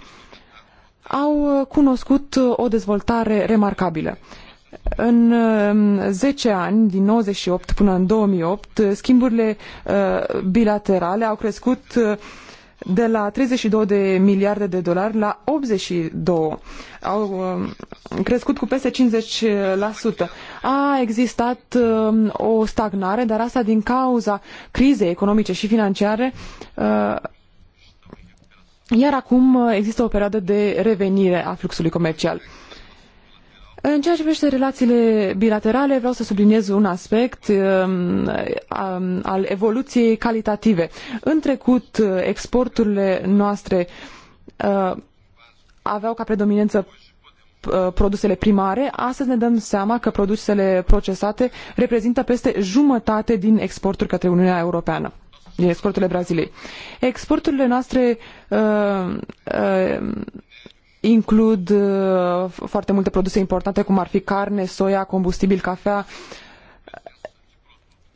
D: au cunoscut o dezvoltare remarcabilă în 10 um, ani, din 98 până în 2008, schimburile uh, bilaterale au crescut uh, de la 32 de miliarde de dolari la 82. Au um, crescut cu peste 50%. A existat um, o stagnare, dar asta din cauza crizei economice și financiare uh, iar acum există o perioadă de revenire a fluxului comercial. În ceea ce privește relațiile bilaterale, vreau să subliniez un aspect um, um al evoluției calitative. În trecut, exporturile noastre uh, aveau ca predominanță uh, produsele primare, astăzi ne dăm seama că produsele procesate reprezintă peste jumătate din exporturi către Uniunea Europeană din exporturile Braziliei. Exporturile noastre uh, uh, includ uh, foarte multe produse importante, cum ar fi carne, soia, combustibil, cafea.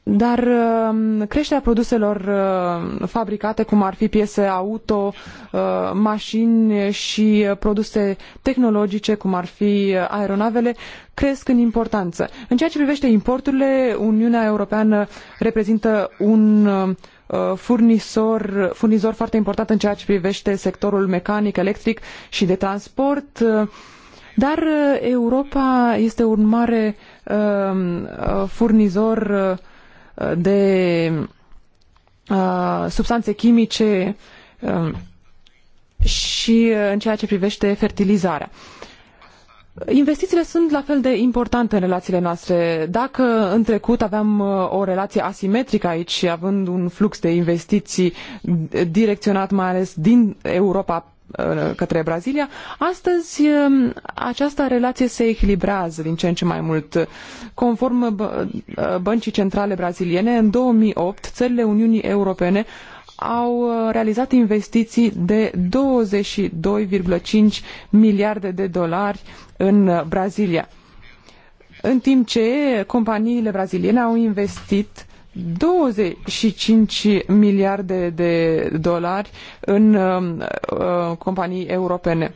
D: Dar um, creșterea produselor uh, fabricate, cum ar fi piese auto, uh, mașini și produse tehnologice, cum ar fi aeronavele, cresc în importanță. În ceea ce privește importurile, Uniunea Europeană reprezintă un Uh, furnizor, furnizor foarte important în ceea ce privește sectorul mecanic, electric și de transport. Uh, dar uh, Europa este un mare um, furnizor de substanțe chimice um, și în ceea ce privește fertilizarea. Investițiile sunt la fel de importante în relațiile noastre. Dacă în trecut aveam uh, o relație asimetrică aici, având un flux de investiții direcționat mai ales din Europa uh, către Brazilia. Astăzi um, această relație se echilibrează din ce în ce mai mult. Conform uh, Băncii Centrale Braziliene, în 2008 țările Uniunii Europene au uh, realizat investiții de 22,5 miliarde de dolari în uh, Brazilia, în timp ce companiile braziliene au investit 25 miliarde de dolari în uh, companii europene.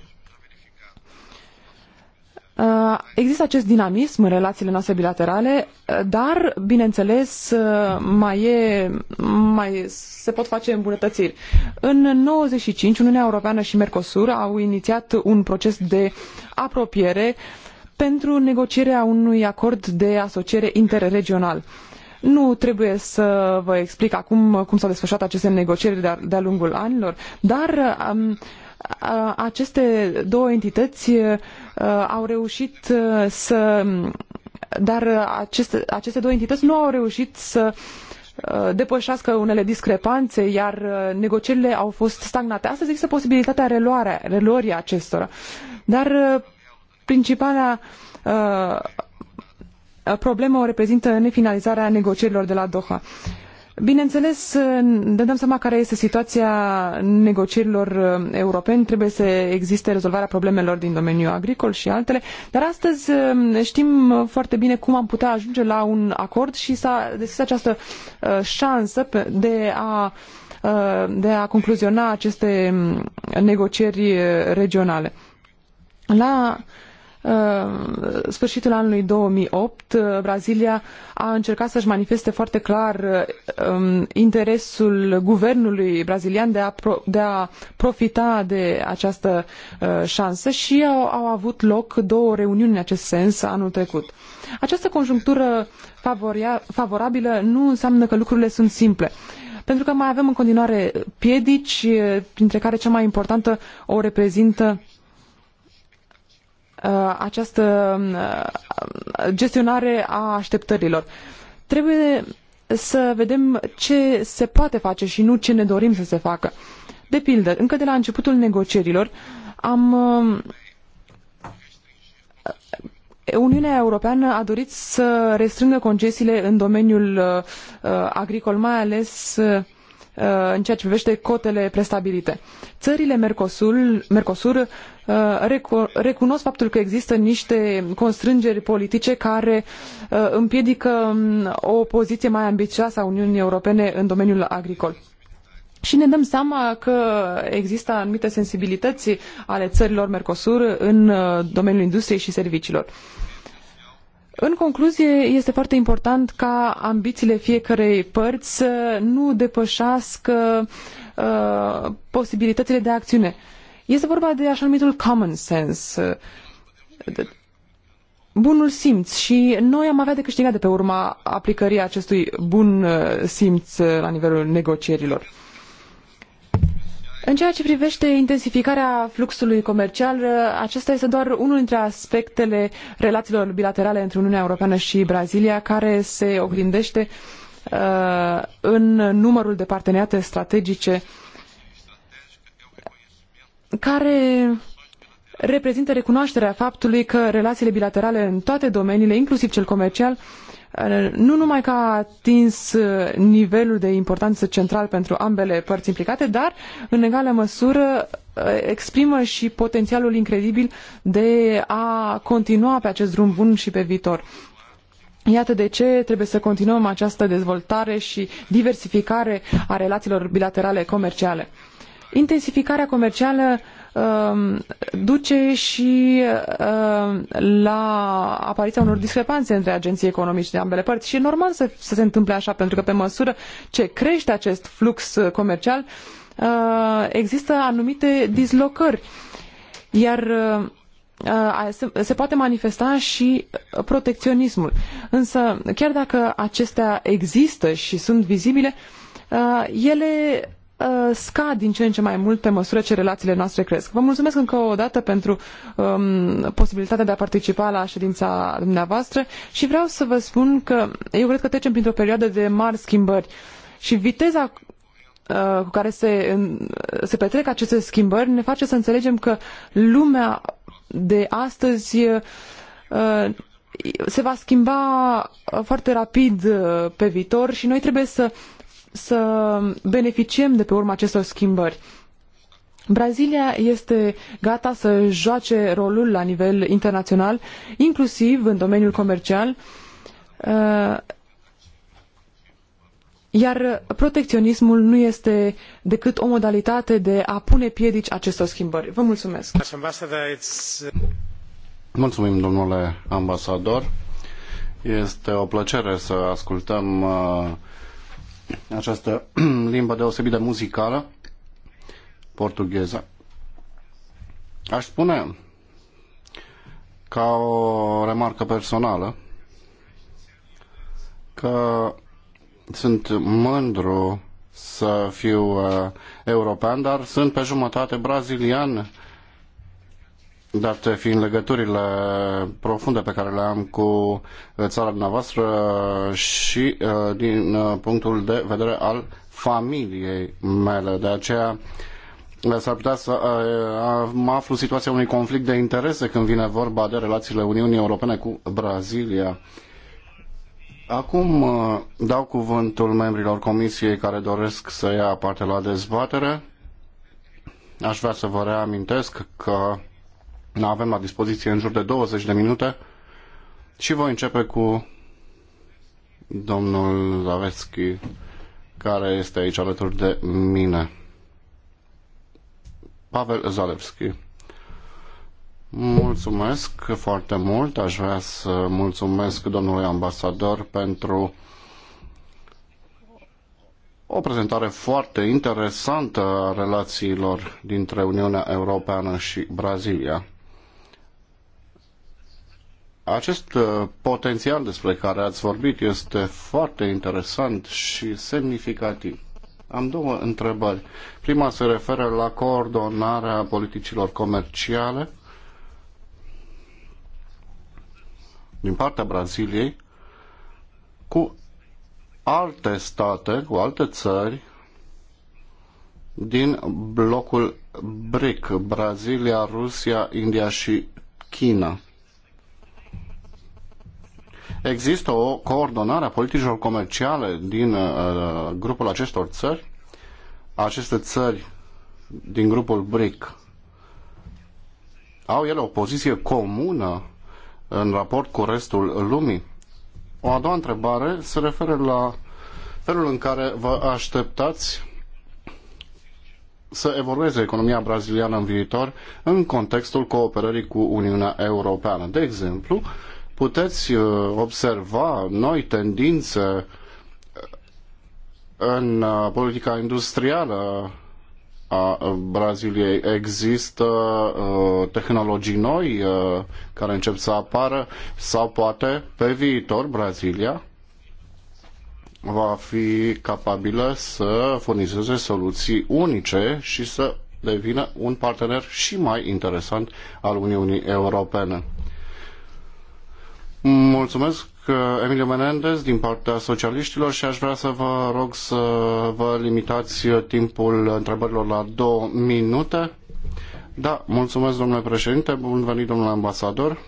D: Uh, există acest dinamism în relațiile noastre bilaterale, uh, dar, bineînțeles, uh, mai, e, mai se pot face îmbunătățiri. În 95, Uniunea Europeană și Mercosur au inițiat un proces de apropiere pentru negocierea unui acord de asociere interregional. Nu trebuie să vă explic acum cum s-au desfășurat aceste negocieri de-a lungul anilor, dar um, aceste două entități au reușit să. Dar aceste, aceste două entități nu au reușit să depășească unele discrepanțe, iar negocierile au fost stagnate. Astăzi există posibilitatea reluarea, reluării acestora. Dar principala problemă o reprezintă nefinalizarea negocierilor de la Doha. Bineînțeles, ne dăm seama care este situația negocierilor uh, europene. Trebuie să existe rezolvarea problemelor din domeniul agricol și altele. Dar astăzi uh, știm uh, foarte bine cum am putea ajunge la un acord și s-a deschis această șansă de a de a concluziona aceste mm, negocieri regionale. La uh, Uh, sfârșitul anului 2008, uh, Brazilia a încercat să-și manifeste foarte clar uh, um, interesul guvernului brazilian de a, pro, de a profita de această șansă și au, au avut loc două reuniuni în acest sens anul trecut. Această conjunctură favoria, favorabilă nu înseamnă că lucrurile sunt simple pentru că mai avem în continuare piedici, printre care cea mai importantă o reprezintă Uh, această uh, gestionare a așteptărilor. Trebuie să vedem ce se poate face și nu ce ne dorim să se facă. De pildă, încă de la începutul negocierilor am uh, Uniunea Europeană a dorit să restrângă concesiile în domeniul agricol, mai ales uh, Uh, în ceea ce privește cotele prestabilite. Țările Mercosul, Mercosur uh, recunosc faptul că există niște constrângeri politice care uh, împiedică um, o poziție mai ambițioasă a Uniunii Europene în domeniul agricol. Și ne dăm seama că există anumite sensibilități ale țărilor Mercosur în domeniul industriei și serviciilor. În concluzie, este foarte important ca ambițiile fiecărei părți să nu depășească uh, posibilitățile de acțiune. Este vorba de așa numitul common sense, uh, bunul simț și noi am avea de câștigat de pe urma aplicării acestui bun uh, simț uh, la nivelul negocierilor. În ceea ce privește intensificarea fluxului comercial, acesta este doar unul dintre aspectele relațiilor bilaterale între Uniunea Europeană și Brazilia, care se oglindește uh, în numărul de parteneriate strategice care reprezintă recunoașterea faptului că relațiile bilaterale în toate domeniile, inclusiv cel comercial, nu numai că a atins uh, nivelul de importanță central pentru ambele părți implicate, dar în egală măsură uh, exprimă și potențialul incredibil de a continua pe acest drum bun și pe viitor. Iată de ce trebuie să continuăm această dezvoltare și diversificare a relațiilor bilaterale comerciale. Intensificarea comercială uh, Um, duce și um, la apariția unor discrepanțe între agenții economici de ambele părți și e normal să, să se întâmple așa, pentru că pe măsură ce crește acest flux uh, comercial, uh, există anumite dislocări. Iar uh, se poate manifesta și protecționismul. Însă, chiar dacă acestea există și sunt vizibile, ele Uh, scad din ce în ce mai mult pe măsură ce relațiile noastre cresc. Vă mulțumesc încă o dată pentru um, posibilitatea de a participa la ședința dumneavoastră și vreau să vă spun că eu cred că trecem printr-o perioadă de mari schimbări și viteza uh, cu care se, se petrec aceste schimbări ne face să înțelegem că lumea de astăzi uh, se va schimba foarte rapid pe viitor și noi trebuie să să beneficiem de pe urma acestor schimbări. Brazilia este gata să joace rolul la nivel internațional, inclusiv în domeniul comercial, uh, iar protecționismul nu este decât o modalitate de a pune piedici acestor schimbări. Vă mulțumesc!
B: Mulțumim, domnule ambasador! Este o plăcere să ascultăm uh, această limbă deosebit de muzicală, portugheză. Aș spune, ca o remarcă personală, că sunt mândru să fiu uh, european, dar sunt pe jumătate brazilian Dat fiind legăturile profunde pe care le am cu țara dumneavoastră și uh, din uh, punctul de vedere al familiei mele. De aceea uh, s-ar putea să mă aflu situația unui conflict de interese când vine vorba de relațiile Uniunii Europene cu Brazilia. Acum dau cuvântul membrilor comisiei care doresc să ia parte la dezbatere. Aș vrea să vă reamintesc că avem la dispoziție în jur de 20 de minute și voi începe cu domnul Zaveschi, care este aici alături de mine. Pavel Zalewski. Mulțumesc foarte mult. Aș vrea să mulțumesc domnului ambasador pentru o prezentare foarte interesantă a relațiilor dintre Uniunea Europeană și Brazilia. Acest uh, potențial despre care ați vorbit este foarte interesant și semnificativ. Am două întrebări. Prima se referă la coordonarea politicilor comerciale din partea Braziliei cu alte state, cu alte țări din blocul BRIC, Brazilia, Rusia, India și China. Există o coordonare a politicilor comerciale din uh, grupul acestor țări? Aceste țări din grupul BRIC au ele o poziție comună în raport cu restul lumii? O a doua întrebare se referă la felul în care vă așteptați să evolueze economia braziliană în viitor în contextul cooperării cu Uniunea Europeană. De exemplu, puteți uh, observa noi tendințe în uh, politica industrială a uh, Braziliei. Există uh, tehnologii noi uh, care încep să apară sau poate pe viitor Brazilia va fi capabilă să furnizeze soluții unice și să devină un partener și mai interesant al Uniunii Europene. Mulțumesc, Emilio Menendez, din partea socialiștilor și aș vrea să vă rog să vă limitați timpul întrebărilor la două minute. Da, mulțumesc, domnule președinte, bun venit, domnule ambasador.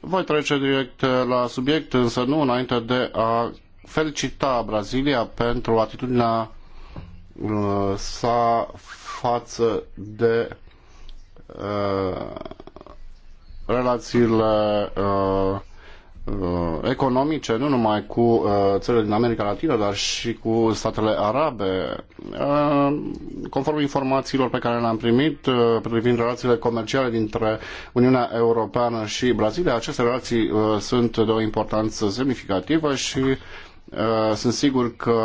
B: Voi trece direct la subiect, însă nu înainte de a felicita Brazilia pentru atitudinea uh, sa față de uh, relațiile uh, uh, economice, nu numai cu uh, țările din America Latină, dar și cu statele arabe. Uh, conform informațiilor pe care le-am primit uh, privind relațiile comerciale dintre Uniunea Europeană și Brazilia, aceste relații uh, sunt de o importanță semnificativă și Uh, sunt sigur că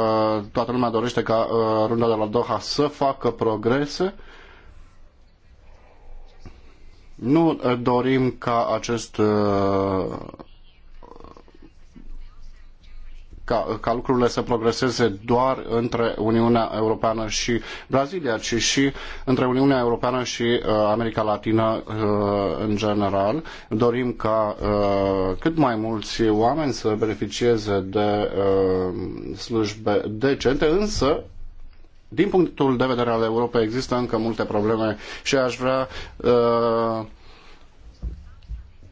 B: toată lumea dorește ca uh, runda de la Doha să facă progrese. Nu uh, dorim ca acest ca, ca lucrurile să progreseze doar între Uniunea Europeană și Brazilia, ci și între Uniunea Europeană și uh, America Latină uh, în general. Dorim ca uh, cât mai mulți oameni să beneficieze de uh, slujbe decente, însă din punctul de vedere al Europei există încă multe probleme și aș vrea uh,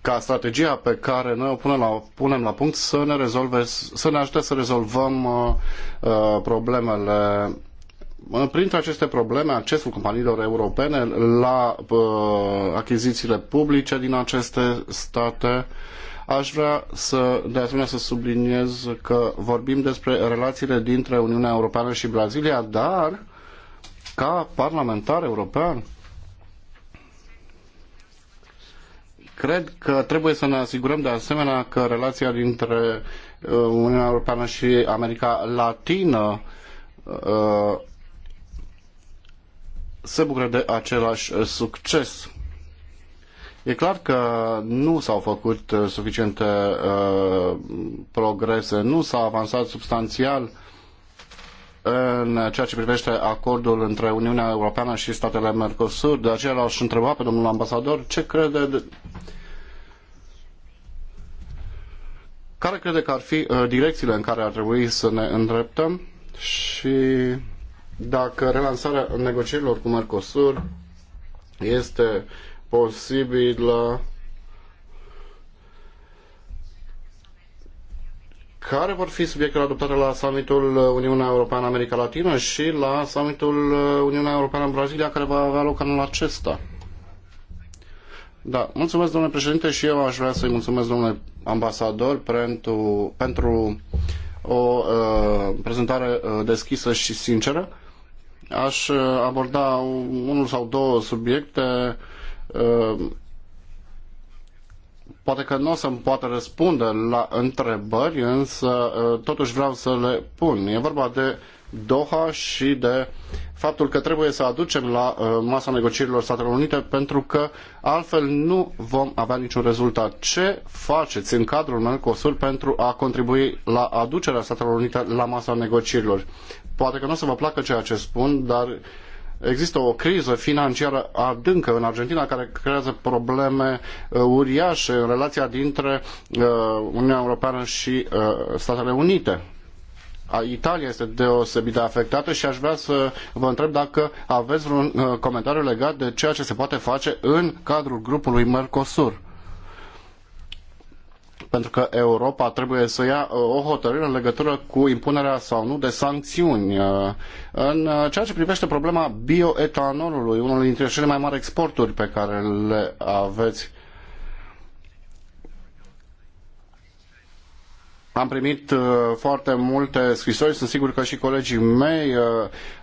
B: ca strategia pe care noi o punem la, punem la punct să ne, rezolve, să ne ajute să rezolvăm uh, uh problemele uh, printre aceste probleme, accesul companiilor europene la uh, achizițiile publice din aceste state. Aș vrea să, de asemenea să subliniez că vorbim despre relațiile dintre Uniunea Europeană și Brazilia, dar ca parlamentar european Cred că trebuie să ne asigurăm de asemenea că relația dintre uh, Uniunea Europeană și America Latină uh, se bucură de același uh, succes. E clar că nu s-au făcut suficiente progrese, nu s-a avansat substanțial în ceea ce privește acordul între Uniunea Europeană și statele Mercosur. De aceea l-aș întreba pe domnul ambasador ce crede de... care crede că ar fi uh, direcțiile în care ar trebui să ne îndreptăm și dacă relansarea negocierilor cu Mercosur este posibilă care vor fi subiectele adoptate la summitul Uniunea Europeană-America Latină și la summitul Uniunea Europeană-Brazilia care va avea loc anul acesta. Da, mulțumesc domnule președinte și eu aș vrea să-i mulțumesc domnule ambasador pentru, pentru o uh, prezentare uh, deschisă și sinceră. Aș uh, aborda unul sau două subiecte uh, Poate că nu o să-mi poată răspunde la întrebări, însă ă, totuși vreau să le pun. E vorba de Doha și de faptul că trebuie să aducem la ă, masa negocierilor Statele Unite pentru că altfel nu vom avea niciun rezultat. Ce faceți în cadrul Mercosur pentru a contribui la aducerea Statelor Unite la masa negocierilor? Poate că nu o să vă placă ceea ce spun, dar Există o criză financiară adâncă în Argentina care creează probleme uh, uriașe în relația dintre uh, Uniunea Europeană și uh, Statele Unite. Italia este deosebit de afectată și aș vrea să vă întreb dacă aveți vreun comentariu legat de ceea ce se poate face în cadrul grupului Mercosur pentru că Europa trebuie să ia uh, o hotărâre în legătură cu impunerea sau nu de sancțiuni. Uh, în uh, ceea ce privește problema bioetanolului, unul dintre cele mai mari exporturi pe care le aveți Am primit uh, foarte multe scrisori, sunt sigur că și colegii mei uh,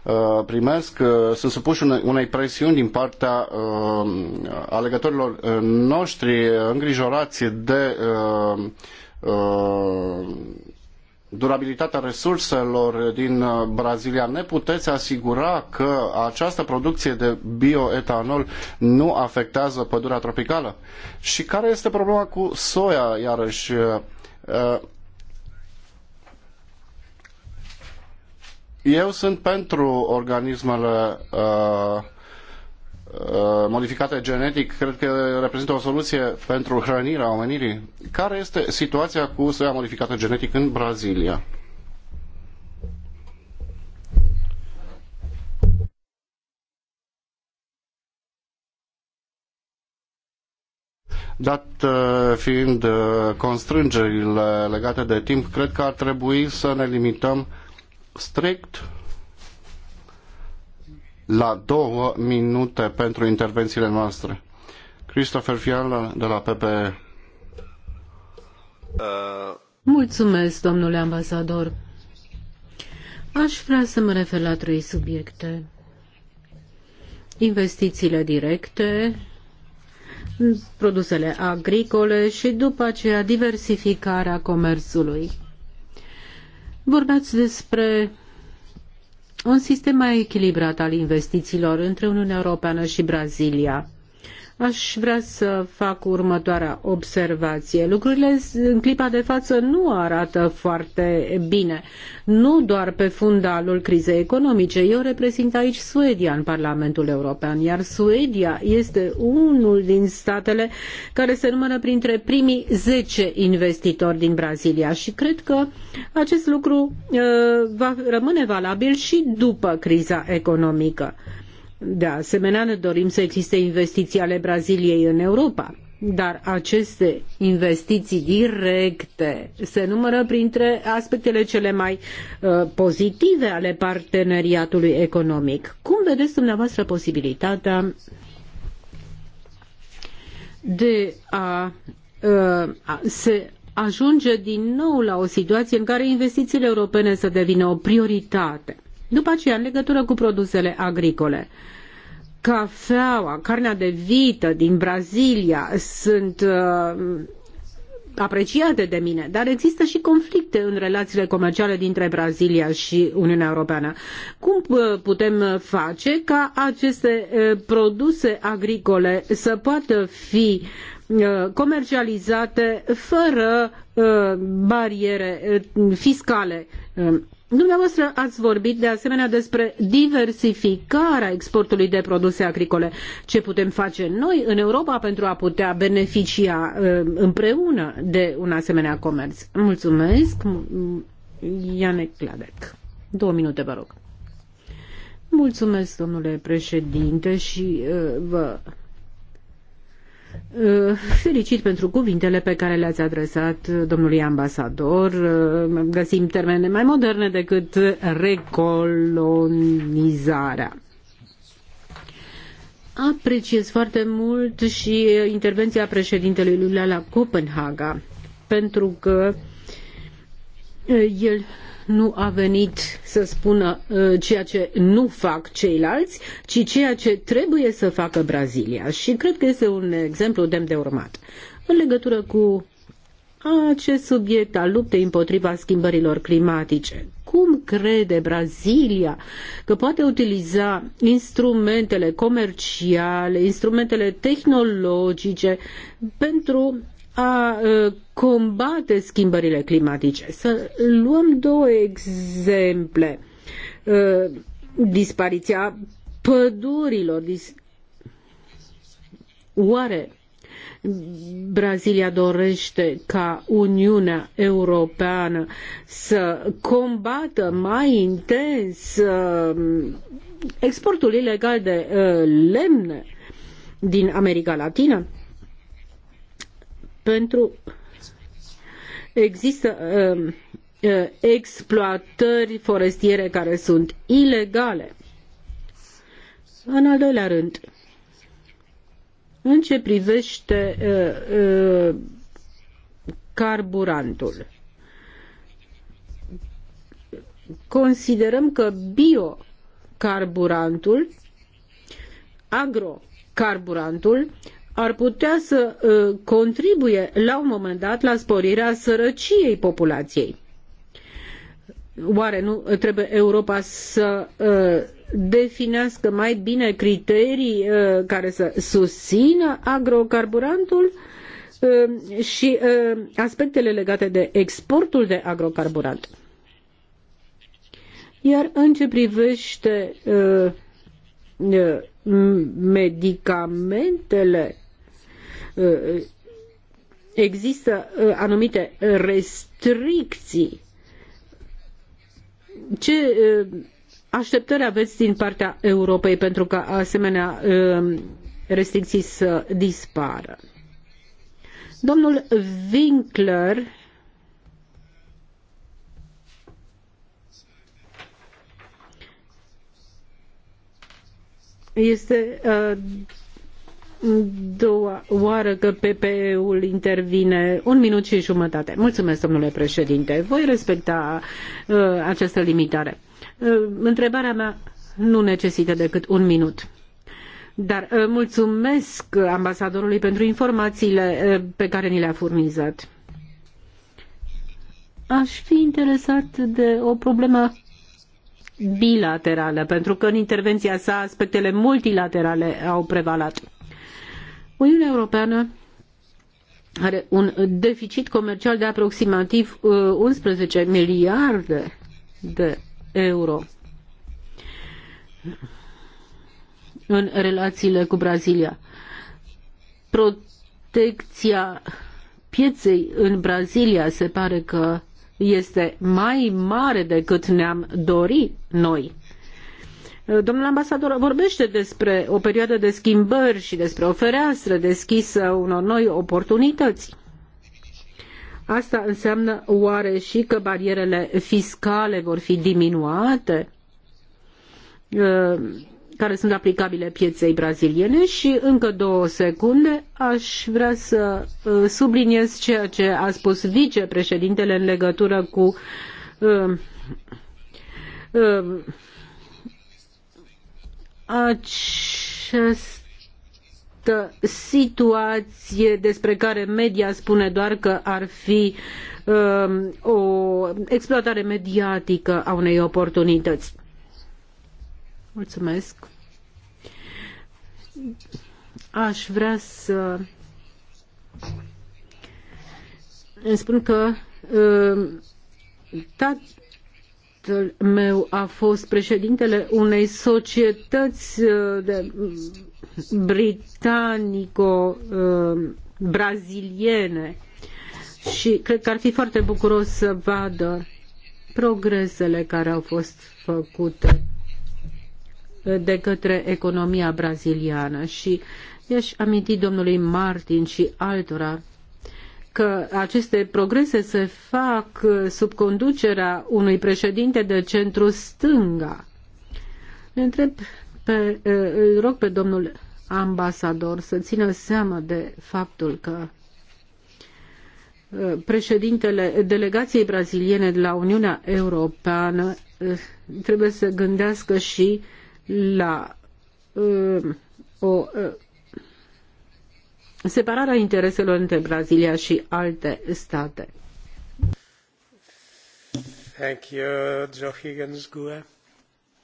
B: uh, primesc, sunt supuși unei presiuni din partea alegătorilor noștri îngrijorați de durabilitatea resurselor din Brazilia, ne puteți asigura că această producție de bioetanol nu afectează pădurea tropicală? Și care este problema cu soia, iarăși? Eu sunt pentru organismele uh, uh, modificate genetic, cred că reprezintă o soluție pentru hrănirea omenirii. Care este situația cu soia modificată genetic în Brazilia? Dat uh, fiind uh, constrângerile legate de timp, cred că ar trebui să ne limităm strict la două minute pentru intervențiile noastre. Christopher Fiala de la PPE.
C: Mulțumesc, domnule ambasador. Aș vrea să mă refer la trei subiecte. Investițiile directe, produsele agricole și după aceea diversificarea comerțului. Vorbeați despre un sistem mai echilibrat al investițiilor între Uniunea Europeană și Brazilia. Aș vrea să fac următoarea observație. Lucrurile în clipa de față nu arată foarte bine, nu doar pe fundalul crizei economice. Eu reprezint aici Suedia în Parlamentul European, iar Suedia este unul din statele care se numără printre primii zece investitori din Brazilia și cred că acest lucru uh, va rămâne valabil și după criza economică. De asemenea, ne dorim să existe investiții ale Braziliei în Europa, dar aceste investiții directe se numără printre aspectele cele mai uh, pozitive ale parteneriatului economic. Cum vedeți dumneavoastră posibilitatea de a uh, se ajunge din nou la o situație în care investițiile europene să devină o prioritate? După aceea, în legătură cu produsele agricole, cafeaua, carnea de vită din Brazilia sunt uh, apreciate de mine, dar există și conflicte în relațiile comerciale dintre Brazilia și Uniunea Europeană. Cum uh, putem face ca aceste uh, produse agricole să poată fi uh, comercializate fără bariere fiscale Dumneavoastră ați vorbit de asemenea despre diversificarea exportului de produse agricole. Ce putem face noi în Europa pentru a putea beneficia uh, împreună de un asemenea comerț? Mulțumesc, Ianec Gladec. Două minute, vă rog. Mulțumesc, domnule președinte, și uh, vă Uh, felicit pentru cuvintele pe care le-ați adresat domnului ambasador. Uh, găsim termene mai moderne decât recolonizarea. Apreciez foarte mult și intervenția președintelui Lula la Copenhaga, pentru că uh, el nu a venit să spună uh, ceea ce nu fac ceilalți, ci ceea ce trebuie să facă Brazilia. Și cred că este un exemplu demn de urmat. În legătură cu acest subiect al luptei împotriva schimbărilor climatice. Cum crede Brazilia că poate utiliza instrumentele comerciale, instrumentele tehnologice pentru a combate schimbările climatice. Să luăm două exemple. Dispariția pădurilor. Oare Brazilia dorește ca Uniunea Europeană să combată mai intens exportul ilegal de lemne din America Latină? pentru există uh, uh, exploatări forestiere care sunt ilegale. În al doilea rând, în ce privește uh, uh carburantul, considerăm că biocarburantul, agrocarburantul, ar putea să uh, contribuie la un moment dat la sporirea sărăciei populației. Oare nu trebuie Europa să uh, definească mai bine criterii uh, care să susțină agrocarburantul și aspectele legate de exportul de agrocarburant? Iar în ce privește medicamentele Uh, există uh, anumite restricții. Ce uh, așteptări aveți din partea Europei pentru ca asemenea restricții să dispară? Domnul Winkler este doua oară că PPE-ul intervine. Un minut și jumătate. Mulțumesc, domnule președinte. Voi respecta uh, această limitare. Uh, întrebarea mea nu necesită decât un minut. Dar uh, mulțumesc ambasadorului pentru informațiile uh, pe care ni le-a furnizat. Aș fi interesat de o problemă bilaterală, pentru că în intervenția sa aspectele multilaterale au prevalat Uniunea Europeană are un deficit comercial de aproximativ 11 uh, miliarde de euro în relațiile cu Brazilia. Protecția pieței în Brazilia se pare că este mai mare decât ne-am dori noi. Eh, domnul ambasador vorbește despre o perioadă de schimbări și despre o fereastră deschisă unor noi oportunități. Asta înseamnă oare și că barierele fiscale vor fi diminuate? Eh, care sunt aplicabile pieței braziliene și încă două secunde aș vrea să eh, subliniez ceea ce a spus vicepreședintele în legătură cu uh, uh, această situație despre care media spune doar că ar fi um, o exploatare mediatică a unei oportunități. Mulțumesc. Aș vrea să îmi spun că um, tatăl meu a fost președintele unei societăți uh, de mm, britanico-braziliene uh, și cred că ar fi foarte bucuros să vadă progresele care au fost făcute de către economia braziliană și i-aș aminti domnului Martin și altora că aceste progrese se fac uh, sub conducerea unui președinte de centru stânga. Ne întreb pe, uh, îl rog pe domnul ambasador să țină seama de faptul că uh, președintele delegației braziliene de la Uniunea Europeană trebuie să gândească și la o separarea intereselor între Brazilia și alte state.
A: Thank you, Joe Higgins, GUE.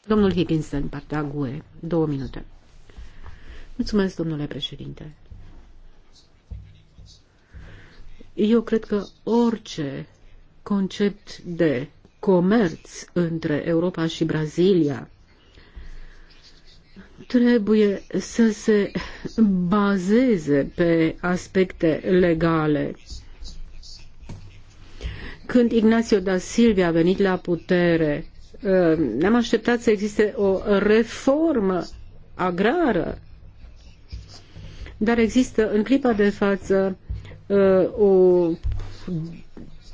C: Domnul Higgins, din partea GUE, două minute. Mulțumesc, domnule președinte. Eu cred că orice concept de comerț între Europa și Brazilia trebuie să se bazeze pe aspecte legale. Când Ignacio da Silvia a venit la putere, uh, ne-am așteptat să existe o reformă agrară, dar există în clipa de față uh, o,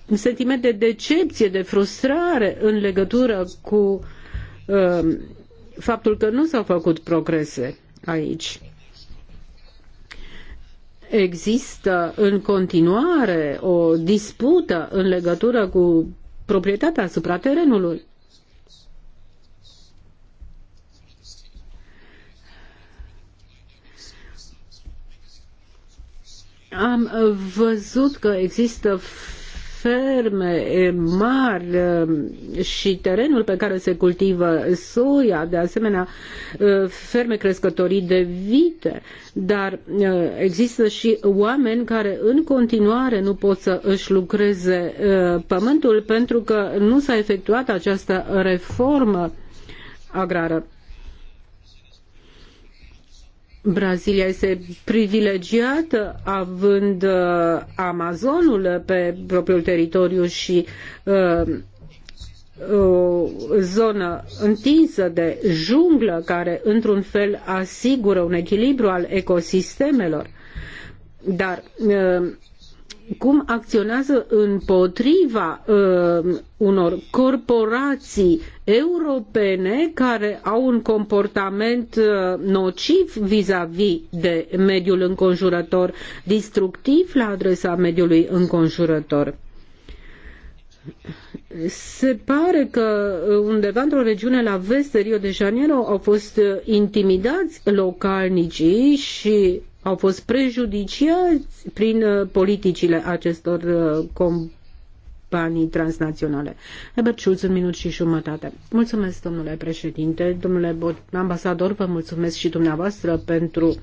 C: un sentiment de decepție, de frustrare în legătură cu uh, faptul că nu s-au făcut progrese aici. Există în continuare o dispută în legătură cu proprietatea asupra terenului. Am văzut că există ferme mari și terenul pe care se cultivă soia, de asemenea ferme crescătorii de vite, dar există și oameni care în continuare nu pot să își lucreze pământul pentru că nu s-a efectuat această reformă agrară. Brazilia este privilegiată având uh, Amazonul pe propriul teritoriu și uh, o zonă întinsă de junglă care într-un fel asigură un echilibru al ecosistemelor. Dar uh, cum acționează împotriva uh, unor corporații europene care au un comportament uh, nociv vis-a-vis -vis de mediul înconjurător, destructiv la adresa mediului înconjurător. Se pare că undeva într-o regiune la vest de Rio de Janeiro au fost uh, intimidați localnicii și au fost prejudiciați prin uh, politicile acestor uh, companii transnaționale. Herbert Schulz, în minut și jumătate. Mulțumesc, domnule președinte, domnule ambasador, vă mulțumesc și dumneavoastră pentru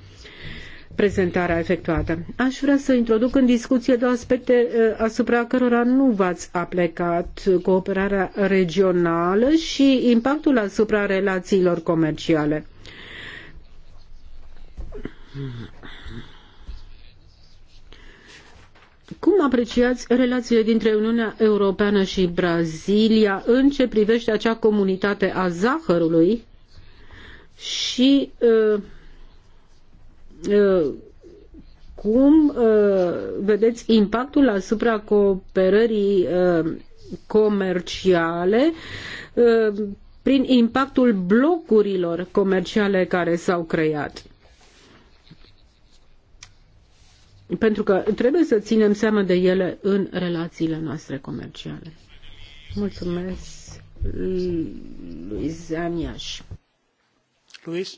C: prezentarea efectuată. Aș vrea să introduc în discuție două aspecte uh, asupra cărora nu v-ați aplicat cooperarea regională și impactul asupra relațiilor comerciale. Cum apreciați relațiile dintre Uniunea Europeană și Brazilia în ce privește acea comunitate a zahărului și uh, uh, cum uh, vedeți impactul asupra cooperării uh, comerciale uh, prin impactul blocurilor comerciale care s-au creat? pentru că trebuie să ținem seama de ele în relațiile noastre comerciale.
A: Mulțumesc, Luis Zaniaș. Luis?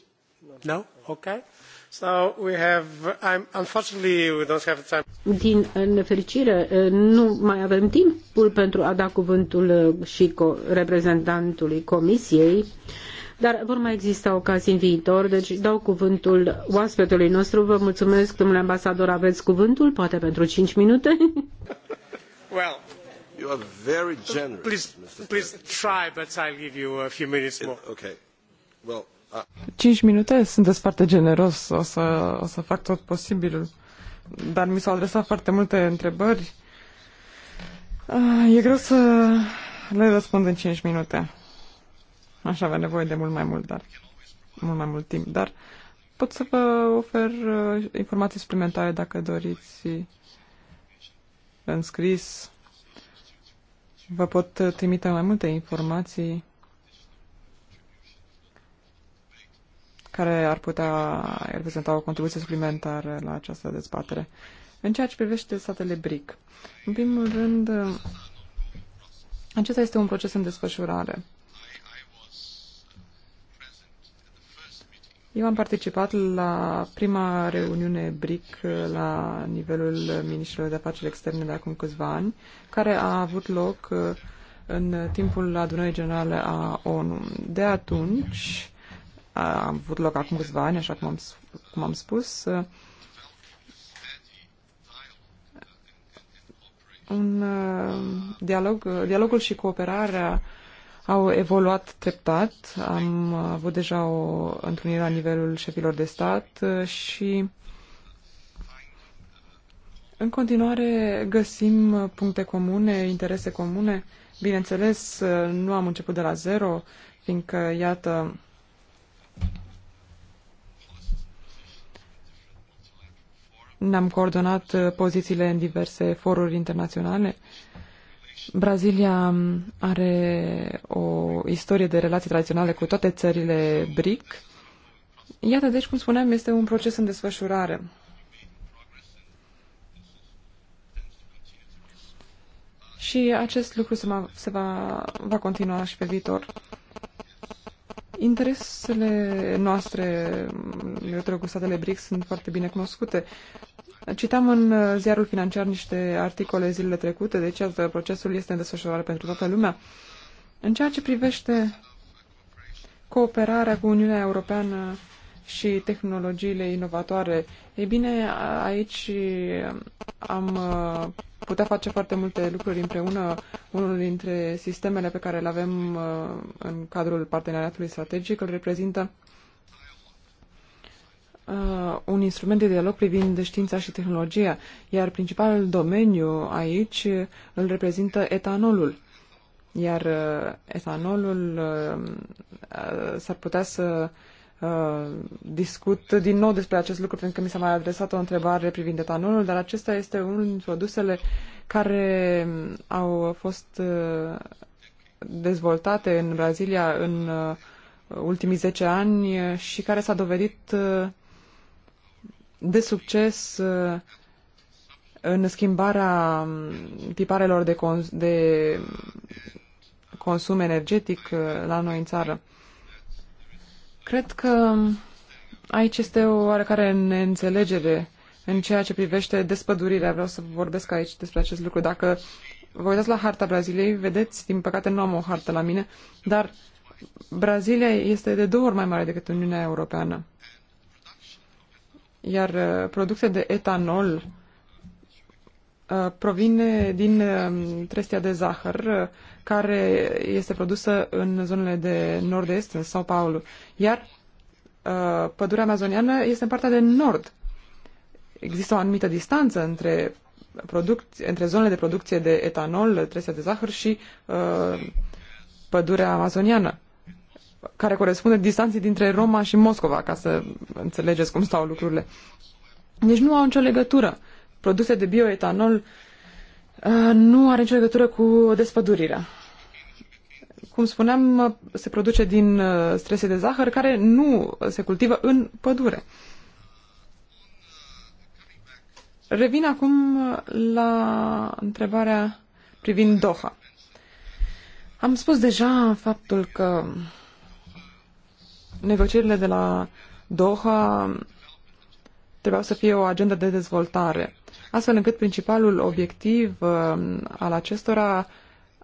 A: No? Okay. So we have, I'm, unfortunately we don't have time.
C: Din nefericire, nu mai avem timpul pentru a da cuvântul și co- reprezentantului Comisiei. Uh, dar vor mai exista ocazii în viitor, deci dau cuvântul oaspetului nostru. Vă mulțumesc, domnule ambasador, aveți cuvântul, poate pentru 5 minute.
A: Well. You are very generous, please, Mr. please try, but I'll give you a few minutes more. It, Okay. Well, uh,
D: I... 5 minute? Sunteți foarte generos. O să, o să fac tot posibilul. Dar mi s-au adresat foarte multe întrebări. Ah, e greu să le răspund în 5 minute. Aș avea nevoie de mult mai mult, dar mult mai mult timp, dar pot să vă ofer uh, informații suplimentare dacă doriți în scris. Vă pot trimite mai multe informații care ar putea reprezenta o contribuție suplimentară la această dezbatere. În ceea ce privește statele BRIC, în primul rând, uh, acesta este un proces în desfășurare. Eu am participat la prima reuniune BRIC la nivelul ministrilor de afaceri externe de acum câțiva ani, care a avut loc uh, în timpul adunării generale a ONU. De atunci, a avut loc acum câțiva ani, așa cum am, cum am spus, uh, un uh, dialog, dialogul și cooperarea uh, au evoluat treptat. Am avut deja o întâlnire la nivelul șefilor de stat și în continuare găsim puncte comune, interese comune. Bineînțeles, nu am început de la zero, fiindcă, iată, ne-am coordonat pozițiile în diverse foruri internaționale. Uh, Brazilia are o istorie de relații tradiționale cu toate țările BRIC. Iată, deci, cum spuneam, este un proces în desfășurare. Și acest lucru se va, se va, va continua și pe viitor. Interesele noastre legătură cu statele BRICS sunt foarte bine cunoscute. Citam în uh, ziarul financiar niște articole zilele trecute, deci iată, procesul este în desfășurare pentru toată lumea. În ceea ce privește cooperarea cu Uniunea Europeană și tehnologiile inovatoare. Ei bine, aici am uh, putea face foarte multe lucruri împreună. Unul dintre sistemele pe care le avem uh, în cadrul parteneriatului strategic îl reprezintă uh, un instrument de dialog privind știința și tehnologia, iar principalul domeniu aici îl reprezintă etanolul. Iar uh, etanolul uh, s-ar putea să Uh, discut din nou despre acest lucru, pentru că mi s-a mai adresat o întrebare privind etanolul, dar acesta este unul dintre produsele care au fost uh, dezvoltate în Brazilia în uh, ultimii 10 ani și care s-a dovedit de succes în schimbarea um, tiparelor de, cons- de consum energetic la noi în țară. Cred că aici este o oarecare neînțelegere în ceea ce privește despădurirea. Vreau să vorbesc aici despre acest lucru. Dacă vă uitați la harta Braziliei, vedeți, din păcate nu am o hartă la mine, dar Brazilia este de două ori mai mare decât Uniunea Europeană. Iar uh, producția de etanol uh, provine din uh, trestia de zahăr care este produsă în zonele de nord-est, în São Paulo. Iar uh, pădurea amazoniană este în partea de nord. Există o anumită distanță între, producți, între zonele de producție de etanol, trese de zahăr și uh, pădurea amazoniană care corespunde distanței dintre Roma și Moscova, ca să înțelegeți cum stau lucrurile. Deci nu au nicio legătură. Produse de bioetanol Uh, nu are nicio legătură cu despădurirea. Cum spuneam, uh, se produce din uh, strese de zahăr care nu se cultivă în pădure. Revin acum la întrebarea privind Doha. Am spus deja faptul că negocierile de la Doha trebuiau să fie o agendă de dezvoltare astfel încât principalul obiectiv uh, al acestora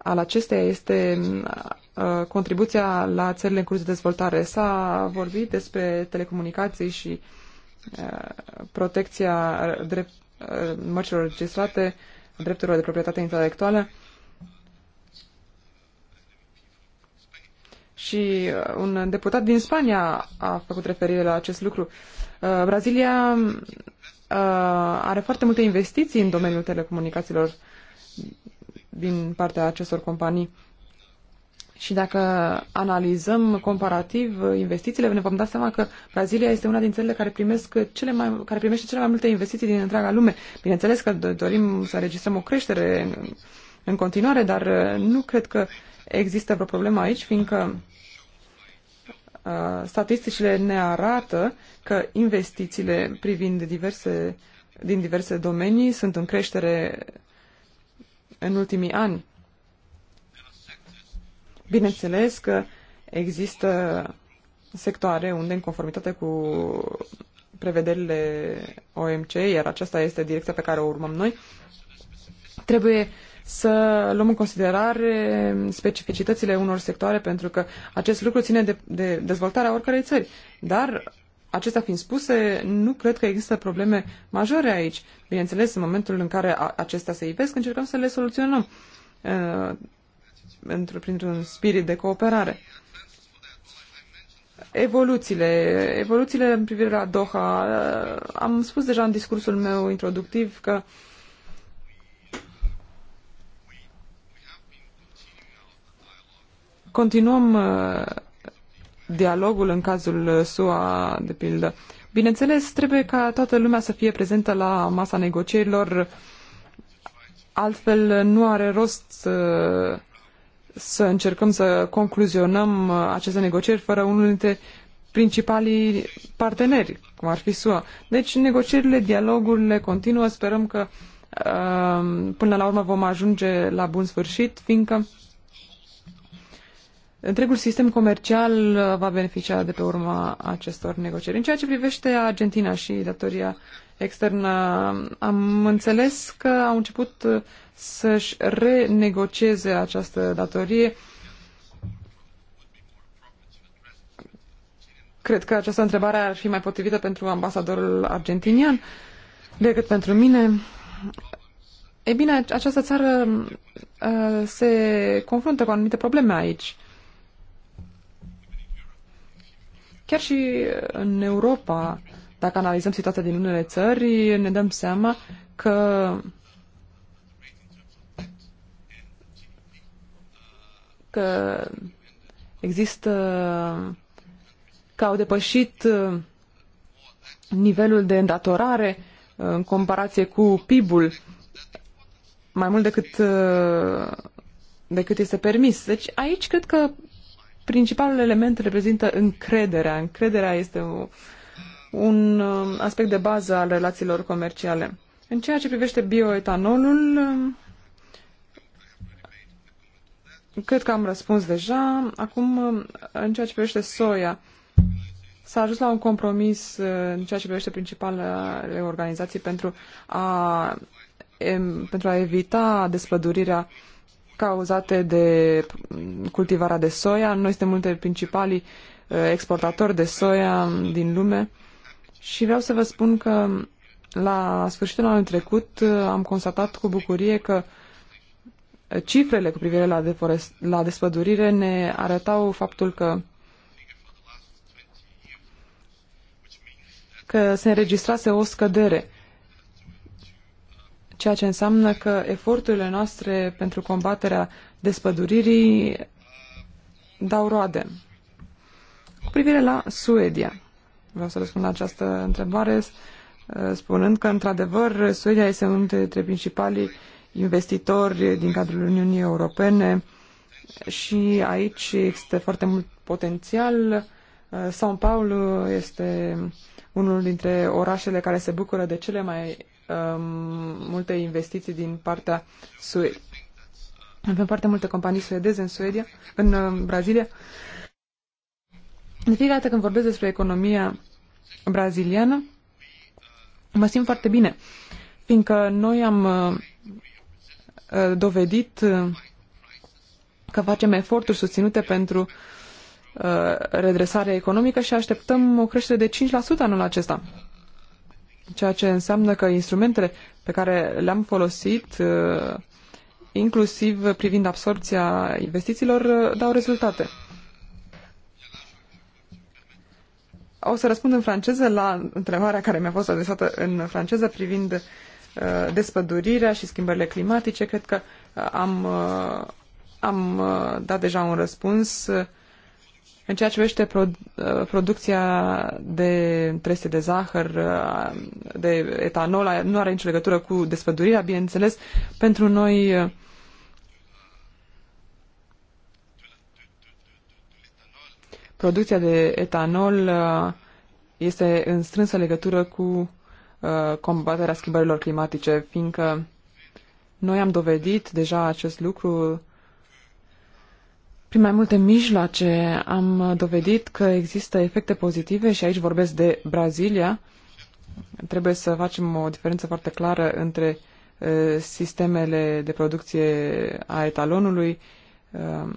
D: al acesteia este uh, contribuția la țările în curs de dezvoltare. S-a vorbit despre telecomunicații și uh, protecția drept, mărcilor registrate, drepturilor de proprietate intelectuală. Și un deputat din Spania a făcut referire la acest lucru. Brazilia Uh, are foarte multe investiții în domeniul telecomunicațiilor din partea acestor companii. Și dacă analizăm comparativ investițiile, ne vom da seama că Brazilia este una din țările care, primesc cele mai, care primește cele mai multe investiții din întreaga lume. Bineînțeles că dorim să registrăm o creștere în, în continuare, dar nu cred că există vreo problemă aici, fiindcă statisticile ne arată că investițiile privind diverse, din diverse domenii sunt în creștere în ultimii ani. Bineînțeles că există sectoare unde, în conformitate cu prevederile OMC, iar aceasta este direcția pe care o urmăm noi, trebuie să luăm în considerare specificitățile unor sectoare, pentru că acest lucru ține de, de dezvoltarea oricărei țări. Dar, acestea fiind spuse, nu cred că există probleme majore aici. Bineînțeles, în momentul în care acestea se ivesc, încercăm să le soluționăm uh, printr-un spirit de cooperare evoluțiile, evoluțiile în privire la Doha. Uh, am spus deja în discursul meu introductiv că Continuăm uh, dialogul în cazul uh, SUA, de pildă. Bineînțeles, trebuie ca toată lumea să fie prezentă la masa negocierilor, altfel nu are rost să, să încercăm să concluzionăm uh, aceste negocieri fără unul dintre principalii parteneri, cum ar fi SUA. Deci negocierile, dialogurile continuă, sperăm că până la urmă vom ajunge la bun sfârșit, fiindcă Întregul sistem comercial uh, va beneficia de pe urma acestor negocieri. În ceea ce privește Argentina și datoria externă, am înțeles că au început uh, să-și renegocieze această datorie. Cred că această întrebare ar fi mai potrivită pentru ambasadorul argentinian decât pentru mine. E bine, această țară uh, se confruntă cu anumite probleme aici. Chiar și în Europa, dacă analizăm situația din unele țări, ne dăm seama că că există că au depășit nivelul de îndatorare uh, în comparație cu PIB-ul mai mult decât, uh, decât este permis. Deci aici cred că principalul element reprezintă încrederea. Încrederea este o, un um, aspect de bază al relațiilor comerciale. În ceea ce privește bioetanolul, um, cred că am răspuns deja. Acum, um, în ceea ce privește soia, s-a ajuns la un compromis uh, în ceea ce privește principalele organizații pentru a, pentru a evita desplădurirea uh, cauzate de cultivarea de soia. Noi suntem multe principalii uh, exportatori de soia din lume și vreau să vă spun că la sfârșitul anului trecut uh, am constatat cu bucurie că cifrele cu privire la, la despădurire ne arătau faptul că că se înregistrase o scădere ceea ce înseamnă că eforturile noastre pentru combaterea despăduririi dau roade. Cu privire la Suedia, vreau să răspund la această întrebare uh, spunând că, într-adevăr, Suedia este unul dintre principalii investitori din cadrul Uniunii Europene și aici există foarte mult potențial. Uh, São Paulo este unul dintre orașele care se bucură de cele mai Um, multe investiții din partea Suediei. Avem foarte multe companii suedeze în Suedia, în uh, Brazilia. De fiecare dată când vorbesc despre economia braziliană, mă simt foarte bine, fiindcă noi am uh, uh, dovedit că facem eforturi susținute pentru redresarea economică și așteptăm o creștere de 5% anul acesta ceea ce înseamnă că instrumentele pe care le-am folosit, uh, inclusiv privind absorpția investițiilor, uh, dau rezultate. O să răspund în franceză la întrebarea care mi-a fost adresată în franceză privind uh, despădurirea și schimbările climatice. Cred că am, am dat deja un răspuns. În ceea ce privește produ- uh, producția de treste de zahăr, uh, de etanol, nu are nicio legătură cu despădurirea, bineînțeles. Pentru noi, uh, producția de etanol este în strânsă legătură cu combaterea schimbărilor climatice, fiindcă noi am dovedit deja acest lucru prin mai multe mijloace am dovedit că există efecte pozitive și aici vorbesc de Brazilia. Trebuie să facem o diferență foarte clară între uh, sistemele de producție a etalonului. Uh,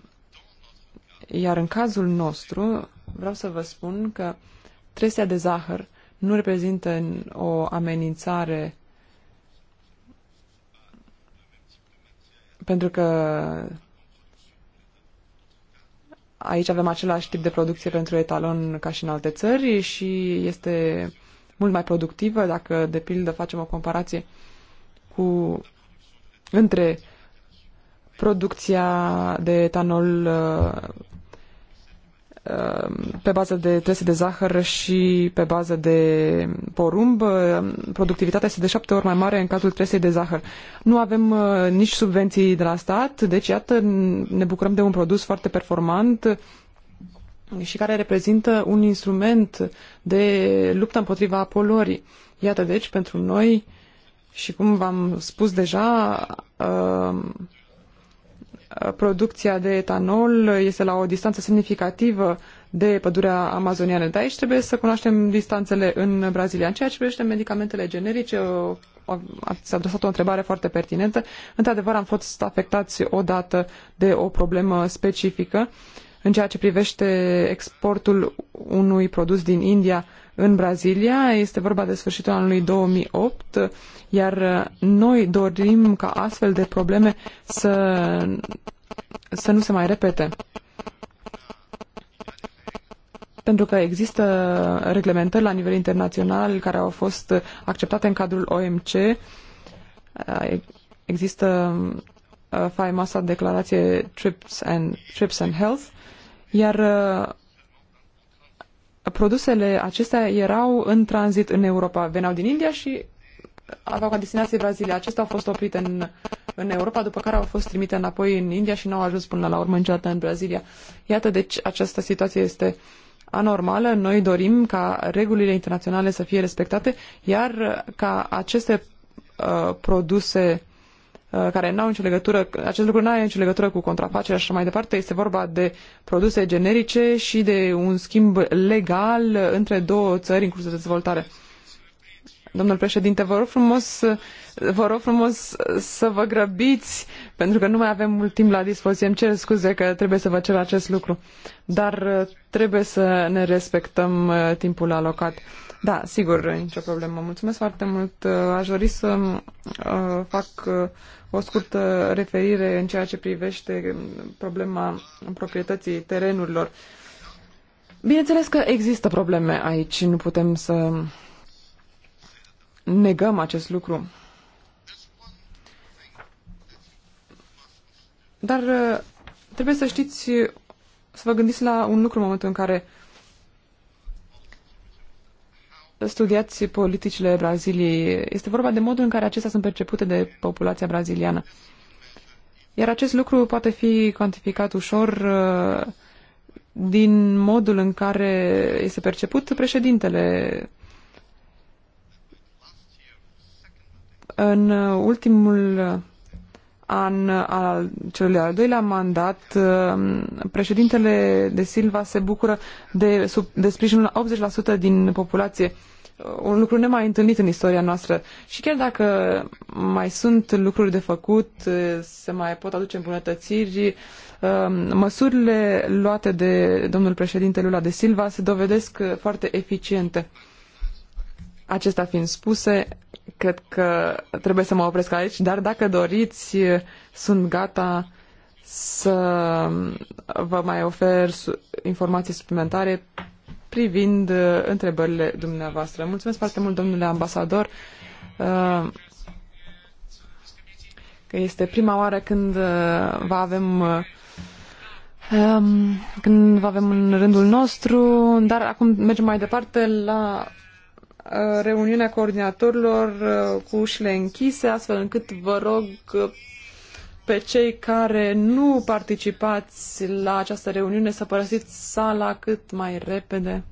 D: iar în cazul nostru, vreau să vă spun că trestea de zahăr nu reprezintă o amenințare pentru că Aici avem același tip de producție pentru etalon ca și în alte țări și este mult mai productivă dacă, de pildă, facem o comparație cu între producția de etanol uh, Um, pe bază de trese de zahăr și pe bază de porumb, um, productivitatea este de șapte ori mai mare în cazul tresei de zahăr. Nu avem uh, nici subvenții de la stat, deci iată ne bucurăm de un produs foarte performant și care reprezintă un instrument de luptă împotriva poluării. Iată deci pentru noi și cum v-am spus deja, um, producția de etanol este la o distanță semnificativă de pădurea amazoniană. De aici trebuie să cunoaștem distanțele în Brazilia. În ceea ce privește medicamentele generice, a adresat o întrebare foarte pertinentă. Într-adevăr, am fost afectați odată de o problemă specifică în ceea ce privește exportul unui produs din India în Brazilia. Este vorba de sfârșitul anului 2008, iar noi dorim ca astfel de probleme să, să nu se mai repete. Pentru că există reglementări la nivel internațional care au fost acceptate în cadrul OMC. Există uh, faimoasa declarație Trips and, Trips and Health, iar uh, produsele acestea erau în tranzit în Europa. Veneau din India și aveau ca destinație Brazilia. Acestea au fost oprite în, în Europa, după care au fost trimite înapoi în India și nu au ajuns până la urmă niciodată în Brazilia. Iată, deci, această situație este anormală. Noi dorim ca regulile internaționale să fie respectate, iar ca aceste uh, produse Uh, care nu au nicio legătură, acest lucru nu are nicio legătură cu contrafacerea și așa mai departe, este vorba de produse generice și de un schimb legal între două țări în curs de dezvoltare. Domnul președinte, vă rog frumos, vă rog frumos să vă grăbiți, pentru că nu mai avem mult timp la dispoziție. Îmi cer scuze că trebuie să vă cer acest lucru, dar trebuie să ne respectăm uh, timpul alocat. Da, sigur, nicio problemă. Mulțumesc foarte mult. Uh, aș dori să uh, fac uh, o scurtă referire în ceea ce privește um, problema proprietății terenurilor. Bineînțeles că există probleme aici, nu putem să negăm acest lucru. Dar trebuie să știți, să vă gândiți la un lucru în momentul în care uh, studiați politicile Braziliei. Este vorba de modul în care acestea sunt percepute de populația braziliană. Iar acest lucru poate fi cuantificat ușor uh, din modul în care este perceput președintele. În ultimul an al celui al doilea mandat, uh, președintele de Silva se bucură de, sub, de sprijinul 80% din populație un lucru nemai întâlnit în istoria noastră. Și chiar dacă mai sunt lucruri de făcut, se mai pot aduce îmbunătățiri, um, măsurile luate de domnul președinte Lula de Silva se dovedesc foarte eficiente. Acestea fiind spuse, cred că trebuie să mă opresc aici, dar dacă doriți, sunt gata să vă mai ofer informații suplimentare privind uh, întrebările dumneavoastră. Mulțumesc foarte mult, domnule ambasador, uh, că este prima oară când uh, va avem um, când vă avem în rândul nostru, dar acum mergem mai departe la reuniunea coordinatorilor cu ușile închise, astfel încât vă rog pe cei care nu participați la această reuniune să părăsiți sala cât mai repede.